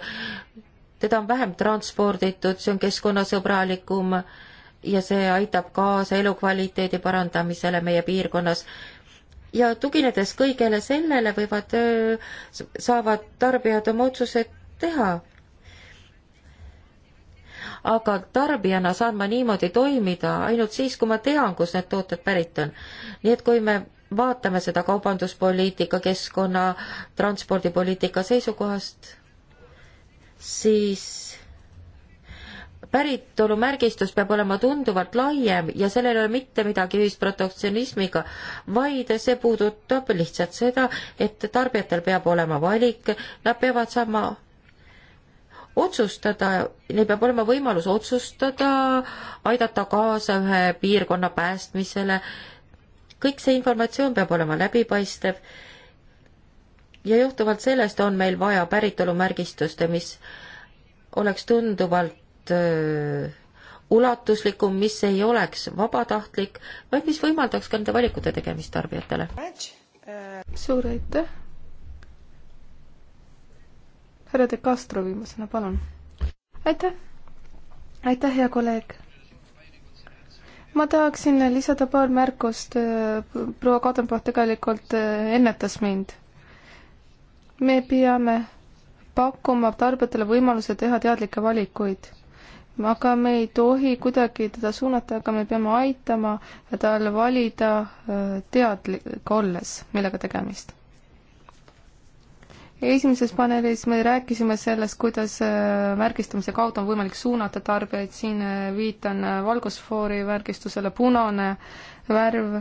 teda on vähem transporditud, see on keskkonnasõbralikum ja see aitab kaasa elukvaliteedi parandamisele meie piirkonnas. ja tuginedes kõigele sellele, võivad, saavad tarbijad oma otsused teha aga tarbijana saan ma niimoodi toimida ainult siis, kui ma tean, kus need tooted pärit on. nii et kui me vaatame seda kaubanduspoliitika, keskkonna, transpordipoliitika seisukohast, siis päritolumärgistus peab olema tunduvalt laiem ja sellel ei ole mitte midagi ühist protektsionismiga, vaid see puudutab lihtsalt seda, et tarbijatel peab olema valik, nad peavad saama otsustada, neil peab olema võimalus otsustada, aidata kaasa ühe piirkonna päästmisele, kõik see informatsioon peab olema läbipaistev ja johtuvalt sellest on meil vaja päritolumärgistust, mis oleks tunduvalt öö, äh, ulatuslikum, mis ei oleks vabatahtlik, vaid mis võimaldaks ka nende valikute tegemist tarbijatele. suur aitäh! härra De Castro viimasena, palun. aitäh. aitäh, hea kolleeg. ma tahaksin lisada paar märkust. Äh, proua Kadenbach tegelikult äh, ennetas mind. me peame pakkuma tarbijatele võimaluse teha teadlikke valikuid aga me ei tohi kuidagi teda suunata, aga me peame aitama tal valida äh, teadlik olles, millega tegemist esimeses paneelis me rääkisime sellest, kuidas äh, märgistamise kaudu on võimalik suunata tarbijaid, siin äh, viitan äh, valgusfoori märgistusele, punane värv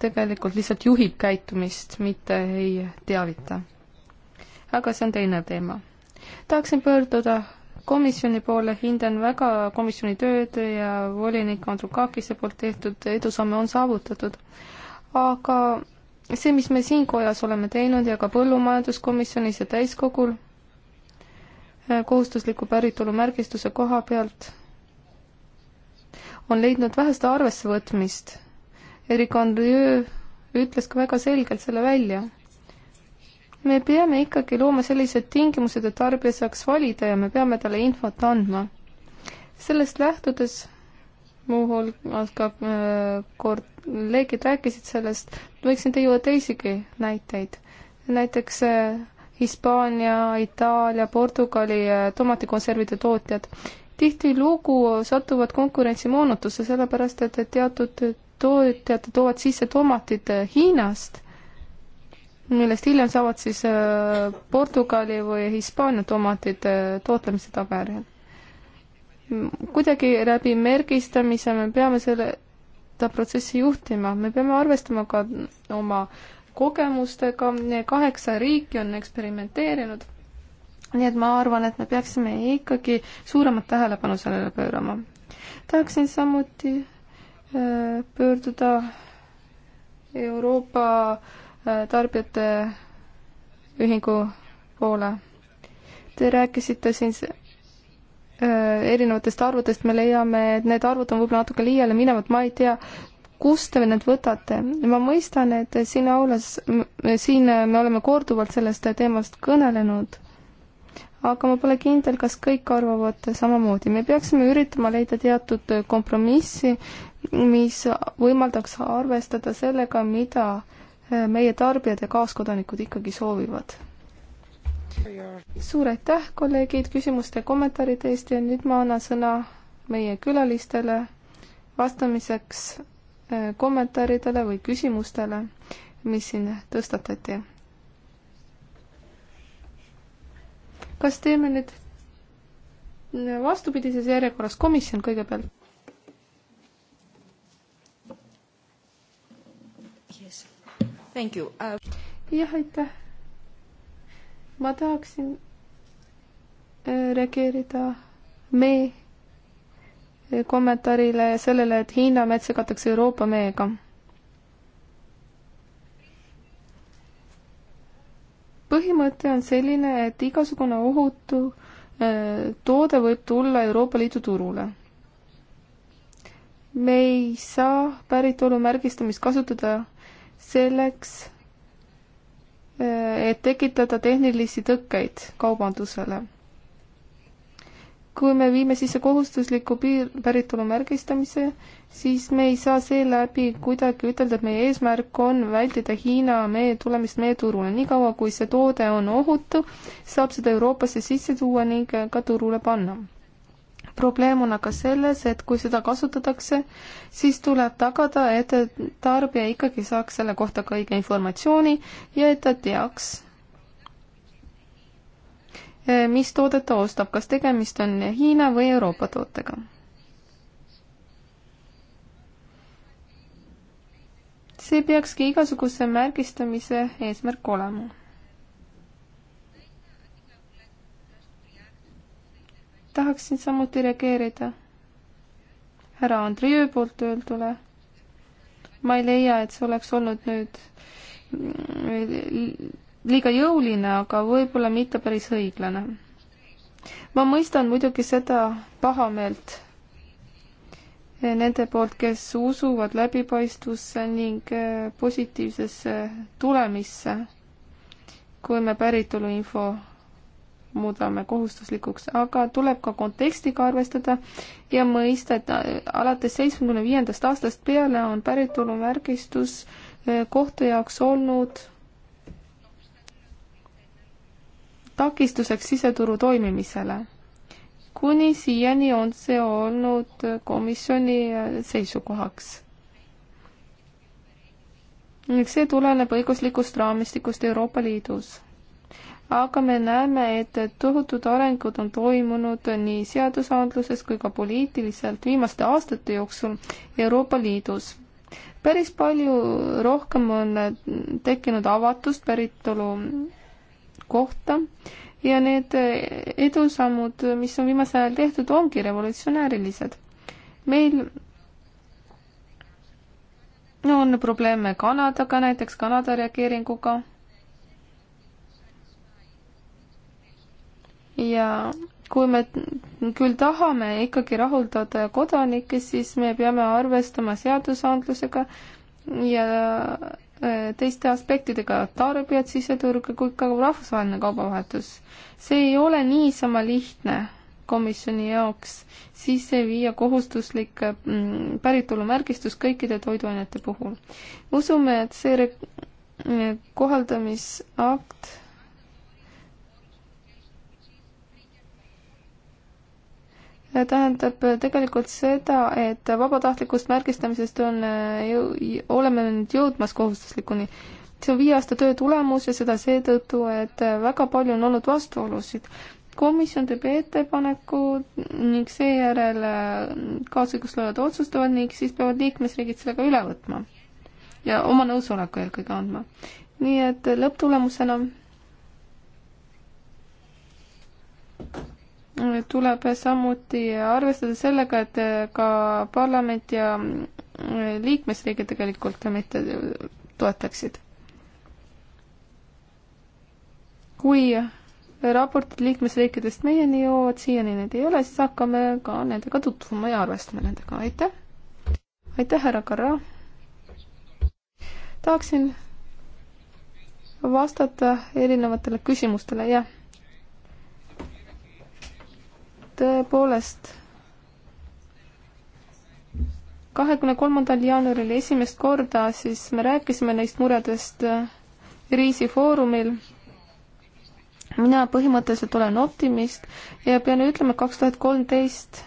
tegelikult lihtsalt juhib käitumist, mitte ei teavita. aga see on teine teema. tahaksin pöörduda komisjoni poole, hindan väga komisjoni tööd ja volinik Andrukakise poolt tehtud edusamme on saavutatud, aga see, mis me siin kojas oleme teinud ja ka põllumajanduskomisjonis ja täiskogul äh, kohustusliku päritolu märgistuse koha pealt, on leidnud väheste arvessevõtmist. Erik Andrieu ütles ka väga selgelt selle välja. me peame ikkagi looma sellised tingimused, et tarbija saaks valida ja me peame talle infot andma. sellest lähtudes muuhulgas äh, ka kolleegid rääkisid sellest, võiksin tuua teisigi näiteid. näiteks äh, Hispaania, Itaalia, Portugali äh, tomatikonservide tootjad. tihtilugu satuvad konkurentsimoonutusse, sellepärast et teatud tootjad toovad sisse tomatid Hiinast, millest hiljem saavad siis Portugali või Hispaania tomatid tootlemise tagajärjel kuidagi läbi märgistamise me peame selle, seda protsessi juhtima, me peame arvestama ka oma kogemustega, kaheksa riiki on eksperimenteerinud, nii et ma arvan, et me peaksime ikkagi suuremat tähelepanu sellele pöörama. tahaksin samuti äh, pöörduda Euroopa äh, Tarbijate Ühingu poole. Te rääkisite siin Äh, erinevatest arvudest me leiame, et need arvud on võib-olla natuke liiale minevad, ma ei tea, kust te need võtate? ma mõistan, et siin aulas, siin me oleme korduvalt sellest teemast kõnelenud, aga ma pole kindel, kas kõik arvavad samamoodi. me peaksime üritama leida teatud kompromissi, mis võimaldaks arvestada sellega, mida äh, meie tarbijad ja kaaskodanikud ikkagi soovivad suur aitäh, kolleegid, küsimuste ja kommentaaride eest ja nüüd ma annan sõna meie külalistele vastamiseks eh, kommentaaridele või küsimustele, mis siin tõstatati. kas teeme nüüd vastupidises järjekorras, komisjon kõigepealt? Uh, jah, aitäh ma tahaksin äh, reageerida mee kommentaarile sellele, et Hiina mets segatakse Euroopa meega. põhimõte on selline, et igasugune ohutu äh, toode võib tulla Euroopa Liidu turule. me ei saa päritolu märgistamist kasutada selleks, et tekitada tehnilisi tõkkeid kaubandusele. kui me viime sisse kohustusliku piir, päritolu märgistamise, siis me ei saa seeläbi kuidagi ütelda, et meie eesmärk on vältida Hiina mee tulemist meie turule. niikaua, kui see toode on ohutu, saab seda Euroopasse sisse tuua ning ka turule panna probleem on aga selles, et kui seda kasutatakse, siis tuleb tagada, et tarbija ikkagi saaks selle kohta ka õige informatsiooni ja et ta teaks, eh, mis toodet ta ostab, kas tegemist on Hiina või Euroopa tootega. see peakski igasuguse märgistamise eesmärk olema tahaksin samuti reageerida härra Andrei poolt öeldule. ma ei leia, et see oleks olnud nüüd mm, liiga jõuline, aga võib-olla mitte päris õiglane. ma mõistan muidugi seda pahameelt nende poolt, kes usuvad läbipaistvusse ning äh, positiivsesse tulemisse, kui me päritoluinfo muudame kohustuslikuks, aga tuleb ka kontekstiga arvestada ja mõista, et äh, alates seitsmekümne viiendast aastast peale on päritolumärgistus äh, kohtu jaoks olnud takistuseks siseturu toimimisele. kuni siiani on see olnud äh, komisjoni seisukohaks. ning see tuleneb õiguslikust raamistikust Euroopa Liidus aga me näeme, et tohutud arengud on toimunud nii seadusandluses kui ka poliitiliselt viimaste aastate jooksul Euroopa Liidus. päris palju rohkem on tekkinud avatust päritolu kohta ja need edusammud, mis on viimasel ajal tehtud, ongi revolutsionäärilised. meil on probleeme Kanadaga, näiteks Kanada reageeringuga ja kui me küll tahame ikkagi rahuldada kodanikke, siis me peame arvestama seadusandlusega ja äh, teiste aspektidega, tarbijad, siseturg kui ka rahvusvaheline kaubavahetus. see ei ole niisama lihtne komisjoni jaoks sisse viia kohustuslik mm, päritolumärgistus kõikide toiduainete puhul. usume, et see kohaldamisakt tähendab äh, tegelikult seda, et vabatahtlikust märgistamisest on, äh, oleme nüüd jõudmas kohustuslikuni. see on viie aasta töö tulemus ja seda seetõttu, et äh, väga palju on olnud vastuolusid. komisjon teeb ettepaneku ning seejärel kaasõigusloojad otsustavad ning siis peavad liikmesriigid selle ka üle võtma ja oma nõusoleku eelkõige andma. nii et lõpptulemusena tuleb samuti arvestada sellega, et ka parlament ja mm, liikmesriigid tegelikult mitte toetaksid. kui raportid liikmesriikidest meieni jõuavad, siiani neid ei ole, siis hakkame ka nendega tutvuma ja arvestame nendega, aitäh! aitäh, härra Karra! tahaksin vastata erinevatele küsimustele, jah tõepoolest kahekümne kolmandal jaanuaril esimest korda siis me rääkisime neist muredest äh, Riisi foorumil. mina põhimõtteliselt olen optimist ja pean ütlema, et kaks tuhat kolmteist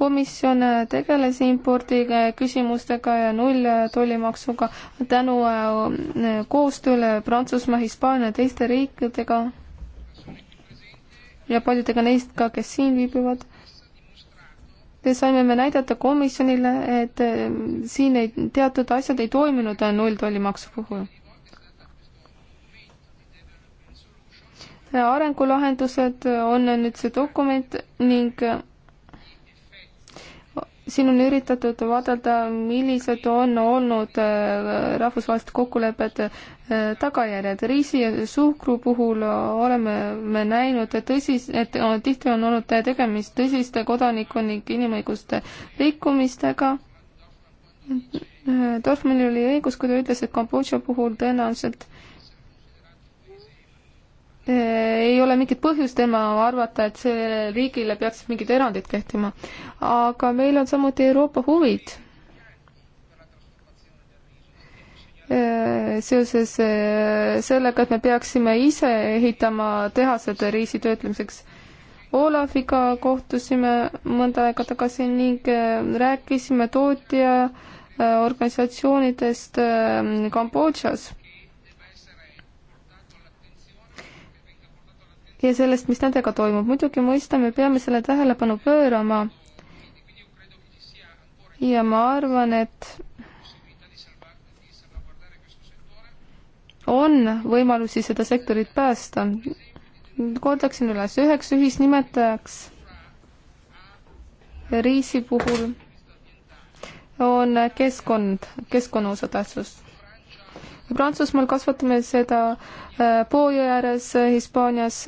komisjon tegeles impordi küsimustega ja nulltollimaksuga tänu äh, koostööle Prantsusmaa, Hispaania ja teiste riikidega ja paljudega neist ka, kes siin viibivad, saime me näidata komisjonile, et ähm, siin ei, teatud asjad ei toiminud äh, nulltollimaksu puhul. Äh, arengulahendused äh, on nüüd see dokument ning siin on üritatud vaadata, millised on olnud äh, rahvusvahelised kokkulepped äh, tagajärjed. riisi ja suhkru puhul oleme me näinud tõsis, et tihti on olnud tegemist tõsiste kodaniku ning inimõiguste rikkumistega. Äh, Dorfmanil oli õigus, kui ta ütles, et Kambodža puhul tõenäoliselt Äh, ei ole mingit põhjust tema arvata, et sellele riigile peaksid mingid erandid kehtima. aga meil on samuti Euroopa huvid äh, seoses äh, sellega, et me peaksime ise ehitama tehased riisi töötlemiseks. Olaviga kohtusime mõnda aega tagasi ning rääkisime tootja organisatsioonidest Kambodžas ja sellest, mis nendega toimub. muidugi mõistame, peame selle tähelepanu pöörama. ja ma arvan, et on võimalusi seda sektorit päästa. kordaksin üles, üheks ühisnimetajaks riisi puhul on keskkond, keskkonna osa tähtsus Prantsusmaal kasvatame seda äh, Poojõe ääres, äh, Hispaanias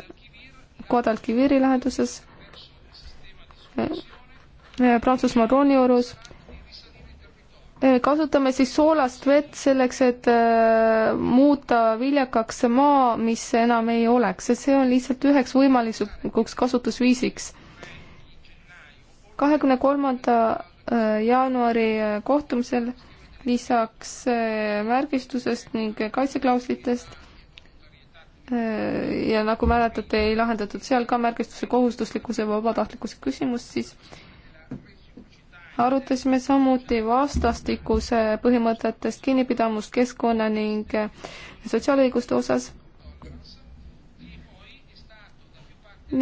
Guadalquiviri läheduses, eh, eh, Prantsusmaa Rooni orus. Eh, kasutame siis soolast vett selleks, et muuta viljakaks maa, mis enam ei oleks ja see on lihtsalt üheks võimalikuks kasutusviisiks. kahekümne kolmanda jaanuari kohtumisel lisaks märgistusest ning kaitseklauslitest Äh, ja nagu mäletate, ei lahendatud seal ka märgistuse kohustuslikkuse või vabatahtlikkuse küsimust, siis arutasime samuti vastastikuse põhimõtetest kinnipidamust keskkonna ning äh, sotsiaalõiguste osas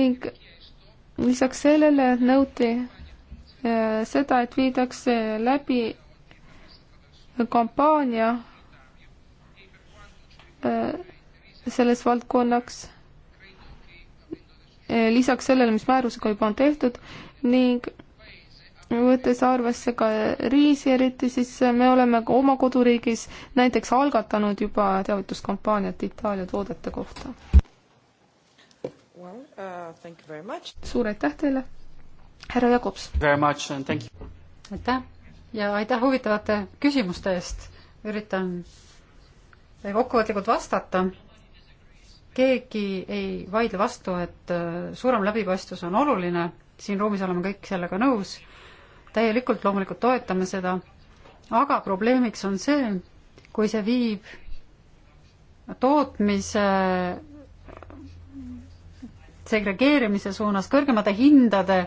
ning lisaks sellele nõuti äh, seda, et viidakse läbi kampaania selles valdkonnaks, eh, lisaks sellele, mis määrusega juba on tehtud ning võttes arvesse ka riisi eriti, siis me oleme ka oma koduriigis näiteks algatanud juba teavituskampaaniat Itaalia toodete kohta well,. Uh, suur aitäh teile, härra Jakobs! aitäh ja aitäh huvitavate küsimuste eest, üritan kokkuvõtlikult vastata keegi ei vaidle vastu, et äh, suurem läbipaistvus on oluline, siin ruumis oleme kõik sellega nõus, täielikult loomulikult toetame seda, aga probleemiks on see, kui see viib tootmise segregeerimise suunas, kõrgemate hindade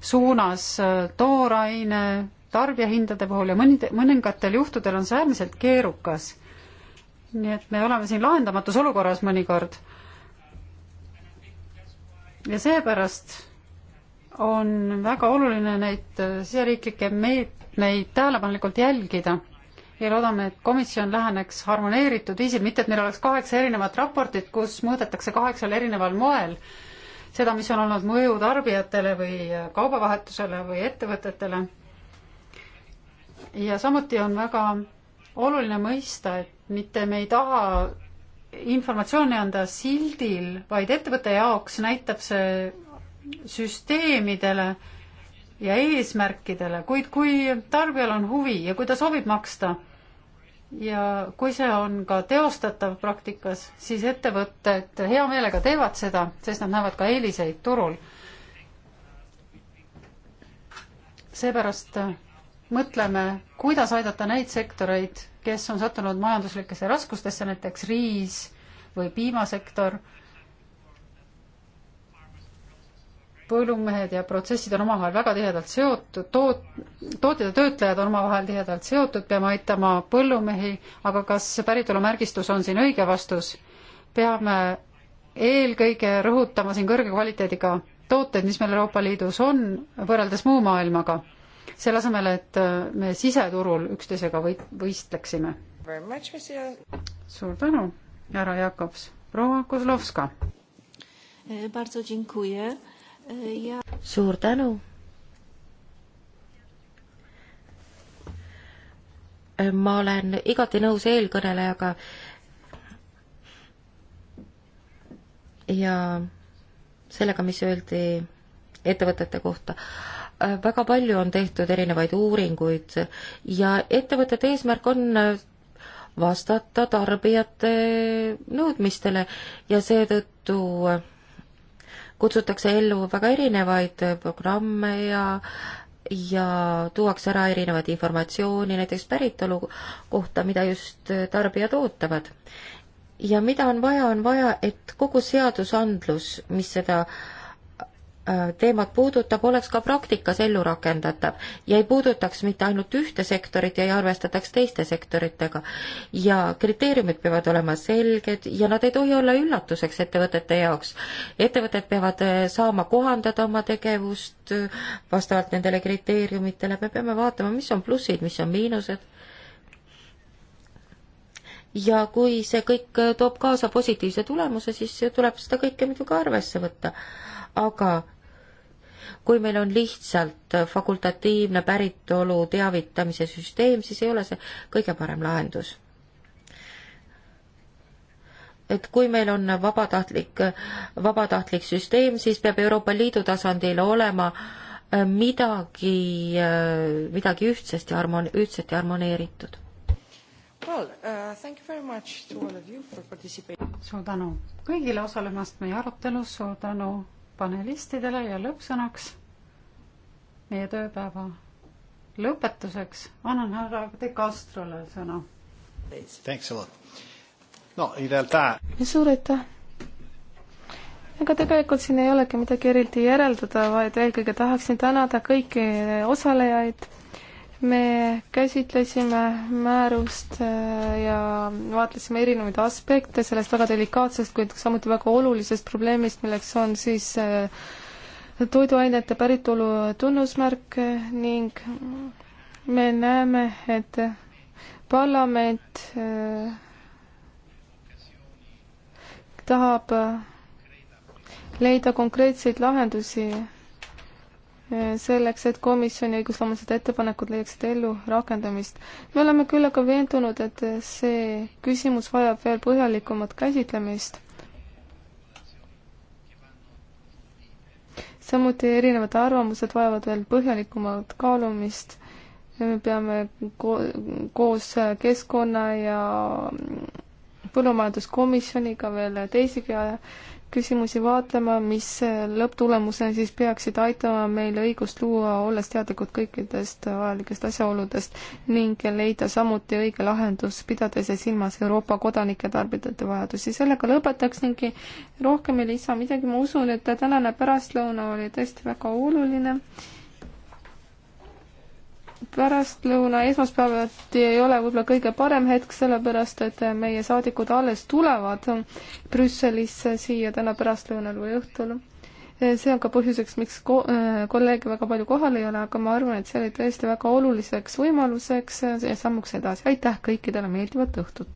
suunas, äh, tooraine, tarbijahindade puhul ja mõni, mõningatel juhtudel on see äärmiselt keerukas nii et me oleme siin lahendamatus olukorras mõnikord. ja seepärast on väga oluline neid äh, siseriiklikke meetmeid tähelepanelikult jälgida ja loodame, et komisjon läheneks harmoneeritud viisil, mitte et meil oleks kaheksa erinevat raportit, kus mõõdetakse kaheksal erineval moel seda, mis on olnud mõju tarbijatele või äh, kaubavahetusele või ettevõtetele. ja samuti on väga oluline mõista, et mitte me ei taha informatsiooni anda sildil, vaid ettevõtte jaoks näitab see süsteemidele ja eesmärkidele, kuid kui tarbijal on huvi ja kui ta soovib maksta ja kui see on ka teostatav praktikas, siis ettevõtted hea meelega teevad seda, sest nad näevad ka eeliseid turul. seepärast mõtleme, kuidas aidata neid sektoreid, kes on sattunud majanduslikesse raskustesse, näiteks riis või piimasektor. põllumehed ja protsessid on omavahel väga tihedalt seotud, toot-, tootjad ja töötlejad on omavahel tihedalt seotud, peame aitama põllumehi, aga kas päritolumärgistus on siin õige vastus? peame eelkõige rõhutama siin kõrge kvaliteediga tooteid, mis meil Euroopa Liidus on, võrreldes muu maailmaga selle asemel, et äh, me siseturul üksteisega võit-, võistleksime. suur tänu, härra Jakobs. proua Kozlovska. E, e, suur tänu. E, ma olen igati nõus eelkõnelejaga ja sellega, mis öeldi ettevõtete kohta Äh, väga palju on tehtud erinevaid uuringuid ja ettevõtete eesmärk on äh, vastata tarbijate nõudmistele ja seetõttu äh, kutsutakse ellu väga erinevaid programme ja ja tuuakse ära erinevat informatsiooni näiteks päritolu kohta, mida just tarbijad ootavad. ja mida on vaja, on vaja, et kogu seadusandlus, mis seda äh, Äh, teemat puudutab, oleks ka praktikas ellu rakendatav ja ei puudutaks mitte ainult ühte sektorit ja ei arvestataks teiste sektoritega. ja kriteeriumid peavad olema selged ja nad ei tohi olla üllatuseks ettevõtete jaoks. ettevõtted peavad äh, saama kohandada oma tegevust äh, vastavalt nendele kriteeriumitele, me peame vaatama, mis on plussid, mis on miinused ja kui see kõik toob kaasa positiivse tulemuse, siis tuleb seda kõike muidugi arvesse võtta. aga kui meil on lihtsalt fakultatiivne päritolu teavitamise süsteem, siis ei ole see kõige parem lahendus. et kui meil on vabatahtlik, vabatahtlik süsteem, siis peab Euroopa Liidu tasandil olema äh, midagi, äh, midagi ühtsest ja harmon-, ühtset ja harmoneeritud Well, uh, thank you very much to all of you for participating. suur tänu kõigile osalemast meie arutelus, suur tänu panelistidele ja lõppsõnaks meie tööpäeva lõpetuseks annan härra De Castrole sõna. no in realtà. suur aitäh. ega tegelikult siin ei olegi midagi eriti järeldada, vaid eelkõige tahaksin tänada kõiki osalejaid me käsitlesime määrust äh, ja vaatlesime erinevaid aspekte sellest väga delikaatsest, kuid samuti väga olulisest probleemist, milleks on siis äh, toiduainete päritolu tunnusmärk äh, ning me näeme, et parlament tahab leida konkreetseid lahendusi selleks, et komisjoni õigusloomelised ettepanekud leiaksid ellu rakendamist. me oleme küll aga veendunud, et see küsimus vajab veel põhjalikumat käsitlemist. samuti erinevad arvamused vajavad veel põhjalikumat kaalumist. me peame ko koos keskkonna ja põllumajanduskomisjoniga veel teisigi küsimusi vaatlema, mis lõpptulemusena siis peaksid aitama meil õigust luua, olles teadlikud kõikidest vajalikest asjaoludest ning leida samuti õige lahendus, pidades silmas Euroopa kodanike tarbijate vajadusi. sellega lõpetaks ning rohkem ei lisa midagi, ma usun, et tänane pärastlõuna oli tõesti väga oluline pärastlõuna esmaspäevati ei ole võib-olla kõige parem hetk, sellepärast et meie saadikud alles tulevad Brüsselisse siia täna pärastlõunal või õhtul. see on ka põhjuseks, miks ko-, kolleege väga palju kohal ei ole, aga ma arvan, et see oli tõesti väga oluliseks võimaluseks ja sammuks edasi. aitäh kõikidele, meeldivat õhtut!